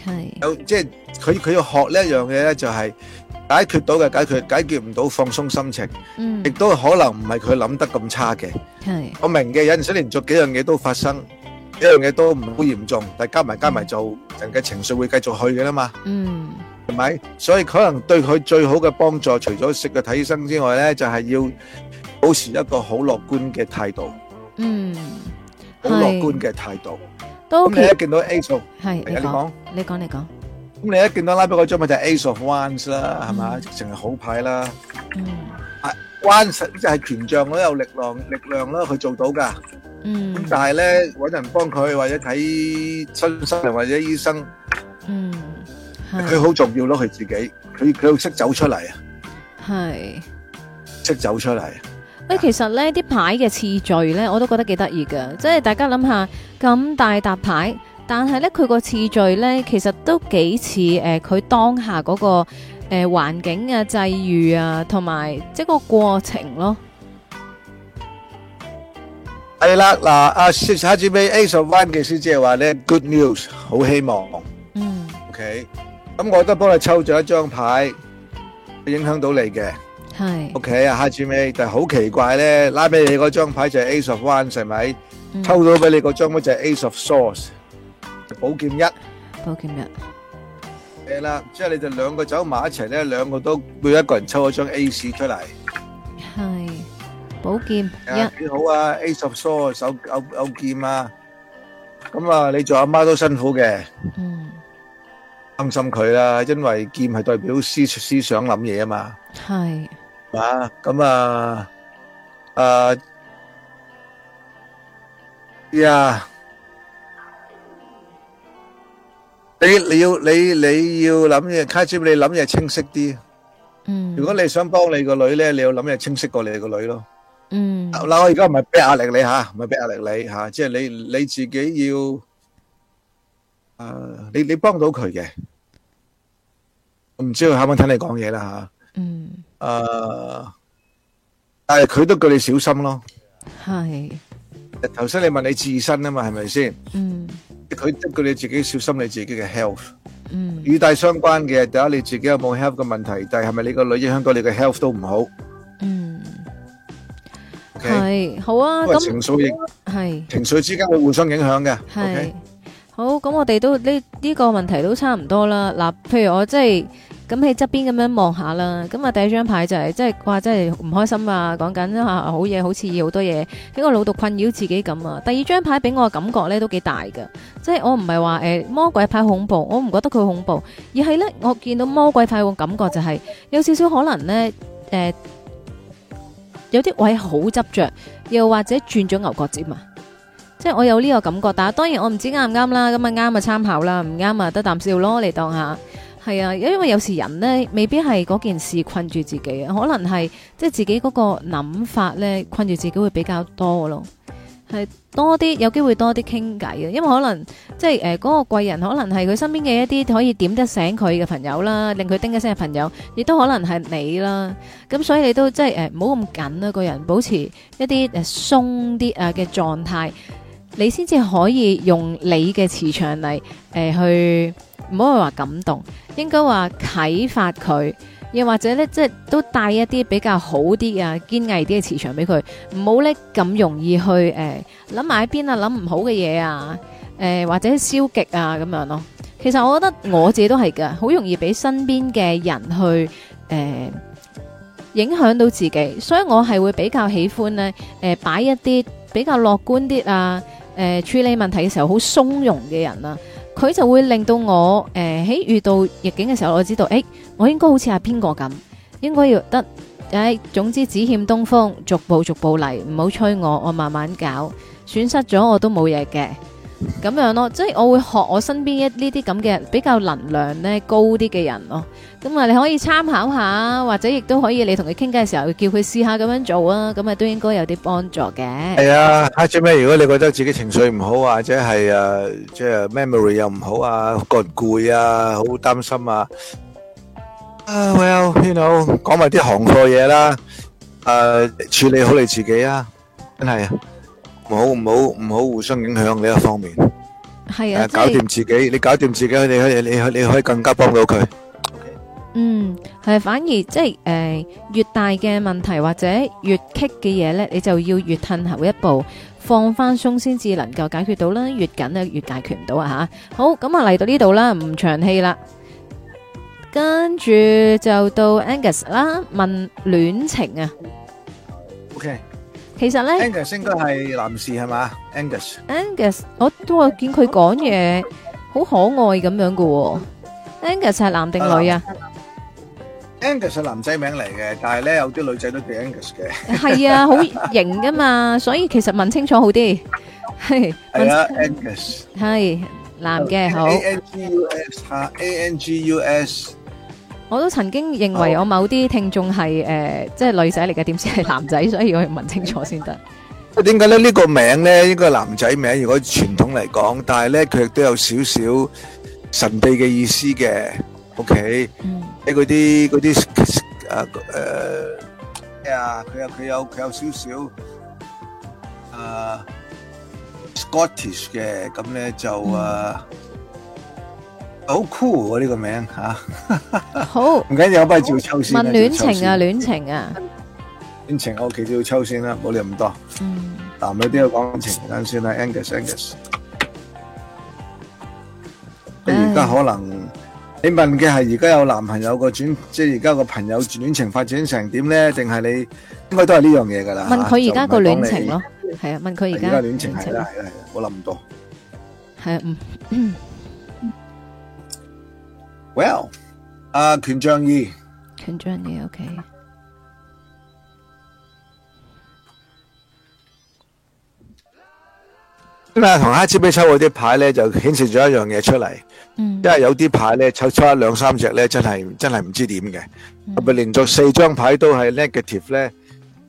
係。有即係，佢佢要學呢一樣嘢咧，就係。解決到嘅解決，解決唔到放鬆心情，嗯，亦都可能唔係佢諗得咁差嘅，係，我明嘅，有陣時連續幾樣嘢都發生，一樣嘢都唔好嚴重，但係加埋加埋就人嘅情緒會繼續去嘅啦嘛，嗯，係咪？所以可能對佢最好嘅幫助，除咗食嘅睇醫生之外咧，就係要保持一個好樂觀嘅態度，嗯，好樂觀嘅態度，都咁你一見到 A 數，係，你講，你講，你講。咁你一見到拉俾我張咪就 Ace of Wands 啦，係咪？直情係好牌啦。嗯。啊，Wands 即係權杖，好有力量，力量啦，佢做到噶。嗯。咁但係咧，揾人幫佢，或者睇心心靈，或者醫生。嗯。佢好重要咯，佢自己，佢佢要識走出嚟啊。係。識走出嚟。喂，其實咧啲牌嘅次序咧，我都覺得幾得意噶。即係大家諗下，咁大沓牌。但係咧，佢個次序咧，其實都幾似誒，佢當下嗰個誒環境啊、際遇啊，同埋即係個過程咯。係啦，嗱，阿哈志美 Ace of Wands 嘅小姐話咧，Good News，好希望。嗯。OK，咁我都幫你抽咗一張牌，影響到你嘅。係。OK，阿哈志美，但係好奇怪咧，拉俾你嗰張牌就 Ace of Wands，係咪？抽到俾你嗰張咪就 Ace of Swords。寶劍一，寶劍一，係啦，即係你哋兩個走埋一齊咧，兩個都每一個人抽咗一張 Ace 出嚟，係寶劍一，幾好啊，A 十梳手手手劍啊，咁啊，你做阿媽都辛苦嘅，嗯，擔心佢啦，因為劍係代表思思想諗嘢啊嘛，係，啊，咁啊，啊，呀。你你要你你要諗嘢，卡姐，你諗嘢清晰啲。嗯，如果你想幫你個女咧，你要諗嘢清晰過你個女咯。嗯，嗱，我而家唔係俾壓力你吓，唔係俾壓力你吓，即係你你自己要，誒，你你幫到佢嘅，我唔知佢可唔可以聽你講嘢啦吓。嗯。誒，但係佢都叫你小心咯。係。頭先你問你自身啊嘛，係咪先？嗯。佢即係叫你自己小心你自己嘅 health。嗯，與大相關嘅，第一你自己有冇 health 嘅問題，第二係咪你個女影響到你嘅 health 都唔好。嗯，係好啊。咁情緒係情緒之間會互相影響嘅。係好，咁我哋都呢呢個問題都差唔多啦。嗱，譬如我即係。咁喺側邊咁樣望下啦，咁啊第一張牌就係即係哇，真係唔開心啊！講緊吓好嘢，好似好多嘢，喺個腦度困擾自己咁啊！第二張牌俾我嘅感覺咧都幾大噶，即係我唔係話誒魔鬼牌恐怖，我唔覺得佢恐怖，而係咧我見到魔鬼牌嘅感覺就係、是、有少少可能咧誒、欸，有啲位好執着，又或者轉咗牛角尖啊！即係我有呢個感覺，但係當然我唔知啱唔啱啦，咁啊啱啊參考啦，唔啱啊得啖笑咯，你當一下。係啊，因為有時人呢未必係嗰件事困住自己，可能係即係自己嗰個諗法呢，困住自己會比較多咯。係多啲有機會多啲傾偈啊，因為可能即係誒嗰個貴人，可能係佢身邊嘅一啲可以點得醒佢嘅朋友啦，令佢叮一聲嘅朋友，亦都可能係你啦。咁所以你都即係誒唔好咁緊啦，個人保持一啲誒鬆啲啊嘅狀態，你先至可以用你嘅磁場嚟誒、呃、去。唔好去話感動，應該話啟發佢，又或者咧，即係都帶一啲比較好啲啊、堅毅啲嘅磁場俾佢，唔好咧咁容易去誒諗埋喺邊啊，諗唔好嘅嘢啊，誒或者消極啊咁樣咯。其實我覺得我自己都係噶，好容易俾身邊嘅人去誒、呃、影響到自己，所以我係會比較喜歡咧誒擺一啲比較樂觀啲啊誒、呃、處理問題嘅時候好鬆容嘅人啊。佢就會令到我，誒喺遇到逆境嘅時候，我知道，誒我應該好似係邊個咁，應該要得，誒總之只欠東風，逐步逐步嚟，唔好催我，我慢慢搞，損失咗我都冇嘢嘅，咁樣咯，即係我會學我身邊一呢啲咁嘅比較能量呢高啲嘅人咯。咁啊，你可以參考下，或者亦都可以你同佢傾偈嘅時候，叫佢試下咁樣做啊！咁啊，都應該有啲幫助嘅。係啊，最屘，如果你覺得自己情緒唔好，或者係誒，即係 memory 又唔好啊，覺得攰啊，好擔心啊，啊，Well，you know，講埋啲行貨嘢啦，誒，處理好你自己啊，真係啊，唔好唔好唔好互相影響呢一方面。係啊，搞掂自己，你搞掂自己，你可你可你可以更加幫到佢。嗯，係反而即係誒，越大嘅問題或者越棘嘅嘢咧，你就要越退後一步，放翻鬆先至能夠解決到啦。越緊啊，越解決唔到啊吓。好，咁啊嚟到呢度啦，唔長氣啦。跟住就到 Angus 啦，問戀情啊。OK，其實咧，Angus 應該係男士係嘛？Angus，Angus，我都話見佢講嘢好可愛咁樣噶喎。Angus 係男定女啊？Angus 係男仔名嚟嘅，但係咧，有啲女仔都叫 Angus 嘅。係啊，好型噶嘛，所以其實問清楚好啲。係係啦，Angus 係男嘅好。Angus 吓，Angus。我都曾經認為我某啲聽眾係誒，即係女仔嚟嘅，點知係男仔，所以我要問清楚先得。點解咧？呢個名咧，應該係男仔名。如果傳統嚟講，但係咧佢亦都有少少神秘嘅意思嘅。O K。喺嗰啲嗰啲啊誒，咩啊？佢有佢有佢有少少啊，Scottish 嘅，咁咧就啊好 cool 啊呢個名吓，好唔緊要，我唔係照抽先，問戀情啊戀情啊戀情，我屋企都要抽先啦，冇理咁多。嗯，男嗰啲要講情等陣先啦，Angus Angus，而家可能。你問嘅係而家有男朋友個轉，即係而家個朋友轉戀情發展成點咧？定係你應該都係呢樣嘢㗎啦。問佢而家個戀情咯，係啊？問佢而家。而家戀情係啦，係啦，係啦、啊，冇諗咁多。係啊，嗯。Well，阿權章義。權章義，OK。咁啊，同一子比抽嗰啲牌咧，就顯示咗一樣嘢出嚟。因為有啲牌咧，抽出一兩三隻咧，真係真係唔知點嘅，係、嗯、咪連續四張牌都係 negative 咧？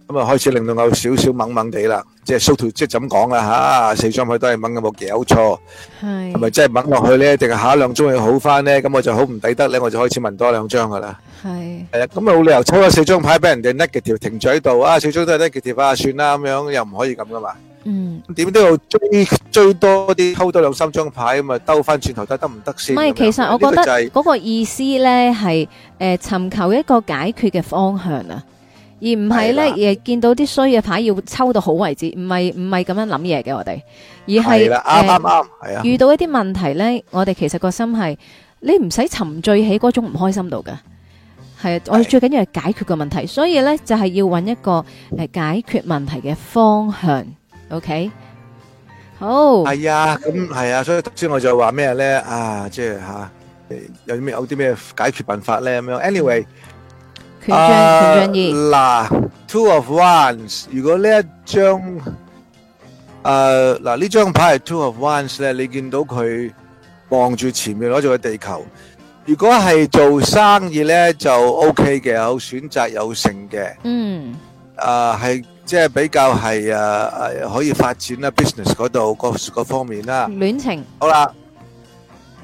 咁啊開始令到我少少掹掹地啦，即係 s h 即係點講啦嚇？四張牌都係掹嘅冇幾好錯，係咪真係掹落去咧？定係下一兩張要好翻咧？咁我就好唔抵得咧，我就開始問多兩張噶啦。係係啊，咁啊好理由抽咗四張牌俾人哋 negative 停咗喺度啊！四張都係 negative 啊，算啦咁樣又唔可以咁噶嘛。嗯，點都要追追多啲，抽多兩三張牌咁啊，兜翻轉頭睇得唔得先。唔係，其實我覺得嗰個意思咧係誒，尋求一個解決嘅方向啊，而唔係咧，亦見到啲衰嘅牌要抽到好為止，唔係唔係咁樣諗嘢嘅。我哋而係啱啱啱係啊。遇到一啲問題咧，我哋其實個心係你唔使沉醉喺嗰種唔開心度嘅，係啊。我哋最緊要係解決個問題，所以咧就係要揾一個嚟解決問題嘅方向。O K，好係啊，咁係啊，所以頭先我就話咩咧啊，即係吓有咩有啲咩解決辦法咧，咁樣，Anyway，全專全專業嗱，Two of Wands，如果呢一張誒嗱呢張牌係 Two of Wands 咧，你見到佢望住前面攞住個地球，如果係做生意咧就 O K 嘅，有選擇有成嘅，嗯，啊係。即係比較係誒誒，可以發展啦，business 嗰度各方面啦。戀情好啦，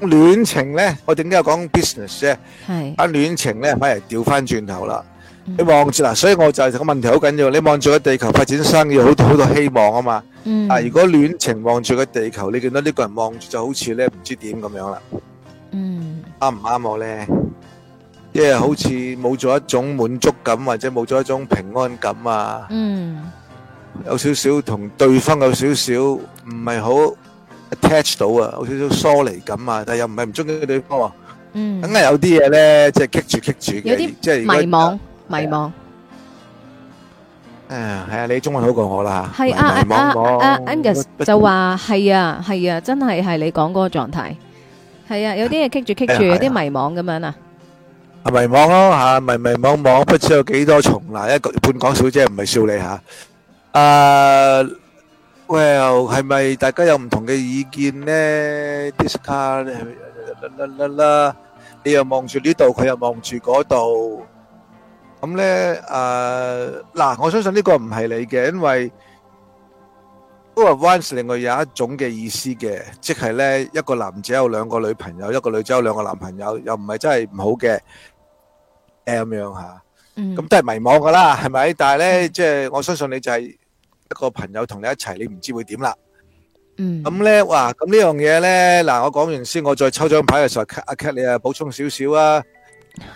戀情咧，我點解講 business 啫。係。啊，戀情咧，反而調翻轉頭啦。你望住嗱，所以我就係、是、個問題好緊要。你望住個地球發展生意，好多好多希望啊嘛。啊、嗯，如果戀情望住個地球，你見到呢個人望住就好似咧唔知點咁樣啦。嗯。啱唔啱我咧？即係好似冇咗一種滿足感，或者冇咗一種平安感啊！嗯，有少少同對方有少少唔係好 attach 到啊，有少少疏離感啊，但係又唔係唔中意對方。嗯，梗係有啲嘢咧，即係棘住棘住嘅，即係迷惘，迷惘。誒，係啊，你中文好過我啦。係啊啊啊，Angus 就話係啊，係啊，真係係你講嗰個狀態。係啊，有啲嘢棘住棘住，有啲迷惘咁樣啊。迷惘咯嚇迷迷惘惘，不知有幾多重。嗱，一個半港小姐唔係笑你嚇。誒，Well，係咪大家有唔同嘅意見咧？Discard 啦啦啦啦，你又望住呢度，佢又望住嗰度。咁咧誒嗱，我相信呢個唔係你嘅，因為，因為 once 另外有一種嘅意思嘅，即係咧一個男子有兩個女朋友，一個女子有兩個男朋友，又唔係真係唔好嘅。咁樣吓，咁、嗯、都係迷惘噶啦，係咪？但係咧、嗯，即係我相信你就係一個朋友同你一齊，你唔知會點啦。嗯，咁咧，哇，咁呢樣嘢咧，嗱，我講完先，我再抽張牌嘅時候，阿 cat 你點點啊，補充少少啊。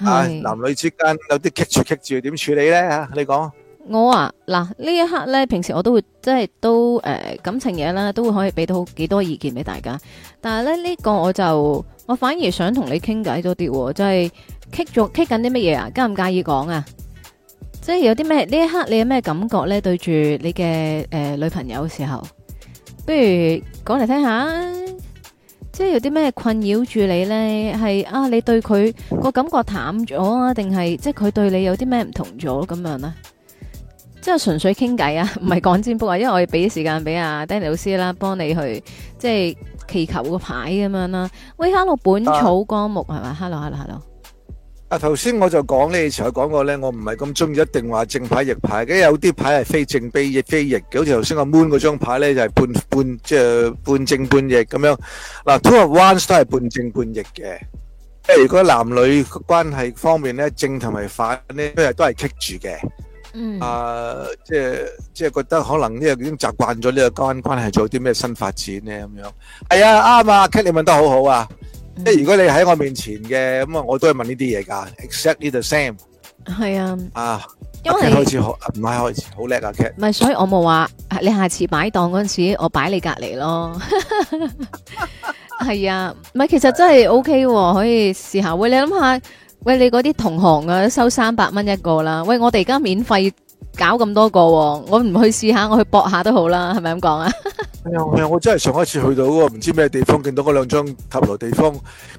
係。男女之間有啲棘住棘住，點處理咧？吓，你講。我啊，嗱，呢一刻咧，平時我都會即係都誒、呃、感情嘢啦，都會可以俾到幾多意見俾大家。但係咧呢、呢個我就，我反而想同你傾偈多啲，即係。傾咗傾緊啲乜嘢啊？介唔介意講啊？即係有啲咩，呢一刻你有咩感覺咧？對住你嘅誒、呃、女朋友嘅時候，不如講嚟聽下。即係有啲咩困擾住你咧？係啊，你對佢個感覺淡咗啊？定係即係佢對你有啲咩唔同咗咁樣咧？即係純粹傾偈啊，唔係講占卜啊。 因為我要俾啲時間俾阿 Danny 老師啦，幫你去即係祈求個牌咁樣啦。喂，hello，本草綱目係咪、啊、hello，hello，hello。啊，頭先我就講咧，你以前頭講過咧，我唔係咁中意一定話正牌逆牌嘅，有啲牌係非正非逆非逆嘅，好似頭先阿 Moon 嗰張牌咧就係、是、半半即係、呃、半正半逆咁樣。嗱、啊、，Two of Wands 都係半正半逆嘅，即、啊、係如果男女關係方面咧，正同埋反咧都係都係棘住嘅。嗯。啊，即係即係覺得可能呢個已經習慣咗呢個關關係，做啲咩新發展咧咁樣。係、哎、啊，啱啊 k 你問得好好啊。即、嗯、係如果你喺我面前嘅，咁啊，我都係問呢啲嘢噶，exactly the same。係啊。啊，因為你 Kat、開始好唔係開始好叻啊，cat。唔係，所以我冇話你下次擺檔嗰陣時，我擺你隔籬咯。係 啊，唔係，其實真係 O K，可以試下。喂，你諗下，喂，你嗰啲同行啊，收三百蚊一個啦。喂，我哋而家免費。搞咁多個、哦，我唔去試下，我去搏下都好啦，係咪咁講啊？啊、 哎，我真係上一次去到嗰個唔知咩地方，見到嗰兩張塔羅地方，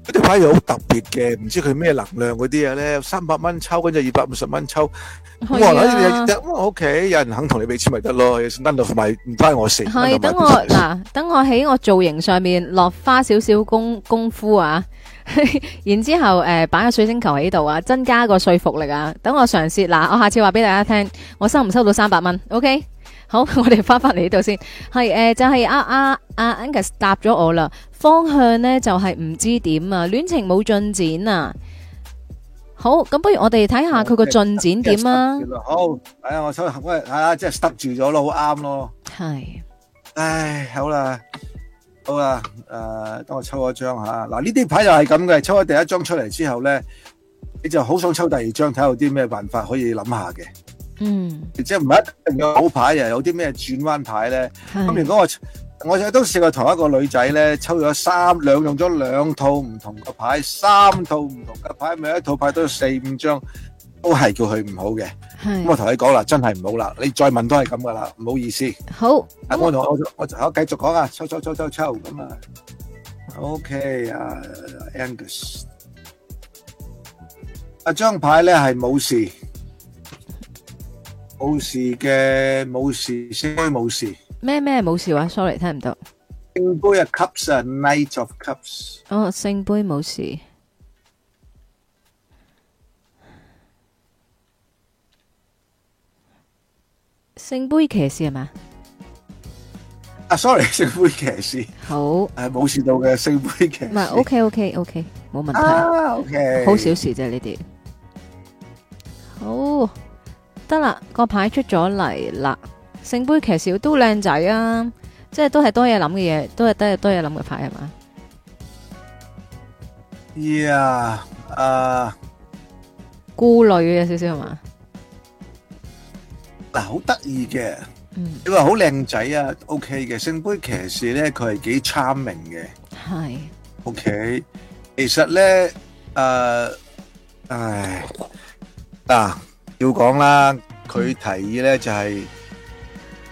嗰啲牌又好特別嘅，唔知佢咩能量嗰啲嘢咧，三百蚊抽，跟住二百五十蚊抽，咁、啊、我屋企、okay, 有人肯同你俾錢咪得咯，掹唔關我事。係，等我嗱，等我喺我造型上面落花少少功功夫啊！ 然之後誒，擺、呃、個水晶球喺度啊，增加個說服力啊。等我嘗試，嗱，我下次話俾大家聽，我收唔收到三百蚊？OK，好，我哋翻翻嚟呢度先。係誒、呃，就係、是、啊啊阿、啊、Angus 答咗我啦。方向呢就係、是、唔知點啊，戀情冇進展啊。好，咁不如我哋睇下佢個進展點啊、okay，啊。好，係啊，我手合啊，即係 stop 住咗咯，好啱咯。係。唉，好啦。好啦，誒，等我抽咗張吓，嗱呢啲牌又係咁嘅，抽咗第一張出嚟之後咧，你就好想抽第二張，睇下有啲咩辦法可以諗下嘅。嗯，即係唔係一定有好牌啊？又有啲咩轉彎牌咧？咁如果我，我亦都試過同一個女仔咧，抽咗三兩，用咗兩套唔同嘅牌，三套唔同嘅牌，每一套牌都有四五張。都係叫佢唔好嘅，咁我同你講啦，真係唔好啦，你再問都係咁噶啦，唔好意思。好，我我我繼續講啊，抽抽抽抽抽咁啊。OK，啊 Angus，啊張牌咧係冇事，冇事嘅冇事，聖杯冇事。咩咩冇事話？sorry，聽唔到。聖杯啊，Cups 啊，Knight of Cups。哦，聖杯冇事。聖杯騎士係嘛、uh,？啊，sorry，聖杯騎士 okay, okay, okay,、ah, okay. 好，誒，冇事到嘅聖杯騎士，唔係，ok，ok，ok，冇問題，ok，好小事啫呢啲，好得啦，個牌出咗嚟啦，聖杯騎士都靚仔啊，即係都係多嘢諗嘅嘢，都係得多嘢諗嘅牌係嘛？yeah，誒、uh,，顧慮嘅少少係嘛？嗱，好得意嘅，你話好靚仔啊，OK 嘅，聖杯騎士咧，佢係幾 charming 嘅，係，OK，其實咧，誒，唉，嗱，要講啦，佢提議咧就係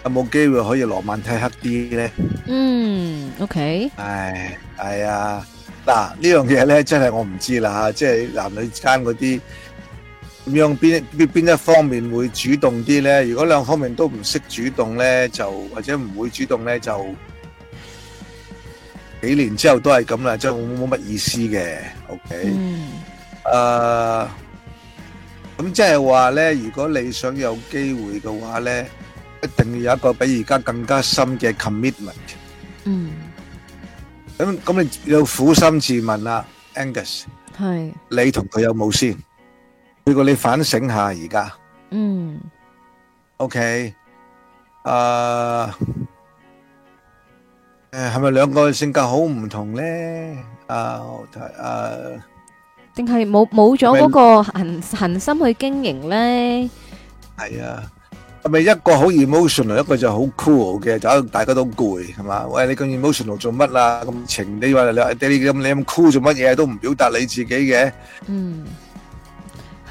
有冇機會可以羅曼蒂克啲咧？嗯，OK，唉，係啊，嗱，呢樣嘢咧真係我唔知啦吓，即係男女之間嗰啲。咁樣邊邊邊一方面會主動啲咧？如果兩方面都唔識主動咧，就或者唔會主動咧，就幾年之後都係咁啦，即係冇冇乜意思嘅。OK。嗯。誒，咁即係話咧，如果你想有機會嘅話咧，一定要有一個比而家更加深嘅 commitment。嗯。咁咁，你要苦心自問啦，Angus。係。你同佢有冇先？如果你反省下而家，嗯，OK，誒，係咪兩個性格好唔同咧？啊，啊，定係冇冇咗嗰個恒恒心去經營咧？係啊，係咪一個好 emotional，一個就好 cool 嘅？就大家都攰係嘛？喂，你咁 emotional 做乜啊？咁情你話你你咁你咁 cool 做乜嘢？都唔表達你自己嘅，嗯。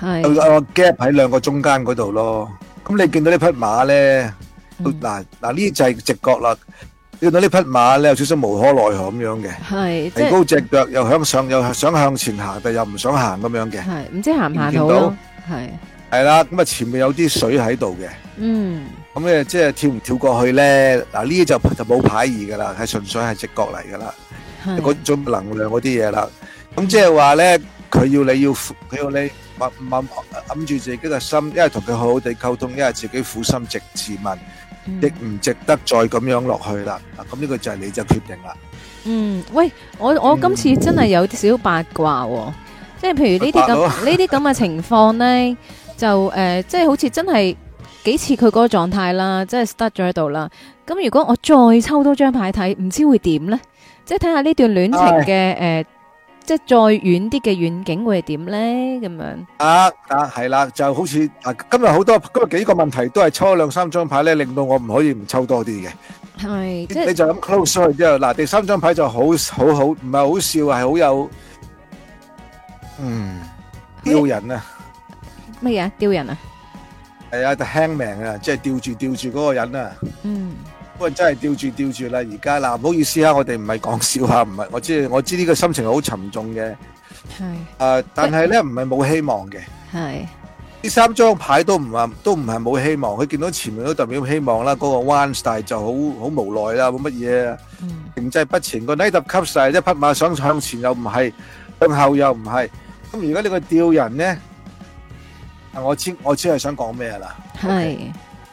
係有個 gap 喺兩個中間嗰度咯。咁你見到呢匹馬咧，嗱嗱呢就係直覺啦。見到呢匹馬，你有少少無可奈何咁樣嘅，提高隻腳又向上，又想向前行，但又唔想行咁樣嘅，唔知行唔行到，係係啦。咁啊，前面有啲水喺度嘅，嗯，咁咧即係跳唔跳過去咧？嗱，呢就就冇牌意噶啦，係純粹係直覺嚟噶啦，嗰種能量嗰啲嘢啦。咁即係話咧，佢要你要佢要你。諗諗住自己個心，一係同佢好好地溝通，一係自己苦心直自問，亦唔值得再咁樣落去啦。咁呢個就係你就決定啦。嗯，喂，我我今次真係有啲小八卦，即係譬如呢啲咁呢啲咁嘅情況呢，就誒，即係好似真係幾似佢嗰個狀態啦，即係 stop 咗喺度啦。咁如果我再抽多張牌睇，唔知會點呢？即係睇下呢段戀情嘅誒。即係再遠啲嘅遠景會係點咧？咁樣啊，啊係啦，就好似啊今日好多今日幾個問題都係抽兩三張牌咧，令到我唔可以唔抽多啲嘅。係，即係你就咁 close 咗之後，嗱第三張牌就好好好，唔係好笑，係好有嗯吊人啊？咩嘢啊？吊人啊？係啊，就輕命啊，即係吊住吊住嗰個人啊。嗯。不過真係吊住吊住啦！而家嗱，唔好意思，我哋唔係講笑啊，唔係我知，我知呢個心情好沉重嘅。係。誒、呃，但係咧，唔係冇希望嘅。係。呢三張牌都唔係都唔係冇希望，佢見到前面都代表希望啦，嗰、嗰個彎，但係就好好無奈啦，冇乜嘢，停滯不前，嗰個呢沓吸勢，一匹馬想向前又唔係，向後又唔係。咁如果你個吊人咧，我知我知係想講咩啦。係。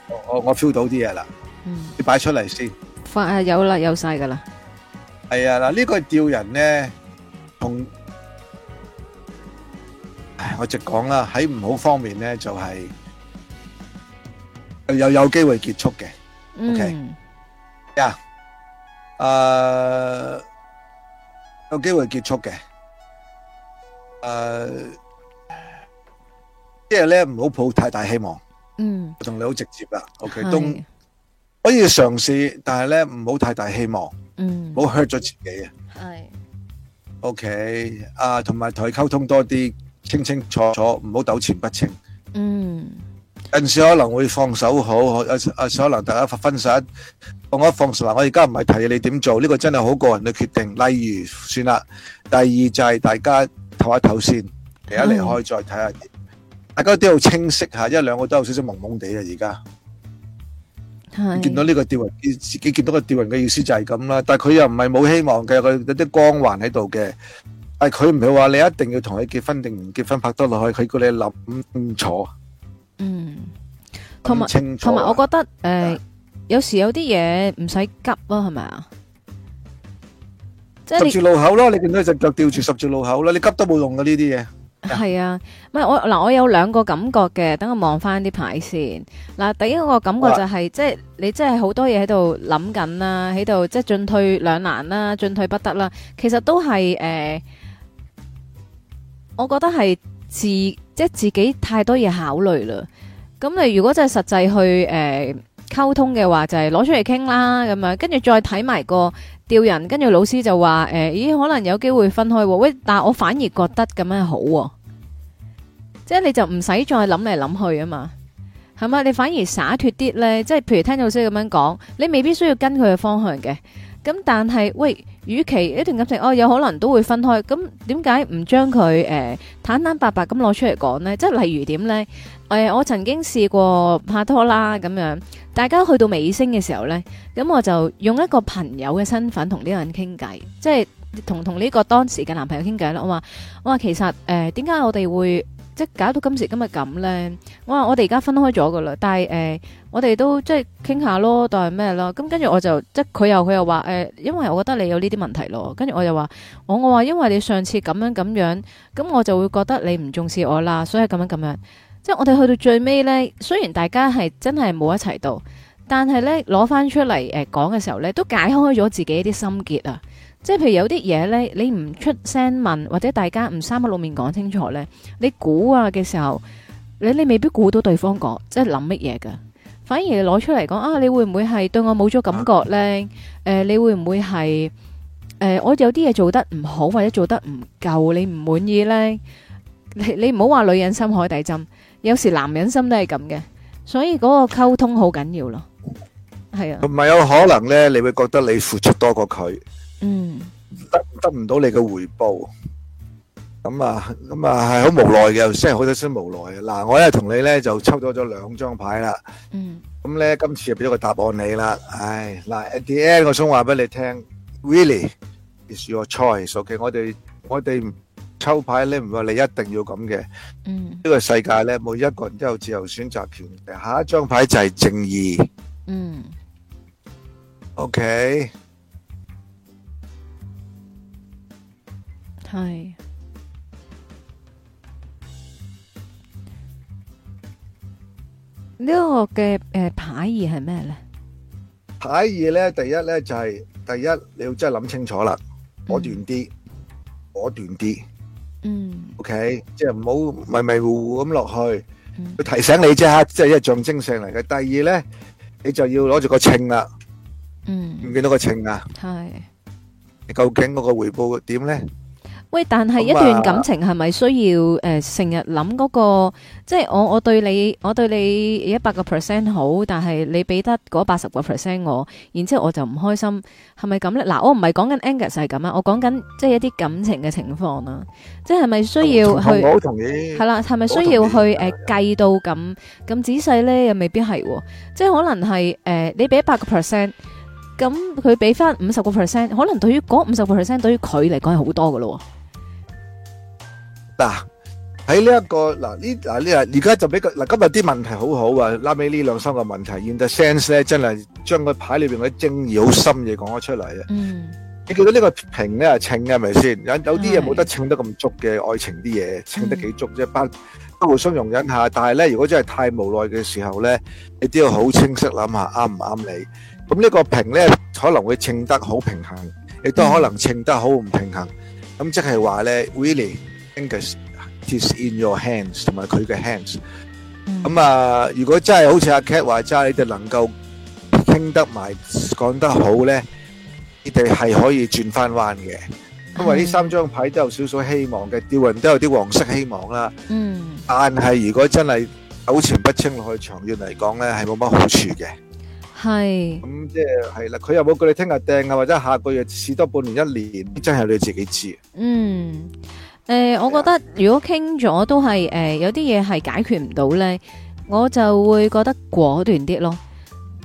我 okay, 我我 feel 到啲嘢啦。你擺出嚟先。發啊，有啦，有晒噶啦，係啊，嗱，呢個吊人咧，同，唉，我直講啦，喺唔好方面咧就係又有機會結束嘅，OK，呀，誒，有機會結束嘅，誒，即係咧唔好抱太大希望，嗯，我同你好直接啦，OK，東。可以嘗試，但係咧唔好太大希望，嗯，唔好 hurt 咗自己啊。係，OK，啊，同埋同佢溝通多啲，清清楚楚，唔好糾纏不清。嗯，有時可能會放手好，嗯，可能大家分散。我一放手話，我而家唔係提你點做，呢個真係好個人嘅決定。例如，算啦。第二就係大家唞一唞先，其一離開再睇下，大家都要清晰下，因為兩個都有少少懵懵地啊，而家。你見到呢個吊人，佢自己見到個吊人嘅意思就係咁啦。但係佢又唔係冇希望嘅，佢有啲光環喺度嘅。但係佢唔係話你一定要同佢結婚定唔結婚拍拖落去，佢叫你諗清楚。嗯，同埋同埋，我覺得誒、呃，有時有啲嘢唔使急啊，係咪啊？十字路口咯，你見到隻腳吊住十字路口啦、嗯，你急都冇用噶呢啲嘢。係、yeah。啊，唔係我嗱，我有兩個感覺嘅，等我望翻啲牌先。嗱、啊，第一個感覺就係、是，即係你真係好多嘢喺度諗緊啦，喺度即係進退兩難啦，進退不得啦。其實都係誒、呃，我覺得係自即係自己太多嘢考慮啦。咁你如果真係實際去誒溝、呃、通嘅話，就係、是，攞出嚟傾啦，咁樣跟住再睇埋個。吊人，跟住老師就話：，誒、哎，咦，可能有機會分開喎。喂，但我反而覺得咁樣好、啊，即係你就唔使再諗嚟諗去啊嘛，係咪？你反而灑脱啲呢？即係譬如聽老師咁樣講，你未必需要跟佢嘅方向嘅。咁但係喂。與其一段感情，哦，有可能都會分開，咁點解唔將佢誒坦坦白白咁攞出嚟講呢？即係例如點呢？誒、呃，我曾經試過拍拖啦，咁樣大家去到尾聲嘅時候呢，咁、嗯、我就用一個朋友嘅身份同呢個人傾偈，即係同同呢個當時嘅男朋友傾偈啦。我話我話其實誒點解我哋會？即搞到今時今日咁呢，我話我哋而家分開咗噶啦，但係誒、呃、我哋都即係傾下咯，當係咩咯？咁跟住我就即佢又佢又話誒、呃，因為我覺得你有呢啲問題咯，跟住我又話我我話因為你上次咁樣咁樣，咁我就會覺得你唔重視我啦，所以咁樣咁樣。即係我哋去到最尾呢，雖然大家係真係冇一齊到，但係呢攞翻出嚟誒講嘅時候呢，都解開咗自己一啲心結啊。即係譬如有啲嘢咧，你唔出聲問，或者大家唔三口六面講清楚咧，你估啊嘅時候，你你未必估到對方講即係諗乜嘢嘅。反而攞出嚟講啊，你會唔會係對我冇咗感覺咧？誒，你會唔會係誒，我有啲嘢做得唔好或者做得唔夠，你唔滿意咧？你你唔好話女人心海底針，有時男人心都係咁嘅，所以嗰個溝通好緊要咯，係啊，唔係有可能咧，你會覺得你付出多過佢。嗯，得得唔到你嘅回報，咁啊，咁啊係好無奈嘅，雖然好多時無奈嘅。嗱，我咧同你咧就抽多咗兩張牌啦。嗯，咁咧今次就俾咗個答案你啦。唉，嗱，at the end 我想話俾你聽，really is your choice。O.K. 我哋我哋抽牌咧唔係話你一定要咁嘅。嗯，呢個世界咧每一個人都有自由選擇權。下一張牌就係正義。嗯。O.K. 係呢個嘅誒牌意係咩咧？牌意咧，第一咧就係第一你要真係諗清楚啦，果斷啲，果斷啲。嗯。OK，即係唔好迷迷糊糊咁落去。嗯。佢提醒你啫，吓，即係象徵性嚟嘅。第二咧，你就要攞住個秤啦。嗯。唔見到個秤啊？係。你究竟嗰個回報點咧？喂，但係一段感情係咪需要誒，成日諗嗰個，即係我我對你，我對你一百個 percent 好，但係你俾得嗰八十個 percent 我，然之後我就唔開心，係咪咁咧？嗱，我唔係講緊 Angela 就係咁啊，我講緊即係一啲感情嘅情況啊，即係咪需要？去好同意。係啦，係咪需要去誒計到咁咁仔細咧？又未必係，啊，即係可能係誒，你俾一百個 percent，咁佢俾翻五十個 percent，可能對於嗰五十個 percent 對於佢嚟講係好多噶咯。嗱喺呢一個嗱呢嗱呢啊，而家、這個啊啊啊啊啊啊、就俾佢嗱今日啲問題好好啊。拉尾呢兩三個問題 in the sense 咧，真係將個牌裏邊嘅精義好深嘅講咗出嚟啊。嗯，你見到呢個平咧係稱嘅，係咪先？有有啲嘢冇得稱得咁足嘅，愛情啲嘢稱得幾足，即係不互相容忍下，但係咧如果真係太無奈嘅時候咧，你都要好清晰諗下啱唔啱。你咁呢個平咧可能會稱得好平衡，亦都可能稱得好唔平衡咁，即係話咧 really t in your hands 同埋佢嘅 hands，咁、嗯、啊，如果真係好似阿 Cat 話齋，你哋能夠傾得埋，講得好咧，你哋係可以轉翻彎嘅，因為呢三張牌都有少少希望嘅，吊、嗯、運都有啲黃色希望啦。嗯，但係如果真係糾纏不清落去，長遠嚟講咧，係冇乜好處嘅。係，咁、嗯、即係係啦，佢有冇叫你聽日訂啊，或者下個月試多半年、一年，真係你自己知道。嗯。誒、呃，我覺得如果傾咗都係誒、呃，有啲嘢係解決唔到呢，我就會覺得果斷啲咯。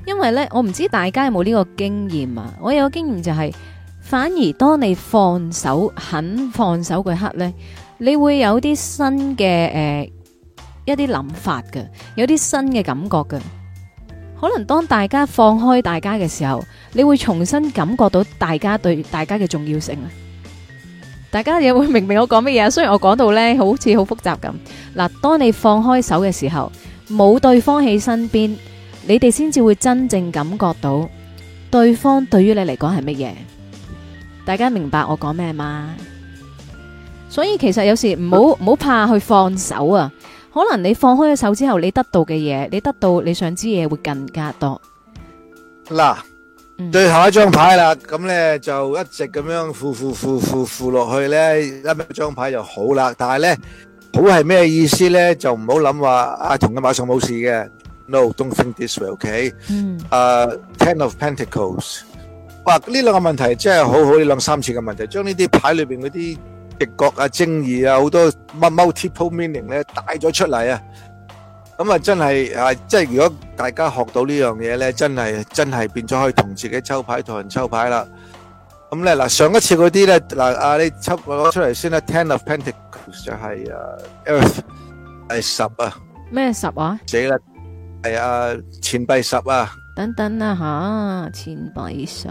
因為呢，我唔知大家有冇呢個經驗啊。我有個經驗就係、是，反而當你放手、肯放手嗰刻呢，你會有啲新嘅誒、呃，一啲諗法㗎，有啲新嘅感覺㗎。可能當大家放開大家嘅時候，你會重新感覺到大家對大家嘅重要性啊。大家有冇明白我講乜嘢？雖然我講到呢好似好複雜咁。嗱，當你放開手嘅時候，冇對方喺身邊，你哋先至會真正感覺到對方對於你嚟講係乜嘢。大家明白我講咩嗎？所以其實有時唔好唔好怕去放手啊。可能你放開咗手之後，你得到嘅嘢，你得到你想知嘅嘢會更加多。嗱。最後一張牌啦，咁咧就一直咁樣付付付付付落去咧，一張牌就好啦。但係咧好係咩意思咧？就唔好諗話啊，同佢馬上冇事嘅。No，don't think this way，OK？Okay? 嗯、uh。Ten of Pentacles。哇！呢兩個問題真係好好諗三次嘅問題，將呢啲牌裏邊嗰啲直覺啊、正義啊、好多 multiple meaning 咧帶咗出嚟啊！咁啊，真係啊，即係如果大家學到呢樣嘢咧，真係真係變咗可以同自己抽牌同人抽牌啦。咁咧嗱，上一次嗰啲咧嗱，啊你抽攞出嚟先啦，Ten of Pentacles 就係啊，係十啊。咩十啊？死啦！係啊，錢幣十啊。等等啊吓，錢幣十。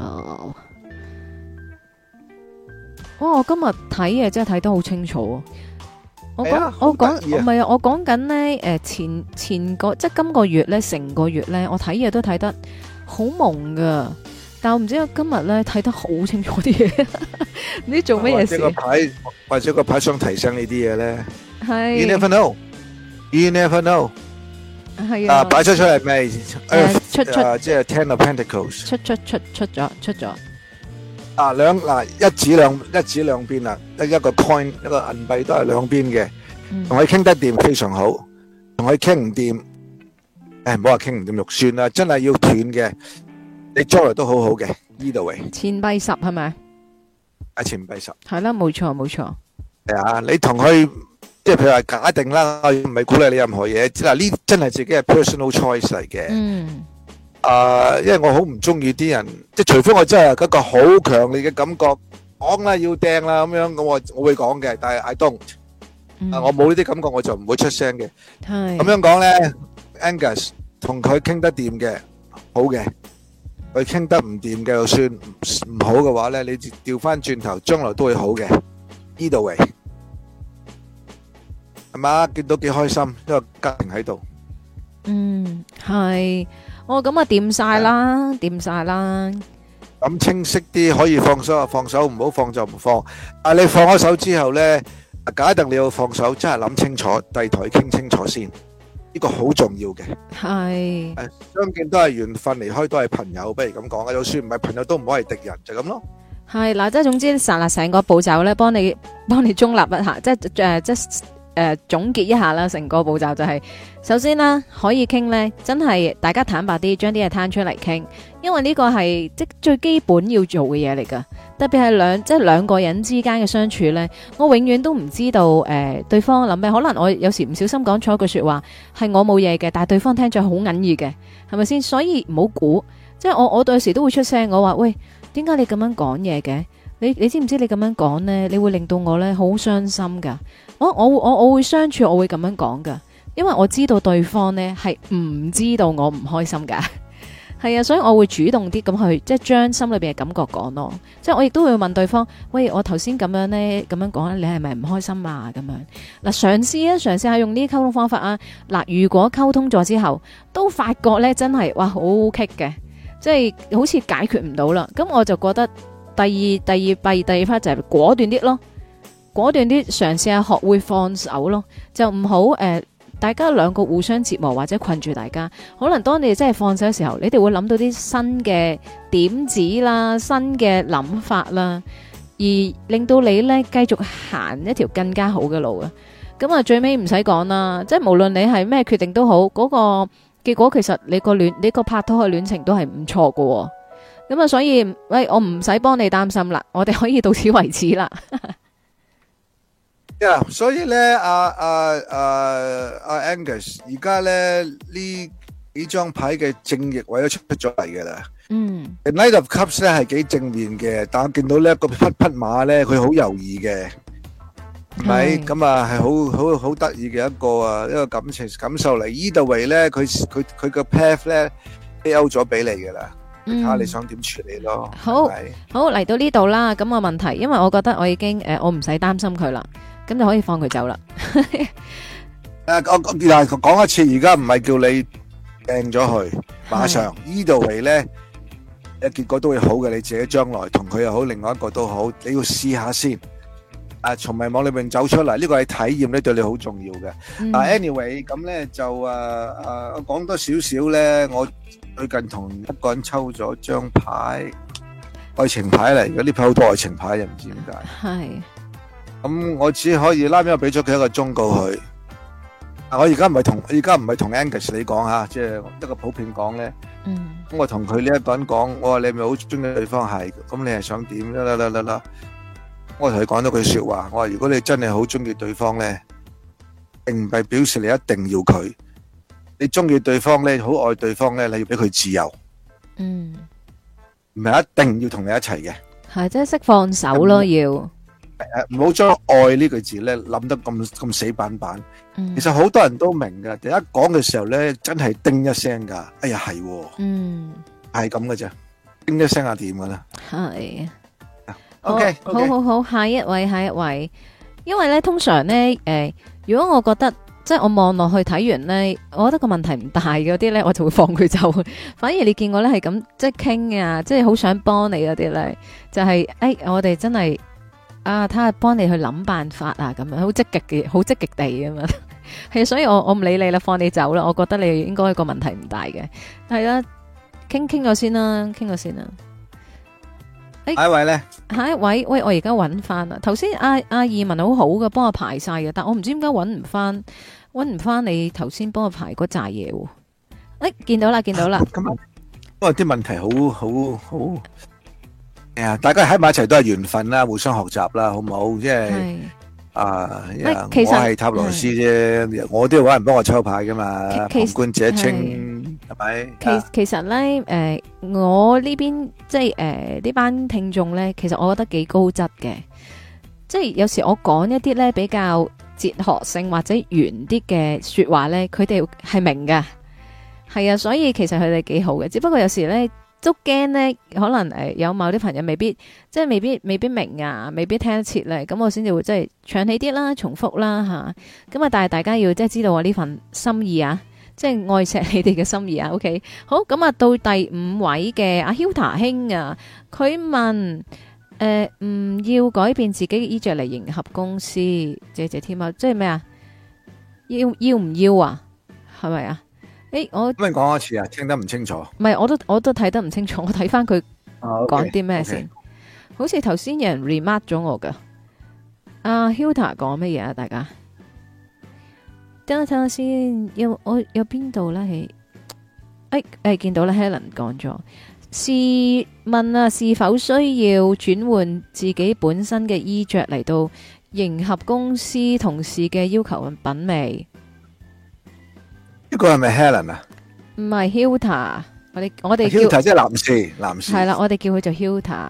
哇，我今日睇嘢真係睇得好清楚。我講我講唔係啊！我講緊咧誒，前前個即係今個月咧，成個月咧，我睇嘢都睇得好蒙噶，但係我唔知我今日咧睇得好清楚啲嘢，唔知做咩事。或者個牌，或者個牌想提升呢啲嘢咧。係。You never know. You never know. 係啊。啊！擺出出嚟咩？出出，即係 Ten of Pentacles，出出咗出咗。啊兩嗱、啊、一指兩一指兩邊啊，一個 coin 一個銀幣都係兩邊嘅，同佢傾得掂非常好，同佢傾唔掂，誒唔好話傾唔掂肉酸啦，真係要斷嘅，你 join 都好好嘅，呢度位。錢幣十係咪？啊錢幣十係啦，冇錯冇錯。係啊，你同佢即係譬如話假定啦，我唔係鼓勵你任何嘢，嗱呢真係自己係 personal choice 嚟嘅。嗯。啊，因為我好唔中意啲人，即係除非我真係嗰個好強烈嘅感覺講啦要掟啦咁樣，咁我我會講嘅。但係 I don't，啊，我冇呢啲感覺，我就唔會出聲嘅。係咁樣講咧，Angus 同佢傾得掂嘅，好嘅。佢傾得唔掂嘅，就算唔好嘅話咧，你調翻轉頭，將來都會好嘅。依度嚟係嘛，見到幾開心，因為家庭喺度。嗯，係。哦，咁啊掂晒啦，掂晒啦。咁清晰啲，可以放手，放手唔好放就唔放。啊，你放開手之後咧，假定你要放手，真係諗清楚，對台傾清楚先，呢、這個好重要嘅。係。誒、啊，相見都係緣分離開，離開都係朋友，不如咁講啊。就算唔係朋友都唔可以係敵人，就咁、是、咯。係嗱，即係總之，剎那成個步驟咧，幫你幫你中立一下，即係誒，即、啊。啊啊啊啊啊誒、呃，總結一下啦，成個步驟就係、是，首先啦，可以傾呢，真係大家坦白啲，將啲嘢攤出嚟傾，因為呢個係即最基本要做嘅嘢嚟噶。特別係兩即係兩個人之間嘅相處呢，我永遠都唔知道誒、呃、對方諗咩，可能我有時唔小心講錯一句說話，係我冇嘢嘅，但係對方聽咗好隱意嘅，係咪先？所以唔好估，即係我我到時都會出聲，我話喂，點解你咁樣講嘢嘅？你你知唔知你咁樣講呢？你會令到我呢好傷心噶。我我我我會相處，我會咁樣講噶，因為我知道對方呢係唔知道我唔開心噶，係 啊，所以我會主動啲咁去，即係將心裏邊嘅感覺講咯。即係我亦都會問對方，喂，我頭先咁樣呢？咁樣講咧，你係咪唔開心啊？咁樣嗱，嘗試啊，嘗試下用呢啲溝通方法啊。嗱，如果溝通咗之後都發覺呢真係哇好棘嘅，即係好似解決唔到啦。咁我就覺得。第二、第二、第二、第二，第二 part 就係果斷啲咯，果斷，果斷啲嘗試下學會放手咯，就唔好誒，大家兩個互相折磨或者困住大家。可能當你真係放手嘅時候，你哋會諗到啲新嘅點子啦、新嘅諗法啦，而令到你呢繼續行一條更加好嘅路啊。咁啊，最尾唔使講啦，即係無論你係咩決定都好，嗰、嗰個結果其實你個戀、你個拍拖嘅戀情都係唔錯噶。咁啊，所以喂，我唔使幫你擔心啦，我哋可以到此為止啦。啊，所以咧，阿阿阿阿 Angus，而家咧呢幾張牌嘅正逆位都出咗嚟嘅啦。嗯，Knight of Cups 咧，係幾正面嘅，但係見到呢一個匹匹馬咧，佢好猶豫嘅，唔係咁啊，係好好好得意嘅一個啊一個感情感受嚟。Ethereal 咧，佢佢佢個 path 咧，A O 咗俾你噶啦。睇下你想點處理咯。好，好嚟到呢度啦。咁個問題，因為我覺得我已經誒，我唔使擔心佢啦，咁就可以放佢走啦。誒，我但係講一次，而家唔係叫你掟咗佢，馬上呢度嚟咧，嘅結果都會好嘅。你自己將來同佢又好，另外一個都好，你要試下先。誒，從迷惘裏邊走出嚟，呢個係體驗咧，對你好重要嘅。啊，anyway，咁咧就誒誒講多少少咧，我。最近同一個人抽咗張牌，愛情牌嚟。而家呢排好多愛情牌，又唔知點解。係。咁我只可以，因為俾咗佢一個忠告佢。我而家唔係同，而家唔係同 Angus 你講吓，即係一個普遍講咧。嗯。咁我同佢呢一品講，我話你咪好中意對方係，咁你係想點啦啦啦啦啦？我同佢講咗句説話，我話如果你真係好中意對方咧，並唔係表示你一定要佢。你中意對方咧，好愛對方咧，你要俾佢自由。嗯，唔係一定要同你一齊嘅。係，即係識放手咯，要誒，唔好將愛呢個字咧諗得咁咁死板板。嗯，其實好多人都明噶第一講嘅時候咧，真係叮一聲噶。哎呀，係，嗯，係咁噶啫，叮一聲啊，點噶啦？係，OK，好好好，下一位，下一位，因為咧，通常咧，誒，如果我覺得。即係我望落去睇完呢，我覺得個問題唔大嗰啲呢，我就會放佢走。反而你見我呢，係咁，即係傾啊，即係好想幫你嗰啲呢，就係、是、誒、哎，我哋真係啊，睇下幫你去諗辦法啊，咁樣，好積極嘅，好積極地咁樣。係 所以我我唔理你啦，放你走啦。我覺得你應該個問題唔大嘅。係啦，傾傾咗先啦，傾咗先啦。誒、哎，下一位呢？下一位，喂，我而家揾翻啦。頭先阿阿義文好好嘅，幫我排晒嘅，但我唔知點解揾唔翻。搵唔翻你頭先幫我排嗰扎嘢喎？哎，見到啦，見到啦。今日哇，啲問題好好好。係啊，大家喺埋一齊都係緣分啦，互相學習啦，好唔好？即係啊，其實我係塔羅斯啫，我都要搵人幫我抽牌噶嘛。旁觀者清，係咪？其其實咧，誒，我呢邊即係誒呢班聽眾咧，其實我覺得幾高質嘅。即係有時我講一啲咧比較。哲學性或者圓啲嘅說話呢，佢哋係明㗎，係啊，所以其實佢哋幾好嘅，只不過有時呢，都驚呢，可能誒有某啲朋友未必即係未必未必明啊，未必聽得切呢。咁我先至會即係唱起啲啦，重複啦吓，咁啊，但係大家要即係知道我呢份心意啊，即係愛惜你哋嘅心意啊，OK，好，咁啊到第五位嘅阿 Hiltar 兄啊，佢、啊、問。誒、呃，唔要改變自己嘅衣着嚟迎合公司，謝謝天啊！即係咩啊？要要唔要啊？係咪啊？誒、欸，我咁你講多次啊，聽得唔清楚。唔係，我都我都睇得唔清楚。我睇翻佢講啲咩先？Okay. 好似頭先有人 remark 咗我噶。阿、啊、Hilton 講乜嘢啊？大家等我睇下先，有我有邊度啦？係，誒誒，見到啦，Helen 講咗。試問啊，是否需要轉換自己本身嘅衣着嚟到迎合公司同事嘅要求同品味？呢個係咪 Helen 啊？唔係 Hulter，我哋我哋叫 Hulter 即係男士，男士係啦，我哋叫佢做 Hulter。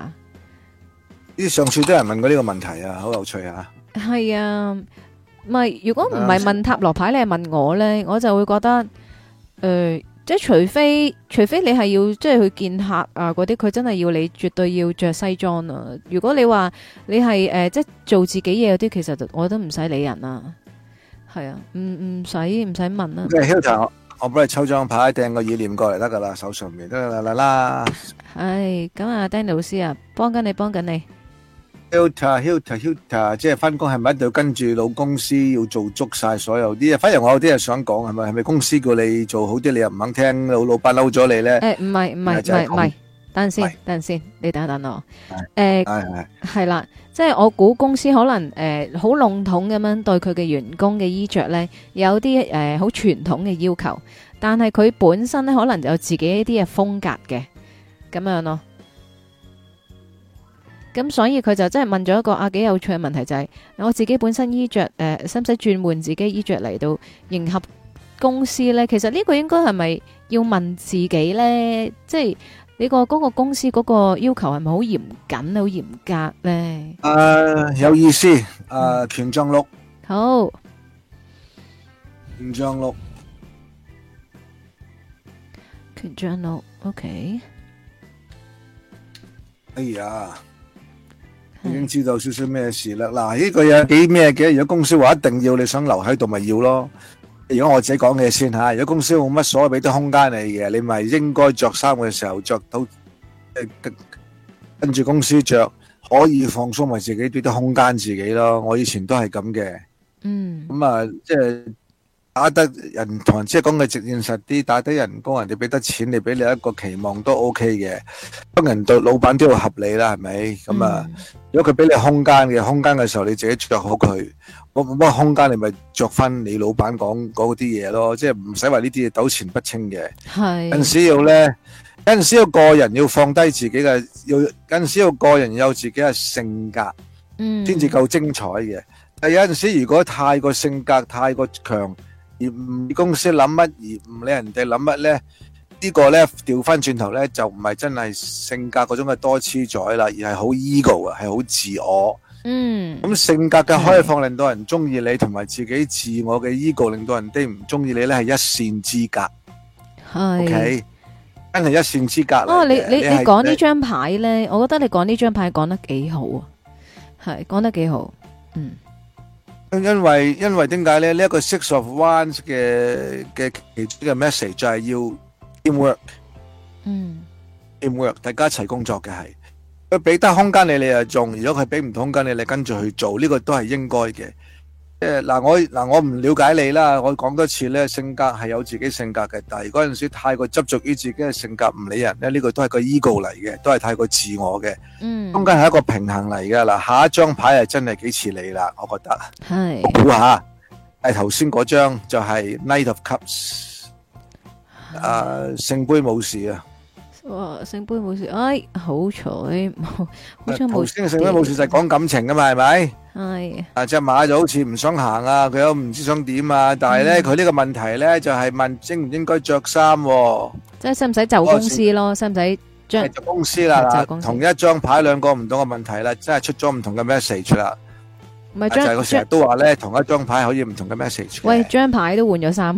呢上次都有人問過呢個問題啊，好有趣啊！係啊，唔係如果唔係問塔羅牌咧，你係問我咧，我就會覺得誒。即係除非除非，你係要即係去見客啊嗰啲，佢真係要你絕對要着西裝啊！如果你話你係誒、呃、即係做自己嘢嗰啲，其實我都唔使理人係啊，係啊，唔唔使唔使問啦。Hilton，我我幫你抽張牌，掟個意念過嚟得噶啦，手上面得啦啦啦。唉咁啊，Danny 老師啊，幫緊你，幫緊你。helter helter helter，即係翻工係咪一定要跟住老公司要做足晒所有啲嘢？反而我有啲嘢想講，係咪係咪公司叫你做好啲，你又唔肯聽老老闆嬲咗你咧？誒，唔係唔係唔係唔係，等陣先等陣先，你等一等我。誒，係係係啦，即係我估公司可能誒，好籠統咁樣對佢嘅員工嘅衣着，咧，有啲誒好傳統嘅要求，但係佢本身咧可能有自己一啲嘅風格嘅，咁樣咯。咁所以佢就真係問咗一個啊幾有趣嘅問題，就係我自己本身衣着誒，使唔使轉換自己衣着嚟到迎合公司呢？其實呢個應該係咪要問自己呢？即係你個嗰個公司嗰個要求係咪好嚴謹、好嚴格呢？誒，有意思。誒，權杖六。好。權杖六。Okay, 權杖六。Okay。哎呀。已經知道少少咩事啦。嗱，呢個有幾咩嘅？如果公司話一定要，你想留喺度咪要咯。如果我自己講嘢先吓，如果公司冇乜所謂俾啲空間你嘅，你咪應該着衫嘅時候着到誒，跟跟住公司着，可以放鬆埋自己，俾啲空間自己咯。我以前都係咁嘅。嗯。咁啊，即係。打得人，同即係講嘅直現實啲，打得人工人哋俾得錢，你俾你一個期望都 O K 嘅。幫人做老闆都要合理啦，係咪？咁、嗯、啊，如果佢俾你空間嘅空間嘅時候，你自己着好佢。我冇乜空間，你咪着翻你老闆講嗰啲嘢咯。即係唔使話呢啲嘢糾纏不清嘅。係。有陣時要咧，有陣時要個人要放低自己嘅，要有陣時要個人有自己嘅性格，嗯，先至夠精彩嘅。但有陣時如果太過性格太過強。而唔理公司諗乜，而唔理人哋諗乜咧，這個、呢個咧掉返轉頭咧就唔係真係性格嗰種嘅多痴宰啦，而係好 ego 啊，係好自我。嗯。咁性格嘅開放令到人中意你，同埋自己自我嘅 ego 令到人哋唔中意你咧，係一綫之隔。係。O、okay? K，真係一綫之隔。哦，你你你講呢張牌咧，我覺得你講呢張牌講得幾好啊，係講得幾好。嗯。因為因為點解咧？呢一個 Six of Wands 嘅嘅其中嘅 message 就係要 teamwork，嗯，teamwork，大家一齊工作嘅係，佢俾得空間你你又做，如果佢俾唔空間你你跟住去做，呢個都係應該嘅。即係嗱，我嗱、啊、我唔了解你啦。我講多次咧，性格係有自己性格嘅。但係嗰陣時太過執着於自己嘅性格，唔理人咧，呢、這個都係個 ego 嚟嘅，都係太過自我嘅。嗯，咁梗係一個平衡嚟噶。嗱、啊，下一張牌係真係幾似你啦，我覺得。係。我估下，係頭先嗰張就係、是、Knight of Cups，誒，聖杯武士啊。哦，聖杯武士，哎，好彩，好彩冇。頭先聖杯武士就係講感情噶嘛，係咪？係。啊隻馬就好似唔想行啊，佢又唔知想點啊。但係咧，佢呢個問題咧就係問應唔應該着衫。即係使唔使就公司咯？使唔使將？公司啦，同一張牌兩個唔同嘅問題啦，真係出咗唔同嘅 message 啦。唔係，就係我成日都話咧，同一張牌可以唔同嘅 message。喂，張牌都換咗衫。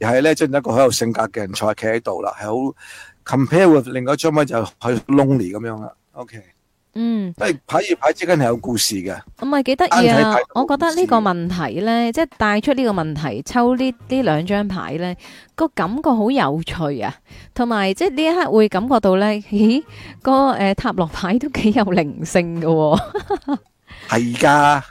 而係咧，即係一個好有性格嘅人才企喺度啦，係好 compare with 另外一張牌，就係 lonely 咁樣啦。OK，嗯，即係牌與牌之間係有故事嘅。咁咪幾得意啊！我覺得呢個問題咧，即係帶出呢個問題，抽呢呢兩張牌咧，個感覺好有趣啊，同埋即係呢一刻會感覺到咧，咦，個誒塔羅牌都幾有靈性噶。係噶，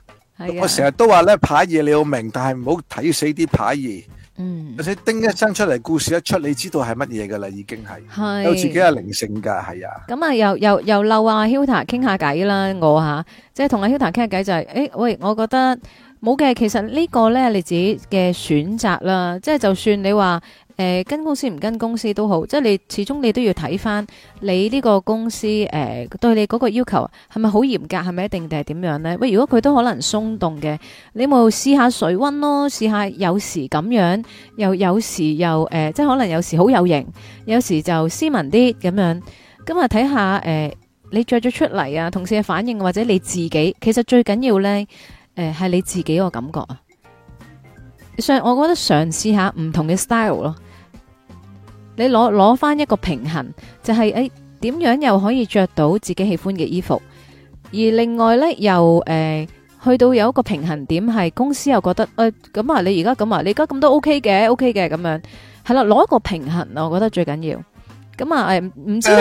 我成日都話咧，牌意你好明，但係唔好睇死啲牌意。嗯，而且叮一聲出嚟，故事一出，你知道係乜嘢噶啦，已經係，有自己嘅靈性噶，係啊。咁啊，又又又溜阿 Hilda 傾下偈啦，我吓、啊，即係同阿 Hilda 傾下偈就係、是，誒、欸，喂，我覺得冇嘅，其實個呢個咧你自己嘅選擇啦，即係就算你話。誒、呃，跟公司唔跟公司都好，即係你始終你都要睇翻你呢個公司誒、呃，對你嗰個要求係咪好嚴格，係咪一定定係點樣呢？喂，如果佢都可能鬆動嘅，你咪試下水溫咯，試下有時咁樣，又有時又誒、呃，即係可能有時好有型，有時就斯文啲咁樣，咁啊睇下誒，你着咗出嚟啊，同事嘅反應或者你自己，其實最緊要呢誒係、呃、你自己個感覺啊。所以，我覺得嘗試下唔同嘅 style 咯。你攞攞翻一個平衡，就係誒點樣又可以著到自己喜歡嘅衣服，而另外咧又誒去到有一個平衡點，係公司又覺得誒咁啊，你而家咁啊，你而家咁都 OK 嘅，OK 嘅咁樣係啦，攞一個平衡啊，我覺得最緊要。咁啊誒，唔知道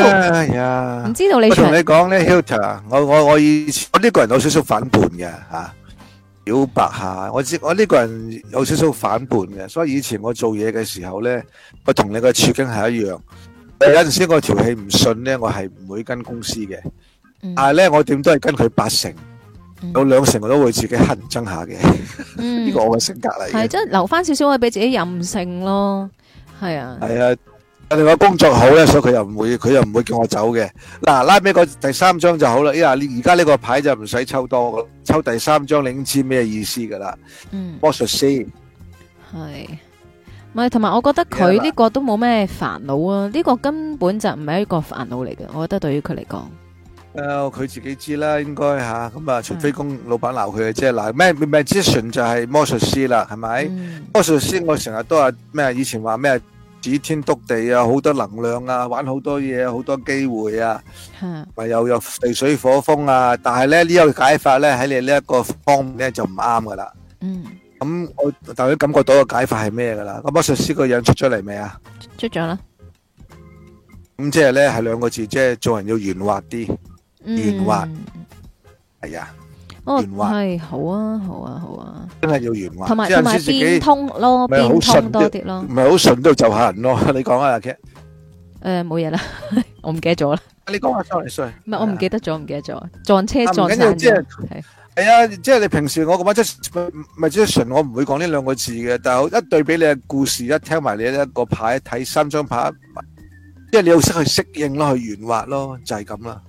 唔知道你同你講咧，Hilton，我我我以我呢個人有少少反叛嘅嚇。表白下，我知我呢個人有少少反叛嘅，所以以前我做嘢嘅時候咧，我同你嘅處境係一樣。有陣時我條氣唔順咧，我係唔會跟公司嘅，嗯，但係咧我點都係跟佢八成，有，嗯、兩成我都會自己衡爭下嘅。呢、嗯、個 我嘅性格嚟。係即係留翻少少可以俾自己任性咯，係啊。係啊。我工作好咧，所以佢又唔會，佢又唔會叫我走嘅。嗱、啊，拉尾個第三張就好啦。依家呢而家呢個牌就唔使抽多，抽第三張你已經知咩意思噶啦。嗯，魔術師係，唔係同埋我覺得佢呢個都冇咩煩惱啊。呢、嗯，這個根本就唔係一個煩惱嚟嘅。我覺得對於佢嚟講，誒、呃，佢自己知啦，應該吓咁啊。除、啊、非公老闆鬧佢嘅啫。嗱，咩咩 magician 就係魔術師啦，係咪、嗯？魔術師我成日都話咩，以前話咩？指天篤地啊，好多能量啊，玩好多嘢，好多機會啊，咪又有地水火風啊，但係咧呢一個解法咧喺你呢一個方面咧就唔啱噶啦㗎喇。嗯，咁我頭先感覺到個解法係咩㗎喇？個卜術師個樣出咗嚟未啊？出咗啦。咁即係咧係兩個字，即係做人要圓滑啲，圓滑係啊。圓滑係好啊，好啊，好啊，真係要圓滑，同埋同埋變通咯，變通多啲咯，唔係好順都就下人咯。你講下阿 K，誒冇嘢啦，我唔記得咗啦。你講下雙黎順，唔係我唔記得咗，唔記得咗，撞車撞晒。唔緊要，即係係係啊，即係你平時我講翻即係咪即係順，我唔會講呢兩個字嘅。但係一對比你嘅故事，一聽埋你一個牌睇三張牌，即係你要識去適應咯，去圓滑咯，就係咁啦。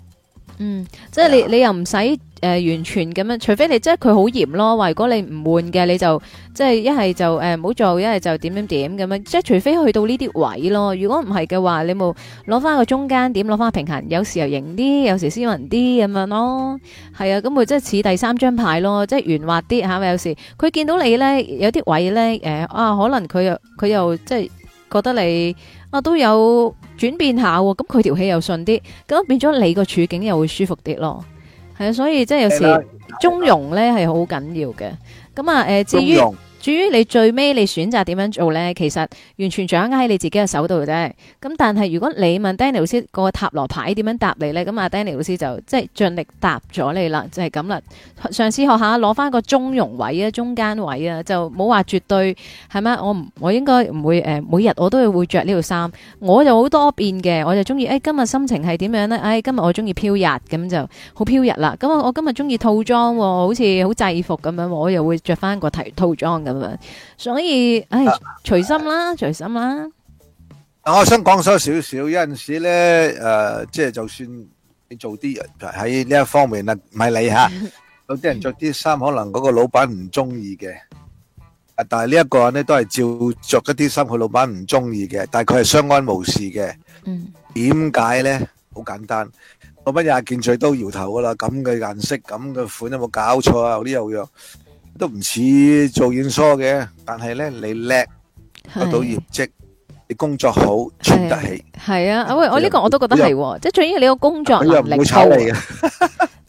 嗯，即係你你又唔使。誒、呃，完全咁樣，除非你即係佢好嚴咯，話如果你唔換嘅，你就即係一係就誒唔好做，一係就點點點咁樣，即係除非去到呢啲位咯。如果唔係嘅話，你冇攞翻個中間點，攞翻平衡，有時又型啲，有時斯文啲咁樣咯。係啊，咁佢即係似第三張牌咯，即係圓滑啲吓咪有時佢見到你咧，有啲位咧，誒、呃、啊，可能佢又佢又即係覺得你啊都有轉變下，咁佢條氣又順啲，咁變咗你個處境又會舒服啲咯。係啊，所以即係有時中庸咧係好緊要嘅。咁啊，誒、呃、至於。至於你最尾你選擇點樣做咧，其實完全掌握喺你自己嘅手度啫。咁但係如果你問 Danny 老師個塔羅牌點樣答你咧，咁阿 Danny 老師就即係盡力答咗你啦，就係咁啦。嘗試學下攞翻個中庸位啊，中間位啊，就冇話絕對係嘛。我唔我應該唔會誒、呃，每日我都會會著呢套衫。我就好多變嘅，我就中意誒今日心情係點樣咧？誒、哎、今日我中意飄逸，飄逸我中意飄逸咁就好飄逸啦。咁我我今日中意套裝喎、哦，好似好制服咁樣，我又會着翻個套裝嘅。所以，唉，隨心啦，隨、啊、心啦。我想講咗少少，有陣時咧，誒、呃，即係就算你做啲人喺呢一方面啦，咪你吓、啊，有 啲人着啲衫，可能嗰個老闆唔中意嘅。啊，但係呢一個人咧，都係照着一啲衫，佢老闆唔中意嘅，但係佢係相安無事嘅。嗯。點解咧？好簡單，老闆廿件最都搖頭噶啦，咁嘅顏色，咁嘅款有冇搞錯啊？啲有藥。都唔似做演說嘅，但係咧，你叻，得到業績，你工作好，撐得起。係啊，喂，我呢個我都覺得係，即係最緊要你個工, 工作能力高。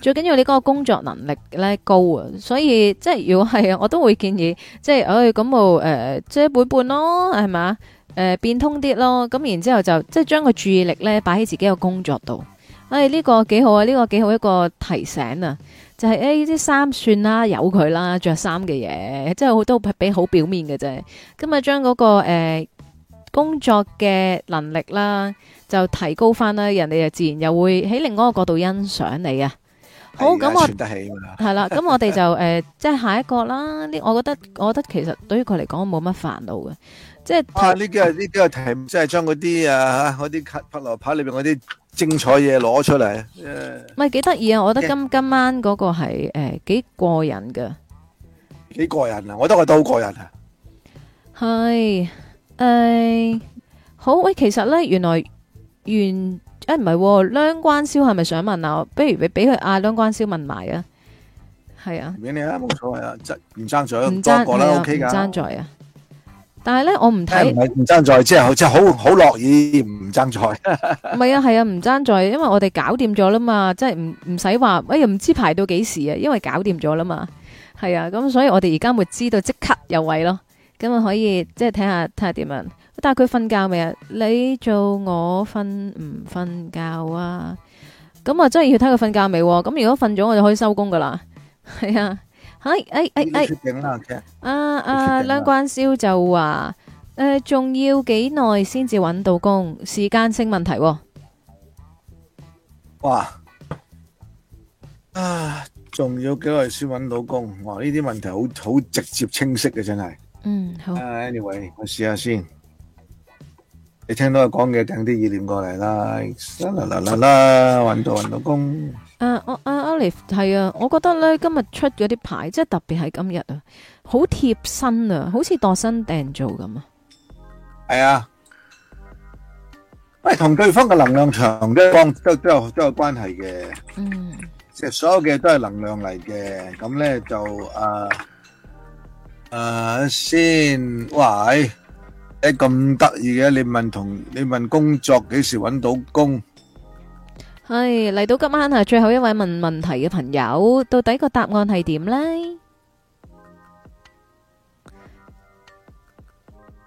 最緊要你嗰個工作能力咧高啊，所以即係如果係啊，我都會建議，即係，哎，咁我誒即係背叛咯，係嘛，誒、呃、變通啲咯，咁然之後就即係將個注意力咧擺喺自己個工作度。哎，呢、這個幾好啊，呢、這個幾好一個提醒啊！就係誒呢啲衫算啦，由佢啦，着衫嘅嘢，即係都比好表面嘅啫。今日將嗰個誒、呃、工作嘅能力啦，就提高翻啦，人哋就自然又會喺另外一個角度欣賞你啊。好，咁、哎、我係啦。咁我哋就誒，即、呃、係 下一個啦。呢，我覺得，我覺得其實對於佢嚟講冇乜煩惱嘅，即、就、係、是。拍呢幾日呢幾日題，即係將嗰啲啊，啲塔羅牌裏邊嗰啲。精彩嘢攞出嚟，唔係幾得意啊！我覺得今今晚嗰個係誒幾過癮嘅，幾過癮啊！我覺得佢都過癮啊，係誒好喂，其實咧原來原誒唔係梁關燒係咪想問啊？不如你俾佢嗌梁關燒問埋啊，係啊，俾你啊，冇錯係啊，唔爭在，多個啦，O K 噶，唔爭在啊。但係咧，我唔睇唔係唔爭在，即係即係好好樂意唔爭在。唔 係啊，係啊，唔爭在，因為我哋搞掂咗啦嘛，即係唔唔使話，哎呀，唔知道排到幾時啊，因為搞掂咗啦嘛，係啊，咁所以我哋而家咪知道即刻有位咯，咁啊可以即係睇下睇下點樣。但係佢瞓覺未啊？你做我瞓唔瞓覺啊？咁啊真係要睇佢瞓覺未喎？咁如果瞓咗，我就可以收工噶啦。係啊。哎哎哎哎！啊啊梁冠少就話：誒，仲要幾耐先至搵到工？時間性問題。哇！啊，仲要幾耐先搵到工？哇呢啲問題好好直接清晰嘅，真係。嗯，好。Anyway，我試下先。你聽到我講嘅，掟啲意念過嚟啦。啦啦啦啦啦，搵到搵到工。誒，我阿 Olive 係啊，我覺得咧今日出咗啲牌，即係特別係今日啊，好貼身啊，好似度身訂做咁啊。係啊，因為同對方嘅能量場都都都有都有關係嘅。嗯，即係所有嘅都係能量嚟嘅。咁咧就誒誒先，哇！你咁得意嘅，你問同你問工作幾時搵到工？係嚟到今晚啊，最後一位問問題嘅朋友，到底個答案係點呢？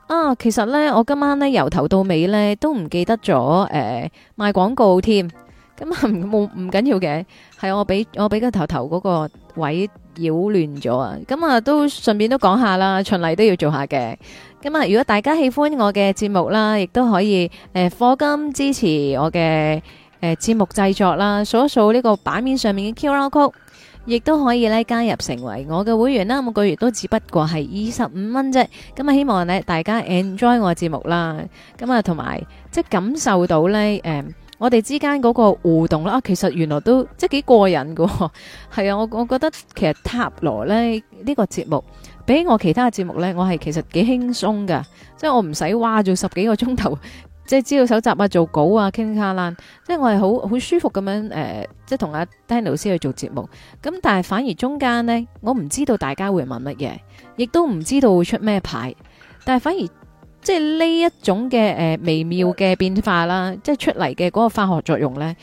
啊，其實呢，我今晚呢由頭到尾呢都唔記得咗誒賣廣告添。咁啊，冇唔緊要嘅，係我俾我俾個頭頭嗰個位擾亂咗啊。咁啊，都順便都講下啦，循例都要做下嘅。咁啊如果大家喜歡我嘅節目啦，亦都可以誒，課金支持我嘅。誒，節目製作啦，數一數呢個版面上面嘅 QR Code，亦都可以咧加入成為我嘅會員啦。每個月都只不過係二十五蚊啫，咁啊，希望咧大家 enjoy 我嘅節目啦。咁啊，同埋即係感受到咧，誒，我哋之間嗰個互動啦，其實原來都即係幾過癮噶。係啊，我我覺得其實塔羅咧呢個節目，比起我其他嘅節目咧，我係其實幾輕鬆噶，即係我唔使話做十幾個鐘頭。即係資料搜集啊，做稿啊，傾下啦，即係我係好好舒服咁樣誒，即係同阿 Danny 老師去做節目。咁但係反而中間呢，我唔知道大家會問乜嘢，亦都唔知道會出咩牌。但係反而即係呢一種嘅誒、呃、微妙嘅變化啦，即係出嚟嘅嗰個化學作用呢，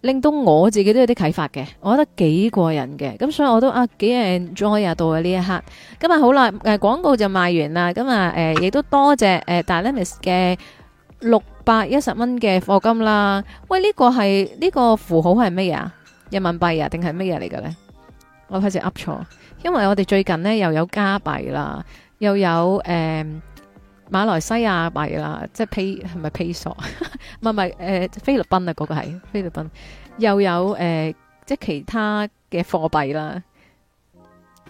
令到我自己都有啲啟發嘅。我覺得幾過癮嘅，咁所以我都啊幾 enjoy 到啊呢一刻。今日好耐誒、呃、廣告就賣完啦，咁啊誒亦都多謝誒 Danny 嘅。呃六百一十蚊嘅貨金啦，喂呢、這個係呢、這個符號係咩嘢啊？人民幣啊，定係咩嘢嚟嘅咧？我開始噏錯，因為我哋最近咧又有加幣啦，又有誒、呃、馬來西亞幣啦，即係 P 係咪 peso？唔係唔係誒菲律賓啊嗰、那個係菲律賓，又有誒、呃、即係其他嘅貨幣啦。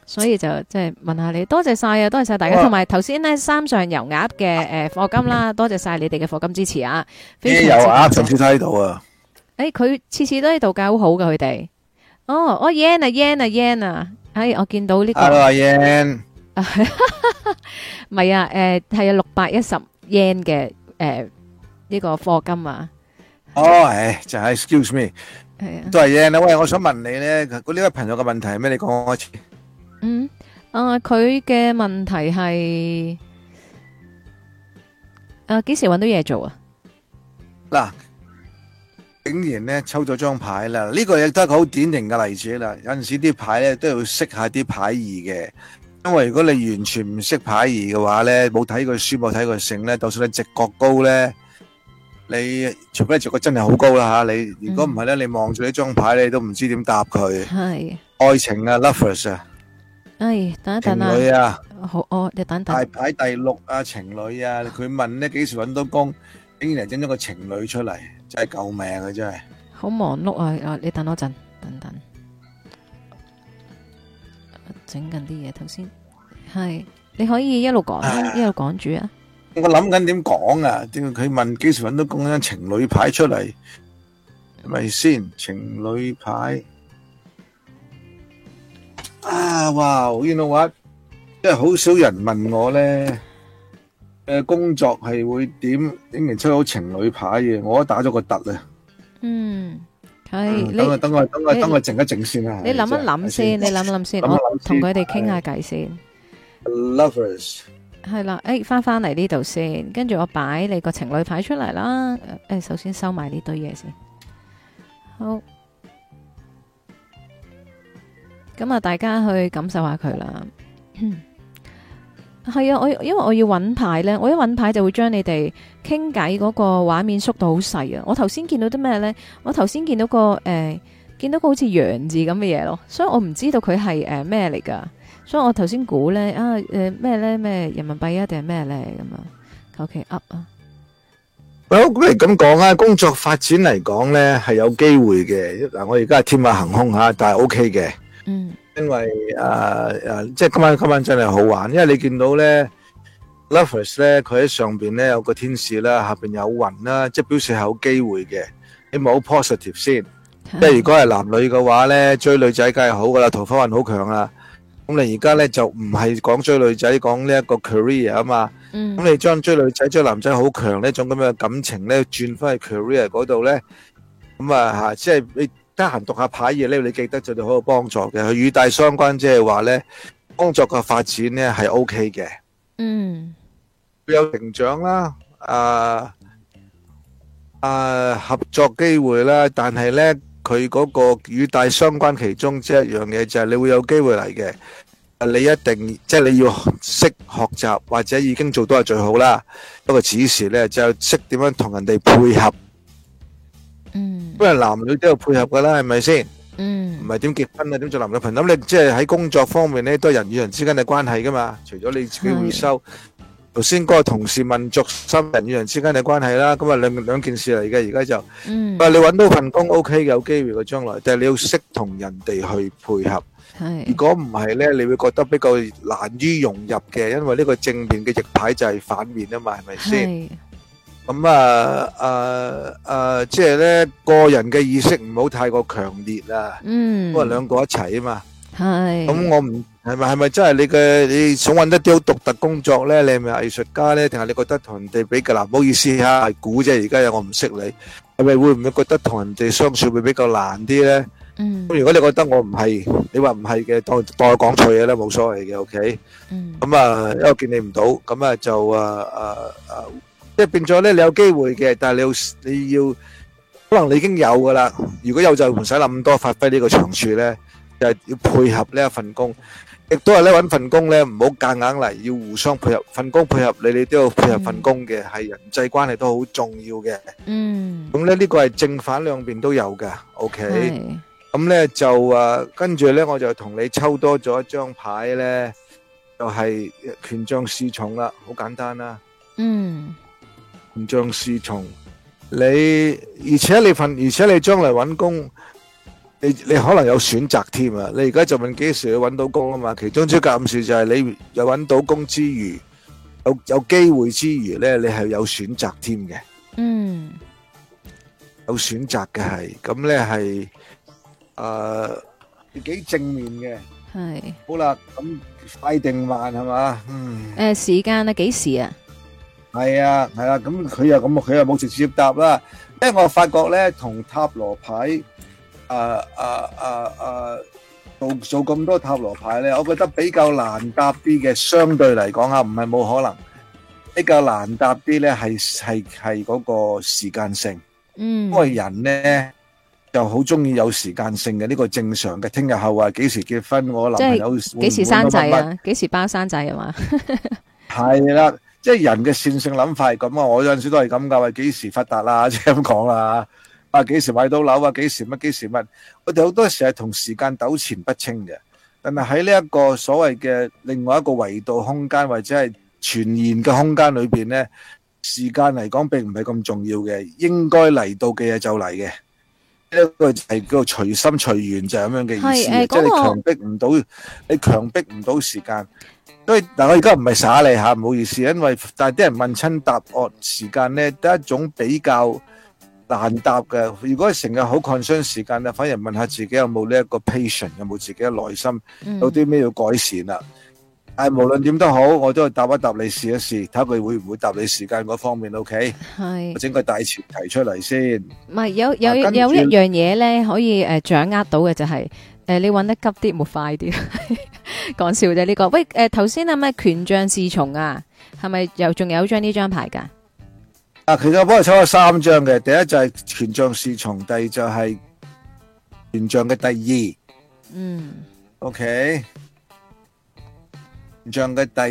所以就即係問下你，多謝晒啊，多謝晒大家，同埋頭先咧三上油鴨嘅誒課金啦，多謝晒你哋嘅課金支持啊。有啊，油鴨喺度啊。誒，佢次次都喺度教，好好佢哋。哦，我、哦、yen 啊 yen 啊 yen 啊，哎，我見到呢、這個。Hello，yen 唔 係啊，誒係啊六百一十 yen 嘅誒呢個課金啊。哦，哎、就係、是、excuse me，都係 yen 啊。喂，我想問你咧，嗰、嗯、呢位朋友嘅問題係咩？你講。嗯，誒、啊，佢嘅問題係誒，幾時搵到嘢做啊？嗱、啊，竟然咧抽咗張牌啦，呢、這個亦都係好典型嘅例子啦。有陣時啲牌咧都要識下啲牌意嘅，因為如果你完全唔識牌意嘅話咧，冇睇過書冇睇過性咧，就算你直覺高咧，你除非你直覺真係好高啦吓、啊，你如果唔係咧，你望住呢張牌你都唔知點答佢。係愛情啊，Lovers 啊。哎，等一等啊！好，哦，你等等。大牌第六啊，情侶啊，佢問呢幾時搵到工，竟然係整咗個情侶出嚟，真係救命啊！真係。好忙碌啊！啊，你等我陣，等等。整緊啲嘢，頭先係，你可以一路講啊，一路講住啊。我諗緊點講啊？點佢問幾時搵到工，整情侶牌出嚟，咪先情侶牌。啊哇，你話即係好少人問我咧，誒，工作係會點？點解出到情侶牌嘅？我都打咗個突啊。嗯，係。等我等我等我等我靜一靜先啊。你諗一諗先，你諗一諗先，我同佢哋傾下偈先。Lovers。係啦，誒，翻翻嚟呢度先，跟住我擺你個情侶牌出嚟啦。誒，首先收埋呢堆嘢先，好。咁啊！大家去感受下佢啦。係 啊，我因為我要揾牌咧，我一揾牌就會將你哋傾偈嗰個畫面縮到好細啊。我頭先見到啲咩咧？我頭先見到個誒、欸，見到個好似陽字咁嘅嘢咯，所以我唔知道佢係誒咩嚟噶。所以我頭先估咧啊，誒咩咧？咩人民幣啊？定係咩咧？咁啊，求其 up 啊。喂，我估你咁講啊？工作發展嚟講咧係有機會嘅嗱，我而家係天馬行空吓，但係 O K 嘅。嗯，因為誒誒，即係今晚今晚真係好玩，因為你見到咧，Lovers 咧，佢喺上邊咧有個天使啦，下邊有雲啦，即係表示係有機會嘅，你咪好 positive 先，即係如果係男女嘅話咧，追女仔梗係好噶啦，桃花運好強啊，咁你而家咧就唔係講追女仔，講呢一個 career 啊嘛，咁你將追女仔、追男仔好強呢種咁嘅感情咧，轉翻去 career 嗰度咧，咁啊吓，即係你。得閒讀下牌嘢，呢你記得就對你好有幫助嘅。佢與大相關，即係話呢工作嘅發展呢係 OK 嘅。嗯，會有成長啦、啊，啊啊合作機會啦，但係呢佢嗰個與大相關其中之一樣嘢就係你會有機會嚟嘅。你一定即係、即係、你要識學習或者已經做到係最好啦。不過此時呢就識、是、點樣同人哋配合。嗯，不過男女都有配合噶啦，係咪先？嗯，唔係點結婚啊？點做男女朋友？咁你即係喺工作方面咧，都係人與人之間嘅關係噶嘛。除咗你自己回收，頭先嗰個同事問足三個人與人之間嘅關係啦。咁啊，兩兩件事嚟嘅。而家就，啊，你搵到份工 OK，有機會嘅將來，但係你要識同人哋去配合。係，如果唔係咧，你會覺得比較難於融入嘅，因為呢個正面嘅逆牌就係反面啊嘛，係咪先？咁啊，誒誒，即係咧，個人嘅意識唔好太過強烈啊。嗯。都係兩個一齊啊嘛。係。咁我唔係咪係咪真係你嘅你想揾一啲好獨特工作咧？你係咪藝術家咧？定係你覺得同人哋比較難？唔好意思吓，係估啫。而家我唔識你，係咪會唔會覺得同人哋相處會比較難啲咧？嗯。咁如果你覺得我唔係，你話唔係嘅，當當我講錯嘢啦，冇所謂嘅，OK。嗯。咁啊，因為見你唔到，咁啊就啊啊啊。即係變咗咧，你有機會嘅，但係你你要可能你已經有噶啦。如果有就唔使諗咁多，發揮呢個長處咧，就係要配合呢一份工，亦都係咧揾份工咧，唔好夾硬嚟，要互相配合。份工配合你，你都要配合份工嘅，係人際關係都好重要嘅。嗯，咁咧呢個係正反兩邊都有嘅。OK，咁咧就誒，跟住咧我就同你抽多咗一張牌咧，就係權杖侍從啦，好簡單啦。嗯。唔將書從你，而且你份，而且你將來揾工，你你可能有選擇添啊！你而家就問幾時去揾到工啊嘛？其中一個暗示就係你有揾到工之餘，有有機會之餘咧，你係有選擇添嘅。嗯，有選擇嘅係，咁咧係，誒，幾正面嘅。係好啦，咁快定慢係嘛？嗯。誒，時間係，幾時啊？係啊，係啊，咁佢又咁，佢又冇直接答啦。因為我發覺咧，同塔羅牌，誒誒誒誒，做做咁多塔羅牌咧，我覺得比較難答啲嘅，相對嚟講啊，唔係冇可能。比較難答啲咧，係係係嗰個時間性。嗯，因為人咧就好中意有時間性嘅呢，這個正常嘅。聽日後啊，幾時結婚我諗？有幾時生仔啊？幾時包生仔係、啊、嘛？係 啦、啊。即係人嘅線性諗法係咁啊！我有陣時都係咁噶，喂，幾時發達啊？即係咁講啦嚇，啊，幾時買到樓啊？幾時乜幾時乜？我哋好多時係同時間糾纏不清嘅。但係喺呢一個所謂嘅另外一個維度空間或者係傳言嘅空間裏邊咧，時間嚟講並唔係咁重要嘅。應該嚟到嘅嘢就嚟嘅，呢個就係叫隨心隨緣，就係咁樣嘅意思，即係、那個、你強迫唔到，你強迫唔到時間。但以我而家唔係耍你吓，唔好意思，因為但係啲人問親答案時間咧，得一種比較難答嘅。如果成日好 concern 時間咧，反而問，問下自己有冇呢一個 patience，有冇自己嘅耐心，有啲咩要改善啦、嗯。但係無論點都好，我都答一答你，試一試，睇下佢會唔會答你時間嗰方面。O K，係，我整個大前提出嚟先。唔係有有、啊、有，有一樣嘢咧，可以誒掌握到嘅就係、是、誒，你揾得急啲，冇快啲。 講笑啫呢個，喂，誒、呃，頭先係咪權杖侍從啊？係咪又仲有一張呢張牌噶？啊，其實我幫你抽咗三張嘅，第一就係權杖侍從，第二就係權杖嘅第二。嗯，OK，權杖嘅第二，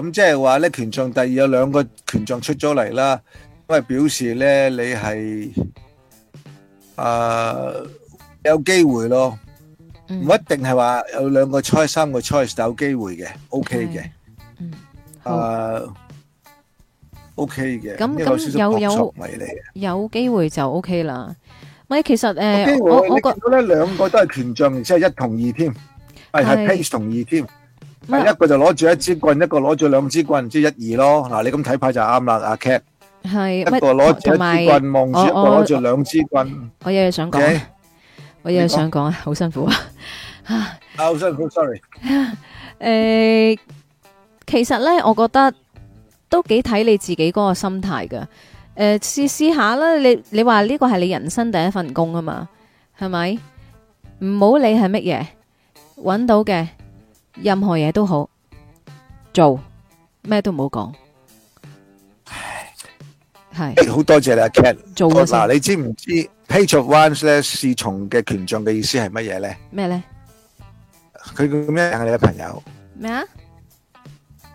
咁即係話咧，權杖第二有兩個權杖出咗嚟啦，咁係表示咧你係誒、呃、有機會咯。唔一定係話有兩個 choice，三個 choice 有機會嘅，OK 嘅，嗯，啊，OK 嘅，咁咁有有有機會就 OK 啦。唔係，其實誒，我我覺得咧兩個都係權杖，而且係一同二添，係係 page 同二添，一個就攞住一支棍，一個攞住兩支棍，即係一二咯。嗱，你咁睇牌就啱啦，阿 Cat，係，一個攞住一支棍望住，一個攞住兩支棍。我有嘢想講。我有想講啊，好、這個、辛苦啊， 啊，好辛苦，sorry。誒、 呃，其實咧，我覺得都幾睇你自己嗰個心態噶。誒、呃，試試下啦，你你話呢個係你人生第一份工啊嘛，係咪？唔好理係乜嘢，搵到嘅任何嘢都好做，咩都唔好講。係好多謝你阿、啊、Cat 做嗱，你知唔知 Page of Wands 咧，侍從嘅權杖嘅意思係乜嘢咧？咩咧？佢叫咩名啊？你嘅朋友咩啊？呢、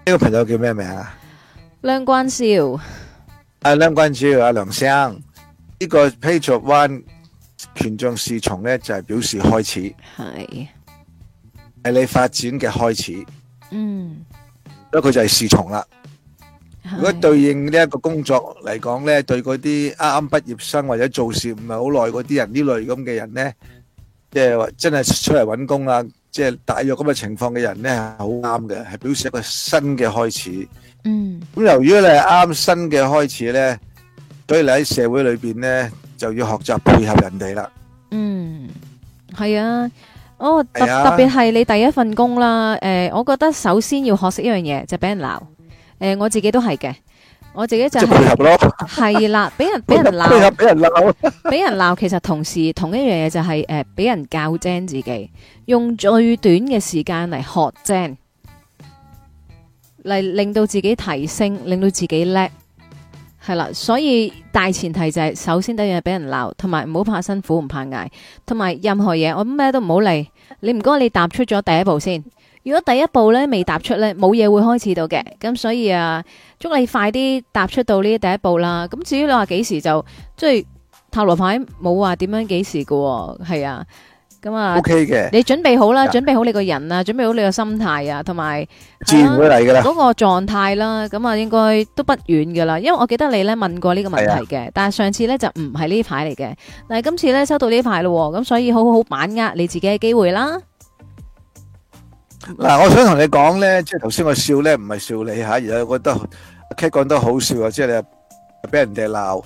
這個朋友叫咩名啊，啊，啊？梁關少啊，梁關少啊，梁生，呢個 Page of Wands 權杖侍從咧就係、是、表示開始，係係你發展嘅開始，嗯，咁佢就係侍從啦。如果對應呢一個工作嚟講咧，對嗰啲啱啱畢業生或者做事唔係好耐嗰啲人呢類咁嘅人咧，即係話真係出嚟揾工啊，即係大約咁嘅情況嘅人咧，係好啱嘅，係表示一個新嘅開始。嗯，咁由於你係啱新嘅開始咧，所以你喺社會裏邊咧就要學習配合人哋啦。嗯，係啊，哦，特，特別係你第一份工啦。誒，我覺得首先要學識一樣嘢就俾人鬧。誒、呃，我自己都係嘅，我自己就係係啦，俾 人俾 人鬧，俾 人鬧，俾人鬧。其實同時同一樣嘢就係、是、誒、俾、呃、人教精自己，用最短嘅時間嚟學精，嚟令到自己提升，令到自己叻。係啦，所以大前提就係、是、首先第一樣係俾人鬧，同埋唔好怕辛苦，唔怕捱，同埋任何嘢我咩都唔好理。你唔該，你踏出咗第一步先。如果第一步咧未踏出咧，冇嘢會開始到嘅，咁所以啊，祝你快啲踏出到呢第一步啦。咁至於你話幾時就即係塔羅牌冇話點樣幾時嘅，係啊，咁啊，O K 嘅，你準備好啦、yeah.，準備好你個人啊，準備好你個心態啊，同埋，自然會嚟噶啦，嗰、啊嗰個狀態啦，咁啊應該都不遠噶啦。因為我記得你咧問過呢個問題嘅、啊，但係上次咧就唔係呢排嚟嘅，但係，今次咧收到呢排咯，咁所以好好好，把握你自己嘅機會啦。嗱，我想同你講呢，即係頭先我笑呢，唔係笑你吓，而係我覺得阿 K 講得好笑啊！即係你俾人哋鬧，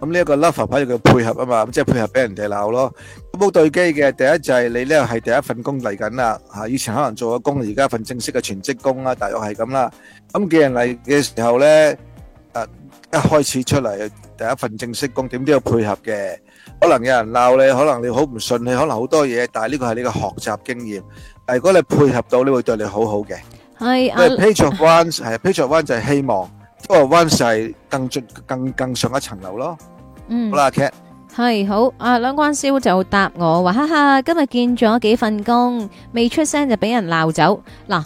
咁呢一個 level 擺住佢配合啊嘛，即係配合俾人哋鬧咯。冇對機嘅，第一就係你呢個係第一份工嚟緊啦吓，以前可能做咗工，而家份正式嘅全職工啦，大約係咁啦。咁既然嚟嘅時候呢，一開始出嚟第一份正式工，點都要配合嘅，可能有人鬧你，可能你好唔順，你可能好多嘢，但係呢個係你嘅學習經驗。係，如果你配合到，你會對你好好嘅。係啊，Patreon 係 Patreon 就係希望，都係 one 就更進更更上一層樓咯。嗯，好啦，阿 Kate 係好啊，兩關少就答我話，哈哈，今日見咗幾份工，未出聲就俾人鬧走。嗱，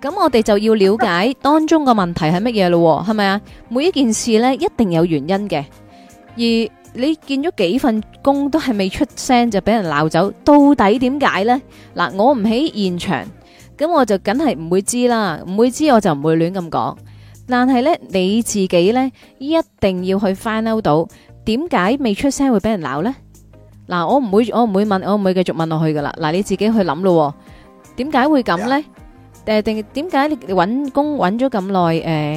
咁我哋就要了解當中個問題係乜嘢咯，係咪啊？每一件事咧一定有原因嘅，而。你見咗幾份工都係未出聲就俾人鬧走，到底點解呢？嗱，我唔喺現場，咁我就梗係唔會知啦，唔會知我就唔會亂咁講。但係呢，你自己呢一定要去 find out 到點解未出聲會俾人鬧呢？嗱，我唔會我唔會問，我唔會繼續問落去噶啦。嗱，你自己去諗咯，點解會咁呢？誒，定點解你你搵工搵咗咁耐，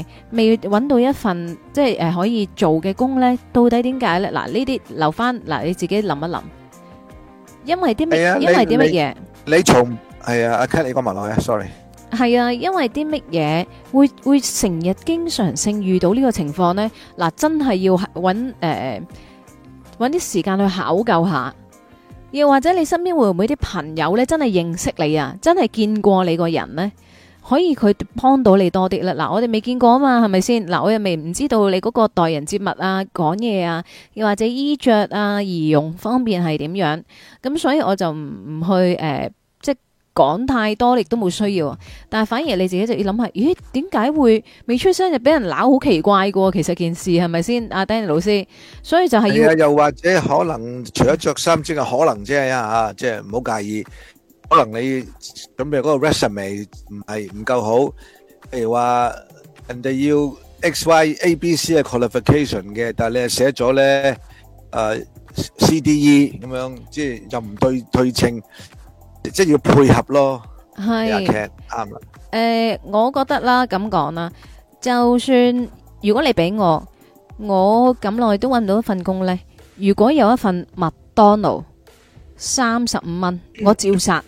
誒未搵到一份即係誒可以做嘅工咧？到底點解咧？嗱，呢啲留翻嗱，你自己諗一諗。因為啲咩？因為啲乜嘢？你從係啊，阿 Cat 你講埋落去，sorry。係啊，因為啲乜嘢會會成日經常性遇到呢個情況咧？嗱，真係要搵誒搵啲時間去考究下。又或者你身邊會唔會啲朋友咧，真係認識你啊，真係見過你個人咧，可以佢幫到你多啲啦。嗱，我哋未見過啊嘛，係咪先？嗱，我又未唔知道你嗰個待人接物啊、講嘢啊，又或者衣着啊、儀容方面係點樣，咁所以我就唔唔去誒。呃講太多你亦都冇需要，但係反而你自己就要諗下，咦，點解會未出聲就俾人鬧好奇怪㗎喎？其實件事係咪先，阿 Danny 老師？所以就係要，又或者可能除咗著衫之外，可能即係呀吓，即係唔好介意。可能你準備嗰個 resume 唔係唔夠好，譬如話人哋要 X Y A B C 嘅 qualification 嘅，但係你係寫咗咧，誒 C D E 咁樣，即係又唔對對稱。即係要配合咯，係啱啦。誒，我覺得啦，咁講啦，就算如果你俾我，我咁耐都搵唔到一份工咧。如果有一份麥當勞三十五蚊，我照殺。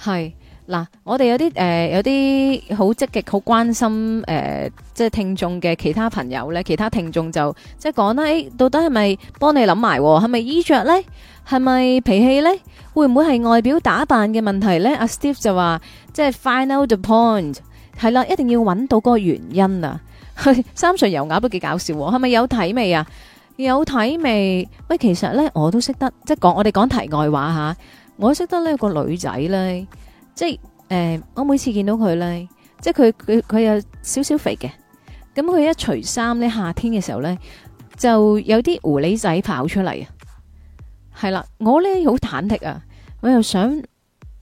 係嗱，我哋有啲誒，有啲好積極、好關心誒，即係聽眾嘅其他朋友咧，其他聽眾就即係講啦，誒，到底係咪幫你諗埋喎？係咪衣着咧？係咪脾氣呢？會唔會係外表打扮嘅問題呢？阿 Steve 就話，即係 find out the point，係啦，一定要揾到個原因啊！ 三水油鴨都幾搞笑，係咪有體味啊？有體味？喂，其實呢，我都識得，即係講我哋講題外話吓，我識得呢個女仔呢，即係誒、呃，我每次見到佢呢，即係佢佢佢有少少肥嘅，咁佢一除衫呢，夏天嘅時候呢，就有啲狐狸仔跑出嚟啊！係啦，我咧好忐忑啊！我又想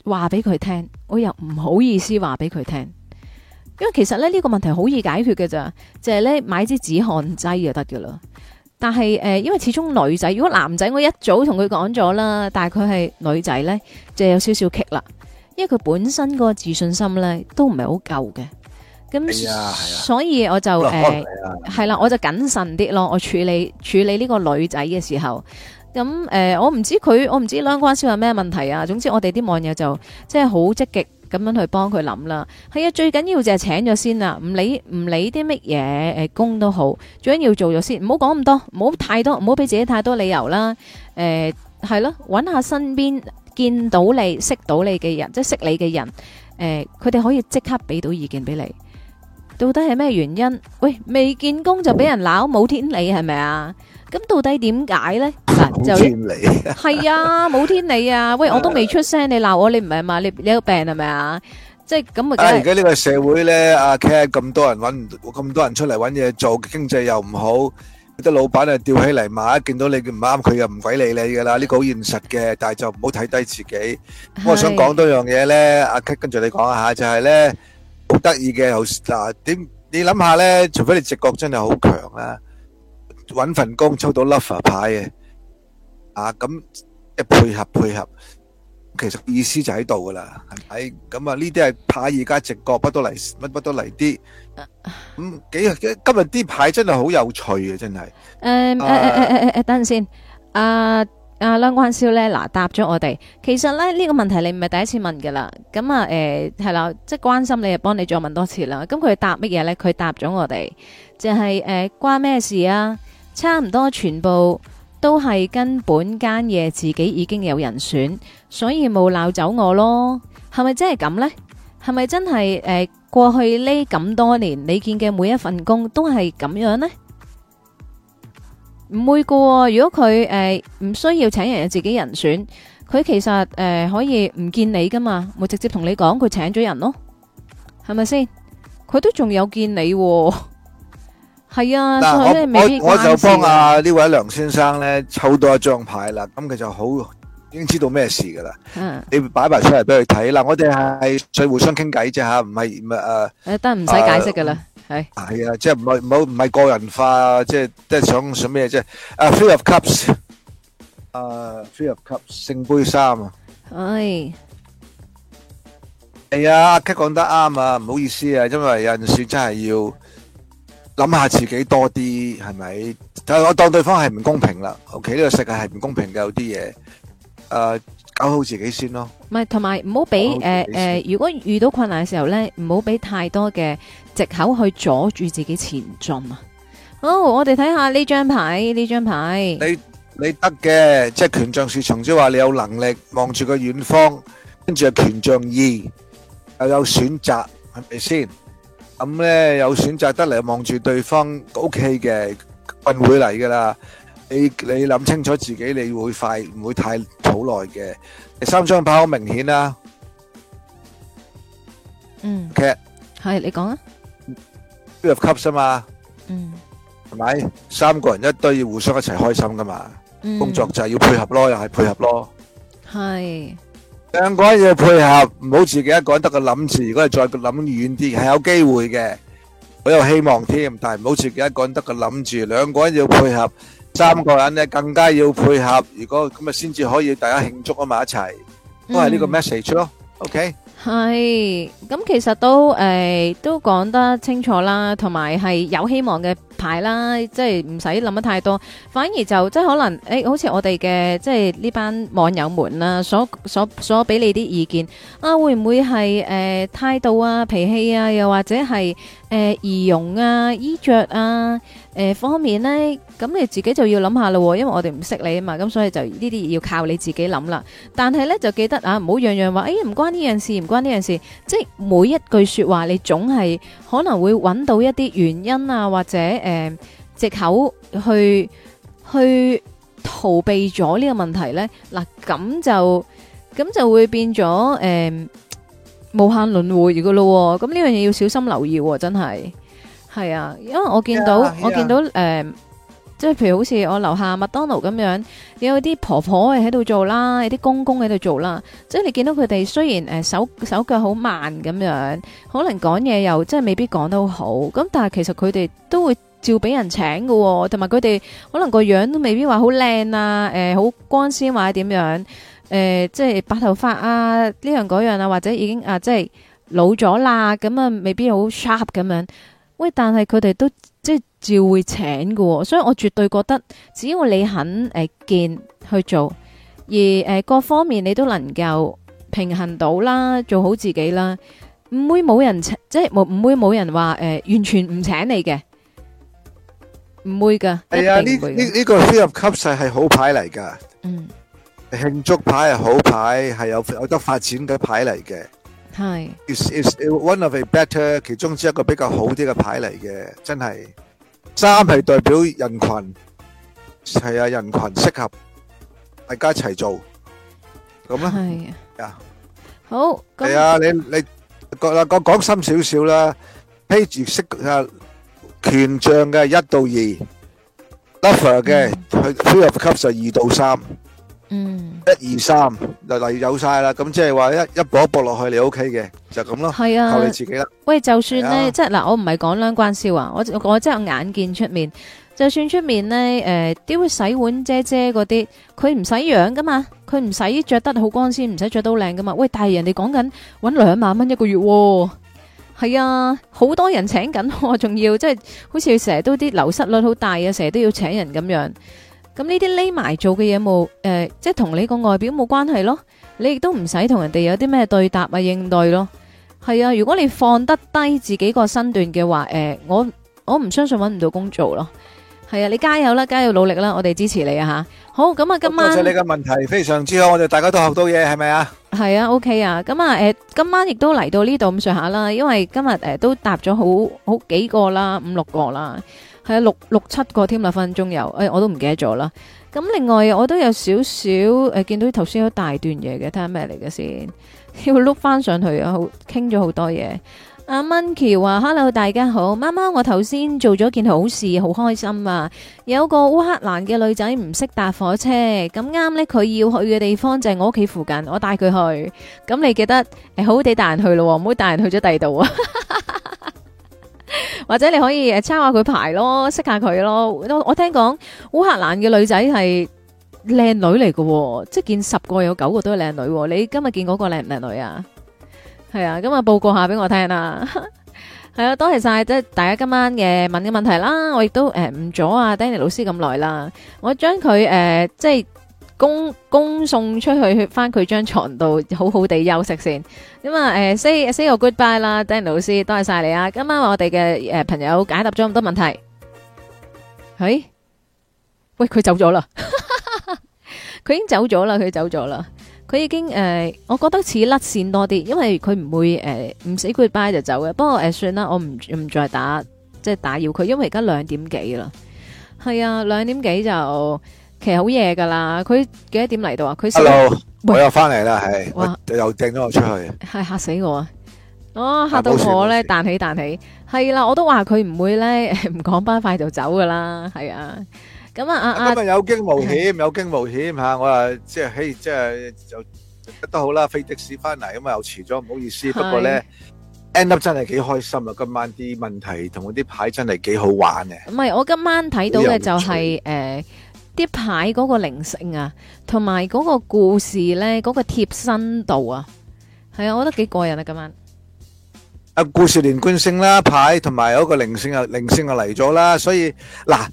話俾佢聽，我又唔好意思話俾佢聽，因為其實咧呢、這個問題好易解決嘅咋，就係、是、咧買支止汗劑就得噶啦。但係誒、呃，因為始終女仔，如果男仔我一早同佢講咗啦，但係佢係女仔咧，就有少少棘啦，因為佢本身個自信心咧都唔係好夠嘅。咁、哎啊，所以我就誒，係、呃、啦、哎，我就謹慎啲咯。我處理處理呢個女仔嘅時候。咁、嗯、誒、呃，我唔知佢，我唔知兩關係有咩問題啊。總之，我哋啲網友就即係好積極咁樣去幫佢諗啦。係啊，最緊要就係請咗先啦，唔理唔理啲乜嘢誒工都好，最緊要做咗先，唔好講咁多，唔好太多，唔好俾自己太多理由啦。誒、呃，係咯，揾下身邊見到你、識到你嘅人，即係識你嘅人，誒、呃，佢哋可以即刻俾到意見俾你。到底係咩原因？喂，未見工就俾人鬧，冇天理係咪啊？咁到底點解咧？嗱，就天理係啊，冇天理啊！喂，我都未出聲，你鬧我，你唔係嘛？你你個病係咪啊？即係咁啊！而家呢個社會咧，阿 K 咁多人搵唔，咁多人出嚟搵嘢做，經濟又唔好，啲老闆啊吊起嚟賣，一見到你唔啱，佢又唔鬼理你噶啦！呢個好現實嘅，但係就唔好睇低自己。我啊想講多樣嘢咧，阿 K 跟住你講下就係咧，好得意嘅，嗱，點你諗下咧？除非你直覺真係好強啊。搵份工抽到 lover 牌嘅、啊，啊咁一配合配合，其實意思就喺度噶啦，係咁啊，呢啲係牌，而家直覺乜都嚟，乜都嚟啲。咁、嗯、幾今日啲牌真係好有趣嘅、啊，真係。誒誒誒誒誒，等陣先。啊啊，梁關少咧，嗱，答咗我哋。其實咧呢、這個問題你唔係第一次問噶啦。咁啊誒係啦，即、啊、係、就是、關心你幫幫你再問多次啦。咁佢答乜嘢咧？佢答咗我哋，就係、是、誒、啊、關咩事啊？差唔多全部都係根本間嘢，自己已經有人選，所以冇鬧走我咯。係咪真係咁呢？係咪真係誒、呃？過去呢咁多年，你見嘅每一份工都係咁樣呢？唔會嘅、哦。如果佢誒唔需要請人，自己人選，佢其實誒、呃、可以唔見你噶嘛？會直接同你講佢請咗人咯？係咪先？佢都仲有見你、哦。係 啊，啊，我我，我就幫啊呢位梁先生咧抽到一張牌啦，咁佢就好已經知道咩事噶啦、啊。你擺埋出嚟俾佢睇啦。我哋係在互相傾偈啫吓，唔係唔誒誒，得唔使解釋噶啦，係、啊、係啊，啊，即係唔係唔好唔係個人化，即係即係想想咩即啊，Three of Cups，Three of Cups，聖、啊、杯，杯三啊。係、哎、係、哎、啊，阿 Kat 講得啱啊，唔好意思啊，因為有陣時真係要。諗下自己多啲，係咪？但係我當對方係唔公平啦。OK，呢個世界係唔公平嘅，有啲嘢。誒、呃，搞好自己先咯。唔係，同埋唔好俾誒誒，如果遇到困難嘅時候咧，唔好俾太多嘅藉口去阻住自己前進啊！好，我哋睇下呢張牌，呢張牌。你你得嘅，即係權杖侍從，即係話你有能力望住個遠方，跟住權杖二又有選擇，係咪先？咁、嗯、咧有選擇得嚟，望住對方 O K 嘅運會嚟噶啦。你你諗清楚自己，你會快唔會太好耐嘅？第三張牌好明顯啦、啊，嗯，K、okay？係你講啊，入級啫嘛，嗯，係咪三個人一堆要互相一齊開心噶嘛、嗯？工作就係要配合咯，又係配合咯，係。兩個人要配合，唔好自己一個人得個諗住。如果係再諗遠啲，係有機會嘅，我有希望添。但係唔好自己一個人得個諗住，兩個人要配合，三個人咧更加要配合。如果咁啊，先至可以大家慶祝啊嘛一齊，都係呢個 message 咯。OK。係，咁其實都誒、欸、都講得清楚啦，同埋係有希望嘅牌啦，即係唔使諗得太多，反而就即係可能誒、欸，好似我哋嘅即係呢班網友們啦，所所所俾你啲意見啊，會唔會係誒態度啊、脾氣啊，又或者係誒儀容啊、衣着啊？誒，方面咧，咁你自己就要諗下咯，因為我哋唔識你啊嘛，咁所以就呢啲要靠你自己諗啦。但係咧就記得啊，唔好樣樣話，哎唔關呢樣事，唔關呢樣事，即係每一句說話，你總係可能會揾到一啲原因啊，或者誒藉口去去逃避咗呢個問題咧。嗱，咁就咁就會變咗誒無限輪回噶咯，咁呢樣嘢要小心留意，真係。係啊，因為我見到 yeah, yeah. 我見到誒、呃，即係譬如好似我樓下麥當勞咁樣，有啲婆婆喺度做啦，有啲公公喺度做啦。即係你見到佢哋雖然誒、呃、手手腳好慢咁樣，可能講嘢又真係未必講得好，咁但係其實佢哋都會照俾人請噶、哦，同埋佢哋可能個樣都未必話好靚啊，誒、呃、好光鮮或者點樣，誒、呃、即係白頭髮啊呢樣嗰樣啊，或者已經啊即係老咗啦，咁啊未必好 sharp 咁樣。喂，但係佢哋都即係照會請喎、哦，所以我絕對覺得只要你肯誒、呃、見去做，而誒、呃、各方面你都能夠平衡到啦，做好自己啦，唔會冇人請，即係冇唔會冇人話誒、呃、完全唔請你嘅，唔會嘅。係啊，呢呢呢個飛入級係好牌嚟噶，嗯，慶祝牌係好牌，係有有得發展嘅牌嚟嘅。係，it's it's one of a better，其中之一個比較好啲嘅牌嚟嘅，真係。三係代表人群，係啊，人群適合大家一齊做，咁啊。係啊，好。係啊，你你講啦，講講深少少啦。page 識啊，權杖嘅一到二，lover 嘅去配合 cups 就二到三。嗯，一二三，就例有晒啦，咁即係話一一步一步落去，你 O K 嘅就咁咯，靠、啊、你自己啦。喂，就算咧、啊，即係嗱，我唔係講兩關笑啊，我我真係眼見出面，就算出面咧，誒、呃、啲會洗碗姐姐嗰啲，佢唔使樣噶嘛，佢唔使着得好光鮮，唔使着到靚噶嘛。喂，但係人哋講緊搵兩萬蚊一個月、哦，係啊，好多人請緊，仲要即係好似成日都啲流失率好大啊，成日都要請人咁樣。咁呢啲匿埋做嘅嘢冇，誒、呃，即係同你個外表冇關係咯。你亦都唔使同人哋有啲咩對答啊應對咯。係啊，如果你放得低自己個身段嘅話，誒、呃，我我唔相信搵唔到工做咯。係啊，你加油啦，加油努力啦，我哋支持你啊吓。好，咁、嗯、啊，今晚多謝、謝你嘅問題，非常之好，我哋大家都學到嘢，係咪啊？係啊，OK 啊，咁啊，誒、呃，今晚亦都嚟到呢度咁上下啦，因為今日誒、呃、都答咗好好幾個啦，五六個啦。係啊，六六七個添啦分鐘有，誒、哎、我都唔記得咗啦。咁另外我都有少少誒見到頭先有大段嘢嘅，睇下咩嚟嘅先。要碌翻上去啊，好傾咗好多嘢。阿 monkey 話，Hello 大家好，媽媽我頭先做咗件好事，好開心啊！有個烏克蘭嘅女仔唔識搭火車，咁啱呢，佢要去嘅地方就係我屋企附近，我帶佢去。咁你記得好好地帶人去咯，唔好帶人去咗第二度啊！ 或者你可以誒，抄下佢牌咯，識下佢咯。我我聽講烏克蘭嘅女仔係靚女嚟嘅，即係見十個有九個都係靚女。你今日見嗰個靚唔靚女啊？係啊，今日報告下俾我聽啦。係啊，多謝晒即係大家今晚嘅問嘅問題啦。我亦都誒唔阻啊 Danny 老師咁耐啦。我將佢誒即係。恭恭送出去，翻佢張床度，好好地休息先。咁、嗯、啊，誒、呃、say、呃、say goodbye 啦，Danny 老師，多謝晒你啊！今晚我哋嘅誒朋友解答咗咁多問題。係、欸，喂，佢走咗啦，佢 已經走咗啦，佢走咗啦，佢已經誒、呃，我覺得似甩線多啲，因為佢唔會誒唔、呃、say goodbye 就走嘅。不過誒、呃，算啦，我唔唔再打，即係打擾佢，因為而家兩點幾啦。係啊，兩點幾就。其實好夜噶啦，佢幾多點嚟到啊？佢，Hello，我又翻嚟啦，係，又掟咗我出去，係吓死我啊！吓到我咧彈起彈起，係啦，我都話佢唔會咧唔講班快就走噶啦，係啊，咁啊啊啊，今日有驚無險，有驚無險吓，我啊即係，嘿，即係就都好啦，飛的士翻嚟，咁啊又遲咗，唔好意思，不過咧，end up 真係幾開心啊！今晚啲問題同嗰啲牌真係幾好玩嘅，唔係我今晚睇到嘅就係誒。啲牌嗰個靈性啊，同埋嗰個故事咧，嗰個貼身度啊，係啊，我覺得幾過癮啊，今晚啊，故事連貫性啦，牌同埋嗰個靈性啊，靈性啊嚟咗啦，所以嗱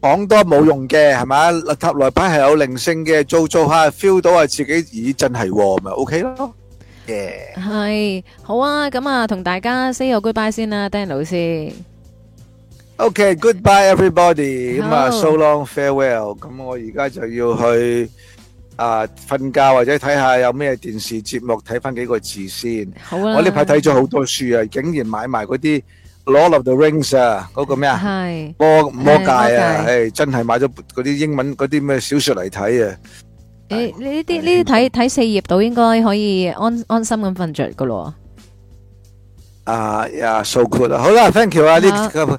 講多冇用嘅係咪？塔羅牌係有靈性嘅，做做下 feel 到啊自己咦真係咪 OK 咯，係好啊，咁啊同大家 say 個 goodbye 先啦，Danny 老師。Okay, goodbye everybody。咁啊，so long farewell。咁我而家就要去啊瞓覺，或者睇下有咩電視節目，睇翻幾個字先。好啦。我呢排睇咗好多書啊，竟然買埋嗰啲《Lord of the Rings》啊，嗰個咩啊？係魔魔戒啊！唉，真係買咗嗰啲英文嗰啲咩小說嚟睇啊！你你呢啲呢啲睇睇四頁到應該可以安安心咁瞓著㗎喇。啊呀，so good。好啦，thank you 啊，呢個。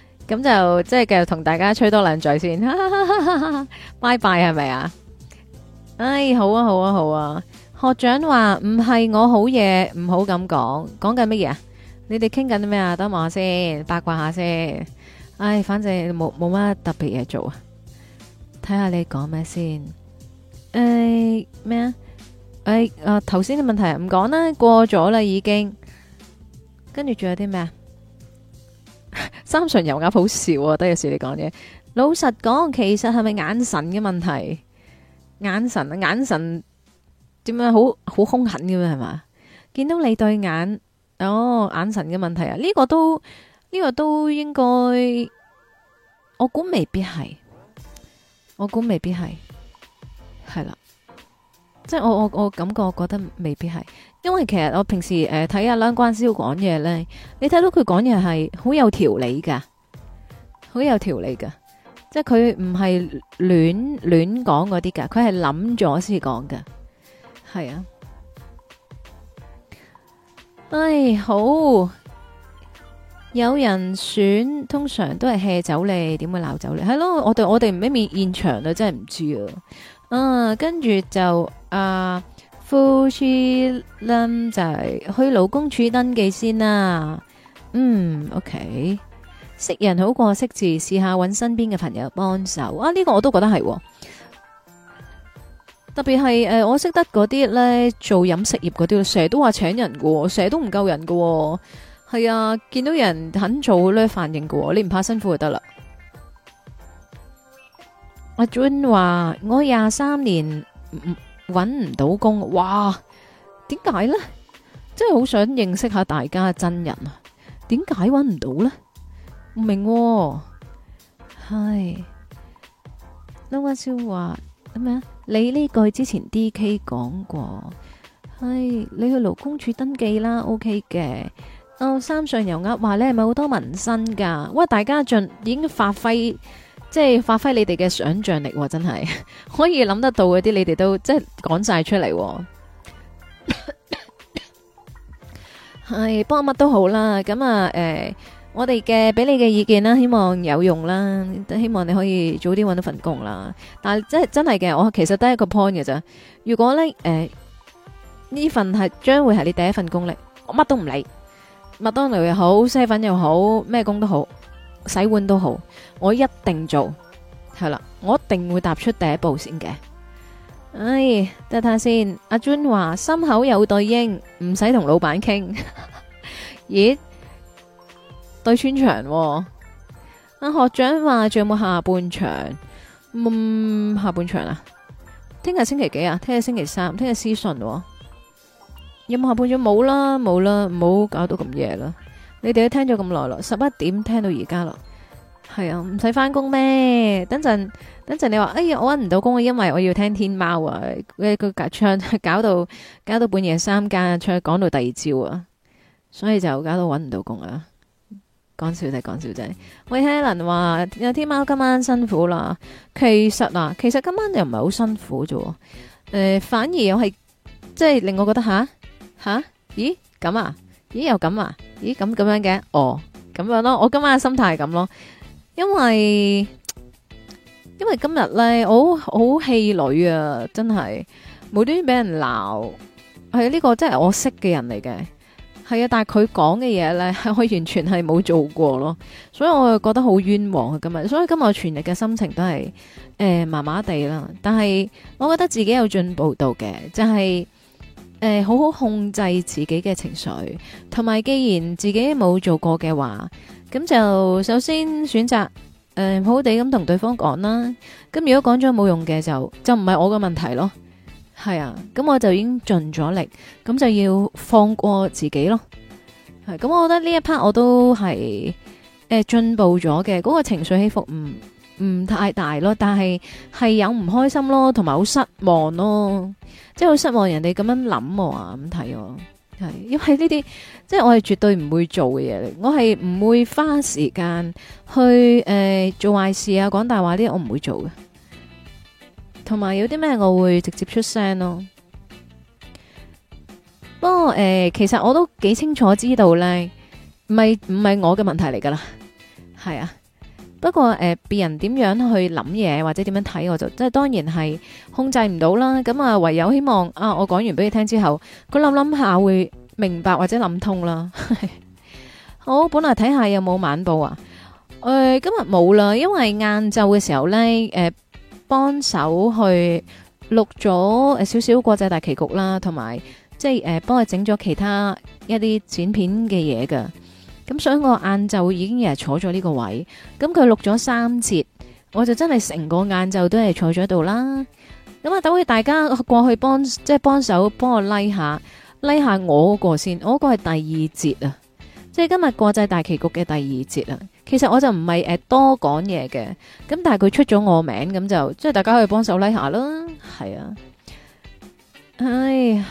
咁就即係繼續同大家吹多兩嘴先，拜拜，係咪啊？哎，好啊，好啊，好啊！學長話唔係我好嘢，唔好咁講。講緊乜嘢啊？你哋傾緊啲咩啊？等我先八卦下先。哎，反正冇冇乜特別嘢做啊。睇下你講咩先？誒，咩啊？誒，啊，頭先嘅問題唔講啦，過咗啦已經。跟住仲有啲咩啊？ 三唇有啲好笑啊、哦，得有時你講嘢。老實講，其實係咪眼神嘅問題？眼神啊，眼神點樣好好凶狠咁樣係嘛？見到你對眼，哦，眼神嘅問題啊，呢、這個都呢、這個都應該，我估未必係，我估未必係，係啦，即係我我我感覺我覺得未必係。因為其實我平時誒睇阿梁關師傅講嘢咧，你睇到佢講嘢係好有條理噶，好有條理噶，即係佢唔係亂亂講嗰啲噶，佢係諗咗先講噶，係啊，唉、哎、好，有人選通常都係 hea 走你，點會鬧走你？係咯，我哋我哋唔畀面現場真的不啊，真係唔知啊，嗯，跟住就啊。呼妻靚仔去勞工處登記先啦。嗯，OK，識人好過識字，試下揾身邊嘅朋友幫手啊！呢、這個我都覺得係、哦，特別係誒，我識得嗰啲咧做飲食業嗰啲，成日都話請人嘅、哦，成日都唔夠人嘅、哦。係啊，見到人肯做咧，反應嘅、哦，你唔怕辛苦就得啦。阿 Jun 話我廿三年。嗯搵唔到工，哇！點解呢？真係好想認識下大家嘅真人啊！點解搵唔到呢？唔明、哦。係，梁文超話咩？你呢句之前 D K 講過，係你去勞工處登記啦，O K 嘅。哦，三上尤壓話咧，係咪好多紋身噶？喂，大家盡已經發揮。即係發揮你哋嘅想象力，哦，真係可以諗得到嗰啲，你哋都即係講晒出嚟，哦。 係幫乜都好啦，咁啊，誒、欸，我哋嘅俾你嘅意見啦，希望有用啦，希望你可以早啲搵到份工啦。但係即係真係嘅，我其實得一個 point 嘅咋。如果呢，誒、欸，呢份係將會係你第一份工咧，我乜都唔理，麥當勞又好，西粉又好，咩工都好。洗碗都好，我一定做，係啦，我一定會踏出第一步先嘅。哎，睇下先。阿 Jun 話心口有對應，唔使同老闆傾。 咦，對穿牆喎。阿學長話仲有冇下半場？嗯，下半場啊？聽日星期幾啊？聽日星期三，聽日私信。有冇下半場？冇啦，冇啦，唔好搞到咁夜啦。你哋都聽咗咁耐咯，十一點聽到而家咯，係啊，唔使翻工咩？等陣，等陣你話，哎呀，我搵唔到工啊，因為我要聽天貓啊，佢個槍搞到搞到半夜三更，槍講到第二朝啊，所以就搞到搵唔到工啊。講笑仔，講笑仔。喂 Helen 話，有天貓今晚辛苦啦，其實啊，其實今晚又唔係好辛苦啫，誒、呃，反而我係即係令我覺得吓吓，咦咁啊？咦又咁啊？咦咁咁樣嘅？哦，咁樣咯，我今晚嘅心態係咁咯，因為因為今日咧，我好，好氣餒啊，真係無端端俾人鬧，係呢個真係我識嘅人嚟嘅，係啊，但係佢講嘅嘢咧，我完全係冇做過咯，所以我又覺得好冤枉啊今日，所以今日全日嘅心情都係誒麻麻地啦，但係我覺得自己有進步到嘅，就係、是。誒、呃，好好控制自己嘅情緒，同埋既然自己冇做過嘅話，咁就首先選擇誒、呃，好好地咁同對方講啦。咁如果講咗冇用嘅，就就唔係我嘅問題咯。係啊，咁我就已經盡咗力，咁就要放過自己咯。係咁，我覺得呢一 part 我都係誒進步咗嘅，嗰個情緒起伏唔，嗯唔太大咯，但係係有唔開心咯，同埋好失望咯，即係好失望人哋咁樣諗我啊，咁睇我，係因為呢啲即係我係絕對唔會做嘅嘢嚟，我係唔會花時間去誒做壞事啊講大話啲，我唔會做嘅，同埋有啲咩我會直接出聲咯。不過誒，其實我都幾清楚知道咧，唔係唔係我嘅問題嚟噶啦，係啊。不過誒，別、呃、人點樣去諗嘢或者點樣睇，我就即係當然係控制唔到啦。咁啊，唯有希望啊，我講完俾你聽之後，佢諗諗下會明白或者諗通啦。 好，本來睇下有冇晚報啊？誒、呃，今日冇啦，因為晏晝嘅時候呢，誒、呃，幫手去錄咗誒少少國際大棋局啦，同埋即係誒幫佢整咗其他一啲剪片嘅嘢噶。咁所以，我晏晝已經誒坐咗呢個位，咁佢錄咗三節，我就真係成個晏晝都係坐咗度啦。咁啊，等佢大家過去幫，即係幫手幫我拉下，拉下我個先，我嗰個係第二節啊，即係今日國際大棋局嘅第二節啊。其實我就唔係誒多講嘢嘅，咁但係佢出咗我名，咁就即係大家可以幫手拉下啦。係啊，唉，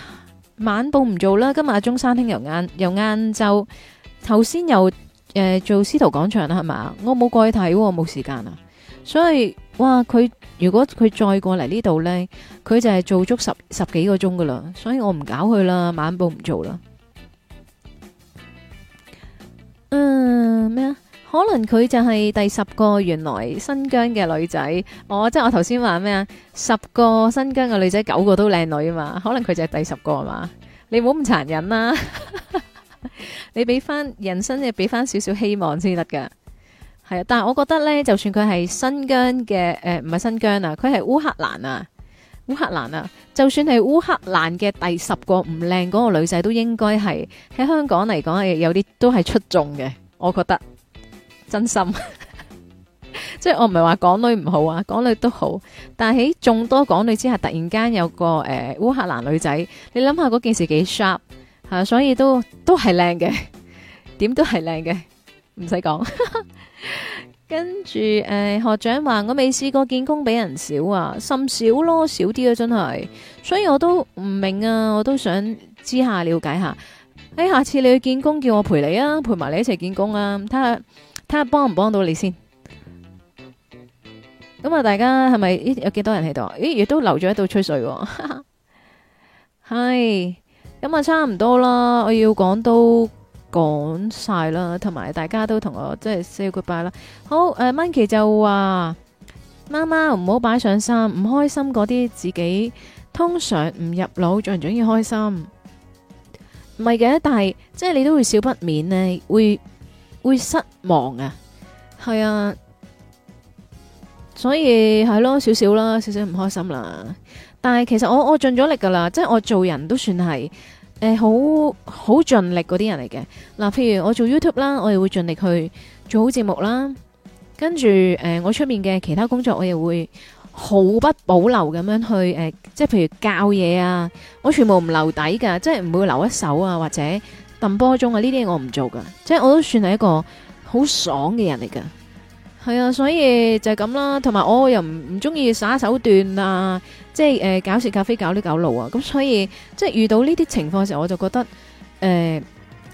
晚報唔做啦，今日中山廳又晏又晏晝。頭先又誒、呃、做司徒廣場啦，係嘛？我冇過去睇，冇時間啊。所以哇，佢如果佢再過嚟呢度呢，佢就係做足十十幾個鐘噶啦。所以我唔搞佢啦，晚步唔做啦。嗯，咩啊？可能佢就係第十個原來新疆嘅女仔。我即係我頭先話咩啊？十個新疆嘅女仔九個都靚女啊嘛，可能佢就係第十個啊嘛。你唔好咁殘忍啦。 你俾翻人生，你俾翻少少希望先得噶。係啊，但係我覺得呢，就算佢係新疆嘅，誒，唔係新疆啊，佢係烏克蘭啊，烏克蘭啊，就算係烏克蘭嘅第十個唔靚嗰個女仔，都應該係喺香港嚟講係有啲都係出眾嘅。我覺得真心， 即係我唔係話港女唔好啊，港女都好，但係喺眾多港女之下，突然間有個誒烏克蘭女仔，你諗下嗰件事幾 sharp。啊、所以都都係靚嘅，點都係靚嘅，唔使講。跟住誒、呃，學長話我未試過見工俾人少啊，甚少咯，少啲啊，真係。所以我都唔明啊，我都想知下了解下。誒、哎，下次你去見工，叫我陪你啊，陪埋你一齊見工啊，睇下睇下幫唔幫到你先。咁啊，大家係咪有幾多人喺度？咦，亦都留咗喺度吹水，啊。係。咁啊，差唔多啦，我要講都講晒啦，同埋大家都同我即係 say goodbye 啦。好，誒、呃，monkey 就話：貓貓唔好擺上心，唔開心嗰啲自己通常唔入腦，中唔中意開心？唔係嘅，但係即係你都會少不免呢，會會失望啊。係啊，所以係咯，少少啦，少少唔開心啦。但係其實我我盡咗力噶啦，即係我做人都算係誒好好盡力嗰啲人嚟嘅嗱。譬如我做 YouTube 啦，我亦會盡力去做好節目啦。跟住誒，我出面嘅其他工作，我亦會毫不保留咁樣去誒、呃，即係譬如教嘢啊，我全部唔留底噶，即係唔會留一手啊，或者揼波鐘啊呢啲，這些我唔做噶。即係我都算係一個好爽嘅人嚟噶，係啊，所以就係咁啦。同埋我又唔唔中意耍手段啊。即係誒、呃，搞雪咖啡，搞呢，搞路啊！咁、嗯、所以即係遇到呢啲情況嘅時候，我就覺得誒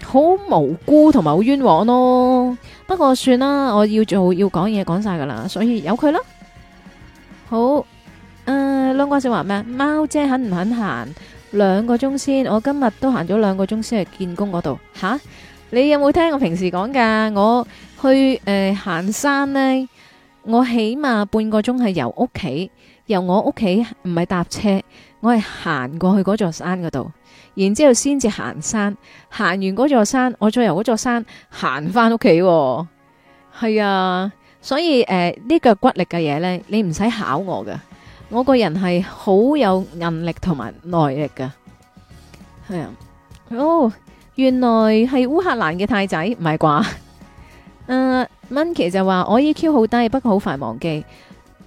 好、呃、無辜同埋好冤枉咯。不過算啦，我要做要講嘢講晒噶啦，所以由佢啦。好，誒、呃，兩瓜小話咩？貓姐肯唔肯行兩個鐘先？我今日都行咗兩個鐘先去建工嗰度。吓，你有冇聽我平時講噶？我去誒、呃、行山呢，我起碼半個鐘係由屋企。由我屋企唔係搭車，我係行過去嗰座山嗰度，然之後先至行山。行完嗰座山，我再由嗰座山行翻屋企。係、哦、啊，所以誒呢、呃、腳骨力嘅嘢呢，你唔使考我嘅。我個人係好有韌力同埋耐力嘅。係啊，哦，原來係烏克蘭嘅太仔，唔係啩？誒、呃、，Monkey 就話我 EQ 好低，不過好快忘記。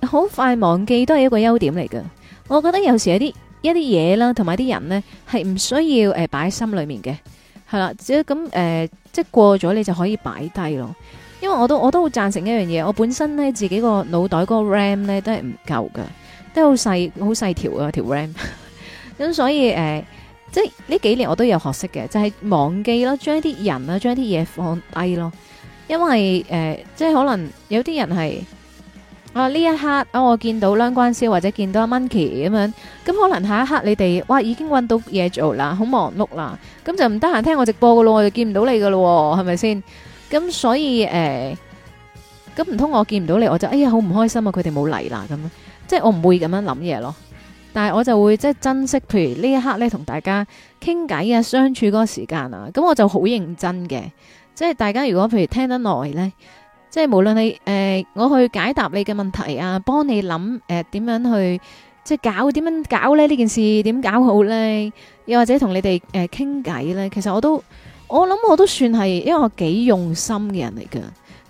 好快忘記都係一個優點嚟嘅，我覺得有時一啲一啲嘢啦，同埋啲人呢，係唔需要誒擺喺心裏面嘅，係啦、呃，即係咁誒，即係過咗你就可以擺低咯。因為我都我都好贊成一樣嘢，我本身呢，自己個腦袋嗰個 RAM 呢，都係唔夠嘅，都好細好細條啊條 RAM。咁、 嗯、所以誒、呃，即係呢幾年我都有學識嘅，就係、是、忘記咯，將一啲人啊，將一啲嘢放低咯。因為誒、呃，即係可能有啲人係。啊呢一刻啊我見到梁關師或者見到阿 Monkey 咁樣，咁可能下一刻你哋哇已經揾到嘢做啦，好忙碌啦，咁就唔得閒聽我直播噶咯，我就見唔到你噶咯，係咪先？咁所以誒，咁唔通我見唔到你，我就哎呀好唔開心啊，佢哋冇嚟啦，咁樣，即係我唔會咁樣諗嘢咯。但係我就會即係珍惜，譬如呢一刻咧同大家傾偈啊、相處嗰個時間啊，咁我就好認真嘅，即係大家如果譬如聽得耐咧。即係無論你誒，我去解答你嘅問題啊，幫你諗誒點樣去即係搞點樣搞咧？呢件事點搞好咧？又或者同你哋誒傾偈咧？其實我都我諗我都算係因為我幾用心嘅人嚟㗎，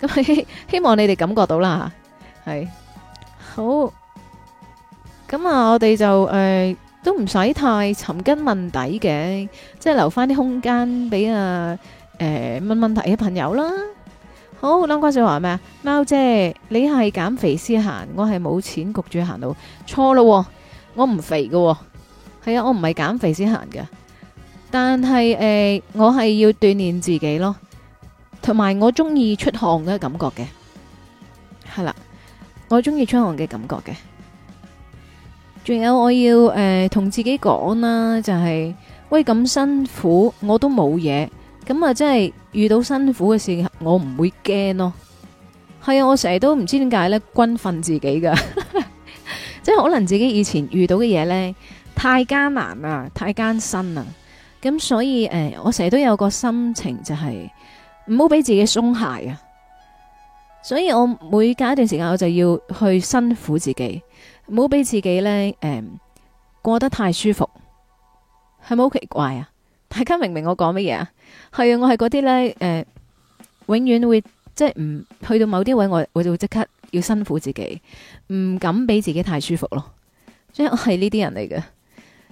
咁希望你哋感覺到啦吓，係好。咁啊，我哋就誒都唔使太尋根問底嘅，即係留返啲空間俾啊誒問問題嘅朋友啦。好，南瓜小華咩啊？貓姐，你係減肥先行，我係冇錢焗住行路。錯咯、喎，我唔肥嘅、喎，係啊，我唔係減肥先行嘅，但係誒、呃，我係要鍛煉自己咯，同埋我中意出汗嘅感覺嘅，係啦，我中意出汗嘅感覺嘅，仲有我要誒同、呃、自己講啦，就係、是、喂咁辛苦我都冇嘢。咁啊，真係遇到辛苦嘅事，我唔會驚咯。係啊，我成日都唔知點解咧，軍訓自己噶， 即係可能自己以前遇到嘅嘢咧太艱難啦，太艱辛啦。咁所以誒、呃，我成日都有個心情就係唔好俾自己鬆懈啊。所以我每隔一段時間我就要去辛苦自己，唔好俾自己咧誒、呃、過得太舒服，係咪好奇怪啊？大家明唔明我講乜嘢啊？係啊，我係嗰啲咧，誒、呃，永遠會即係唔去到某啲位，我我就會即刻要辛苦自己，唔敢俾自己太舒服咯。即係我係呢啲人嚟嘅。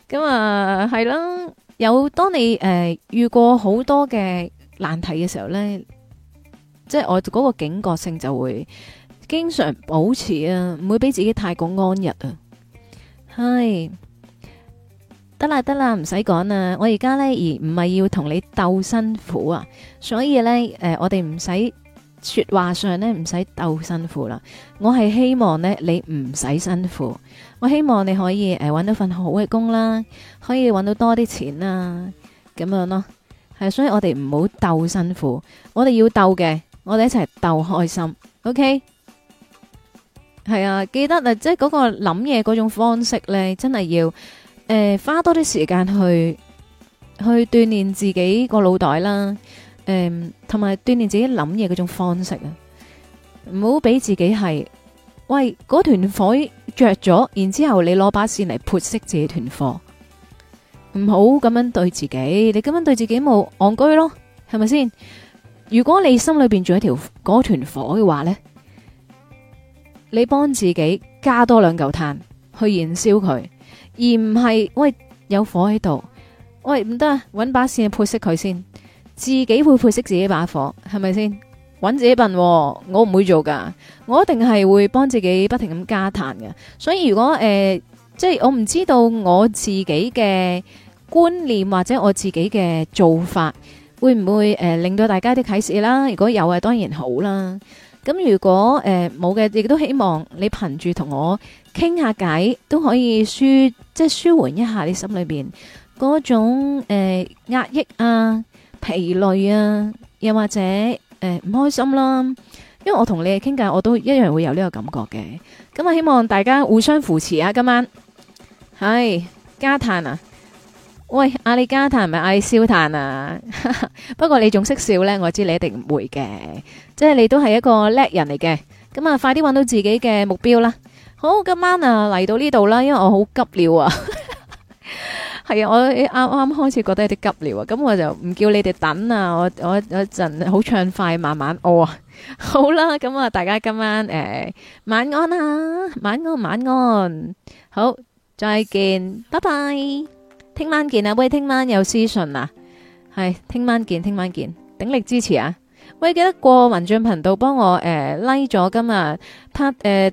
咁啊，係啦。有當你誒、呃，遇過好多嘅難題嘅時候咧，即係我嗰個警覺性就會經常保持啊，唔會俾自己太過安逸啊。係。得啦得啦，唔使講啦。我而家呢，而唔係要同你鬥辛苦啊，所以呢，誒、呃，我哋唔使說話上呢，唔使鬥辛苦啦。我係希望呢，你唔使辛苦，我希望你可以誒搵、呃、到份好嘅工啦，可以搵到多啲錢啦，咁樣咯。係，所以我哋唔好鬥辛苦，我哋要鬥嘅，我哋一齊鬥開心。OK，係啊，記得啊，即係嗰個諗嘢嗰種方式呢，真係要。誒、呃，花多啲時間去去鍛鍊自己個腦袋啦，誒、呃，同埋鍛鍊自己諗嘢嗰種方式啊，唔好俾自己係，喂，嗰團火着咗，然之後你攞把扇嚟撲熄自己團火，唔好咁樣對自己，你咁樣對自己冇戇居咯，係咪先？如果你心裏邊仲有條嗰團火嘅話呢，你幫自己加多兩嚿炭去燃燒佢。而唔係喂，有火喺度，喂唔得，搵把扇去撲熄佢先，自己會撲熄自己把火，係咪先？搵自己笨、啊，我唔會做噶，我一定係會幫自己不停咁加炭嘅。所以如果誒、呃，即係我唔知道我自己嘅觀念或者我自己嘅做法，會唔會誒、呃、令到大家啲啟示啦？如果有啊，當然好啦。咁如果誒冇嘅，亦、呃、都希望你憑住同我。傾下偈都可以舒，即係舒緩一下你心裏邊嗰種誒壓、欸、抑啊、疲累啊，又或者誒唔、欸、開心啦。因為我同你傾偈，我都一樣會有呢個感覺嘅。咁、嗯、啊，希望大家互相扶持啊。今晚係加炭啊，喂阿里加炭係咪嗌燒炭啊？ 不過你仲識笑呢，我知道你一定唔會嘅，即、就、係、是、你都係一個叻人嚟嘅。咁啊，嗯嗯、快啲揾到自己嘅目標啦！好，今晚啊嚟到呢度啦，因為我好急尿啊，係啊，我啱啱開始覺得有啲急尿啊，咁我就唔叫你哋等啊，我我一陣好暢快，慢慢屙啊。好啦，咁啊，大家今晚誒晚安啊，晚安晚安，好再見，拜拜，聽晚見啊，喂，聽晚有私信啊，係聽晚見，聽晚見，鼎力支持啊，喂，記得過文進頻道幫我誒拉咗今日 part 誒。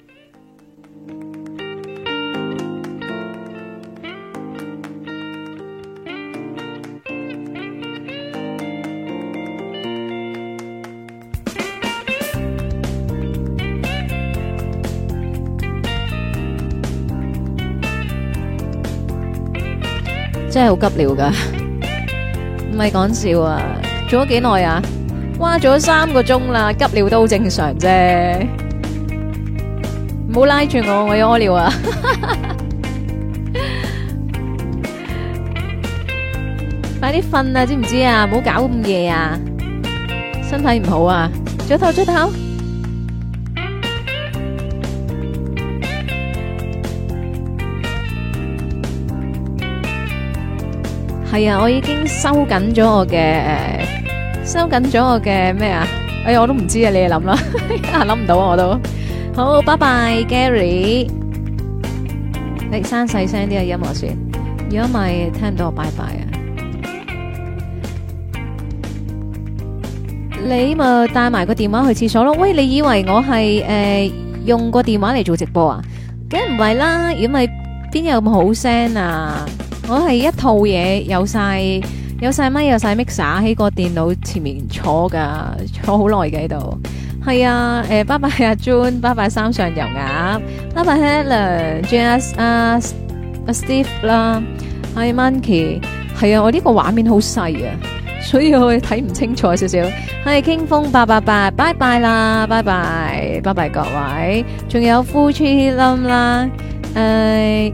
真係好急尿噶，唔係講笑啊！做咗幾耐啊？哇，做咗三個鐘啦，急尿都好正常啫。唔好拉住我，我要屙尿啊！快啲瞓啊，知唔知啊？唔好搞咁夜啊，身體唔好啊！早唞早唞。係啊，我已經收緊咗我嘅，收緊咗我嘅咩啊？哎呀，我都唔知啊，你諗啦，真係諗唔到我都。好，拜拜，Gary。你刪細聲啲啊音樂先，如果唔係聽唔到我拜拜啊。你咪帶埋個電話去廁所咯。喂，你以為我係誒用個電話嚟做直播啊？梗唔係啦，如果唔係邊有咁好聲啊？我係一套嘢，有晒有晒咪，有晒 mixer 喺個電腦前面坐噶，坐好耐嘅喺度。係啊，誒，拜拜阿 Joan，拜拜三上油鴨，拜拜 Helen，Jazz 阿阿 Steve 啦，係 Monkey。係啊，我呢個畫面好細啊，所以我睇唔清楚少少。係，清風八八八，拜拜啦，拜拜，拜拜各位，仲有 Fujin 啦，誒。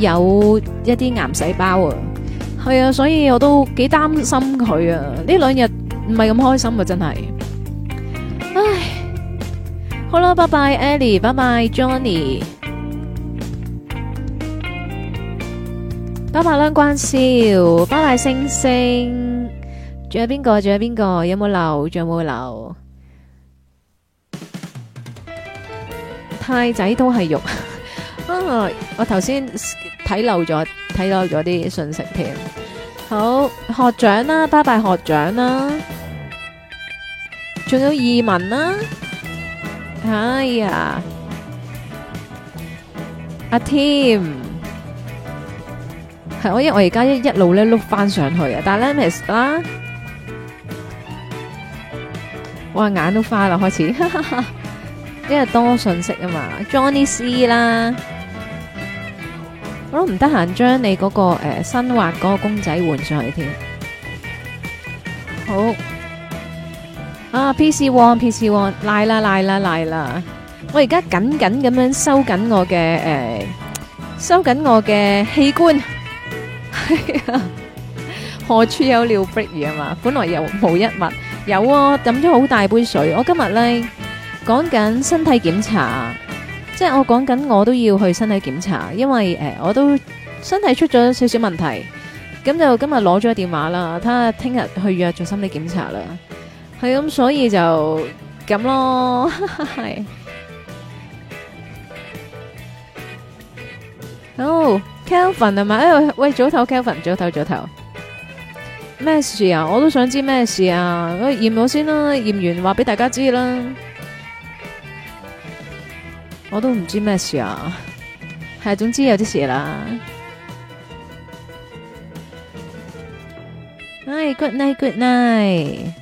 有一啲癌細胞啊，係啊，所以我都幾擔心佢啊。呢兩日唔係咁開心啊，真係。唉，好啦，拜拜，Ellie，拜拜，Johnny，拜拜，梁關少，拜拜，星星，仲有邊個？仲有邊個？有冇漏？仲有冇漏？太仔都係肉。啊、我頭先睇漏咗，睇漏咗啲信息添。好學長啦，拜拜學長啦。仲有移民啦，哎呀，阿 Team 係我因為我而家一一路咧碌翻上去啊，但係 Lemis 啦，我眼都花啦開始，因為多信息啊嘛，Johnny C 啦。我都唔得閒將你嗰個誒新畫嗰個公仔換上去添。好啊，P C 鍋 P C 鍋拉啦拉啦拉啦，我而家緊緊咁樣收緊我嘅誒，收緊我嘅器官。係啊，何處有尿不離啊嘛？本來又冇一物，有啊，飲咗好大杯水。我今日咧講緊身體檢查。即係我講緊，我都要去身體檢查，因為誒、呃，我都身體出咗少少問題，咁就今日攞咗電話啦，睇下聽日去約做身體檢查啦，係咁，所以就咁咯，係。 好，Kelvin 係咪？誒、哎，喂，早唞 Kelvin，早唞早唞，咩事啊？我都想知咩事啊！我驗我先啦，驗完話俾大家知啦。我都唔知咩事啊，係總之有啲事啦。唉，good night，good night。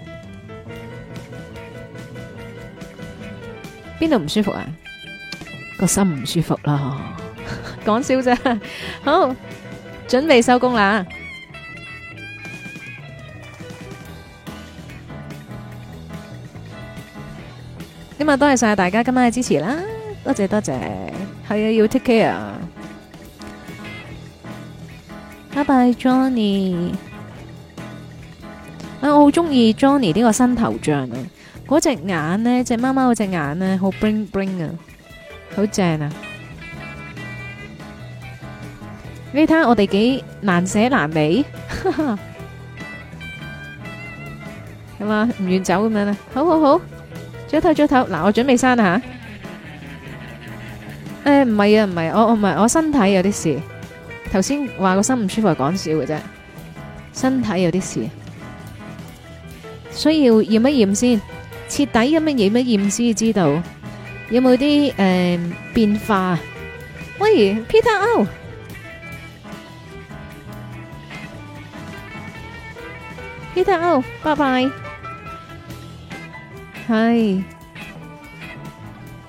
邊度唔舒服啊？個心唔舒服啦。講笑啫，好，準備收工啦。今晚多謝晒大家今晚嘅支持啦。多謝多謝，係啊，要 take care 啊，拜拜，Johnny。啊，我好中意 Johnny 呢個新頭像啊，嗰隻眼咧，隻貓貓嗰隻眼咧，好 bling bling 啊，好正啊。你睇下我哋幾難捨難離，咁啊，唔願走咁樣啦。好好好，早唞早唞，嗱，我準備刪啦吓。誒，唔係啊，唔係，我我唔係，我身體有啲事。頭先話個心唔舒服，講笑嘅啫。身體有啲事，需要驗一驗先，徹底咁樣驗一驗先知道有冇啲誒變化。喂，Peter，歐，Peter，歐，拜拜。係。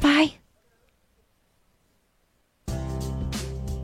拜拜。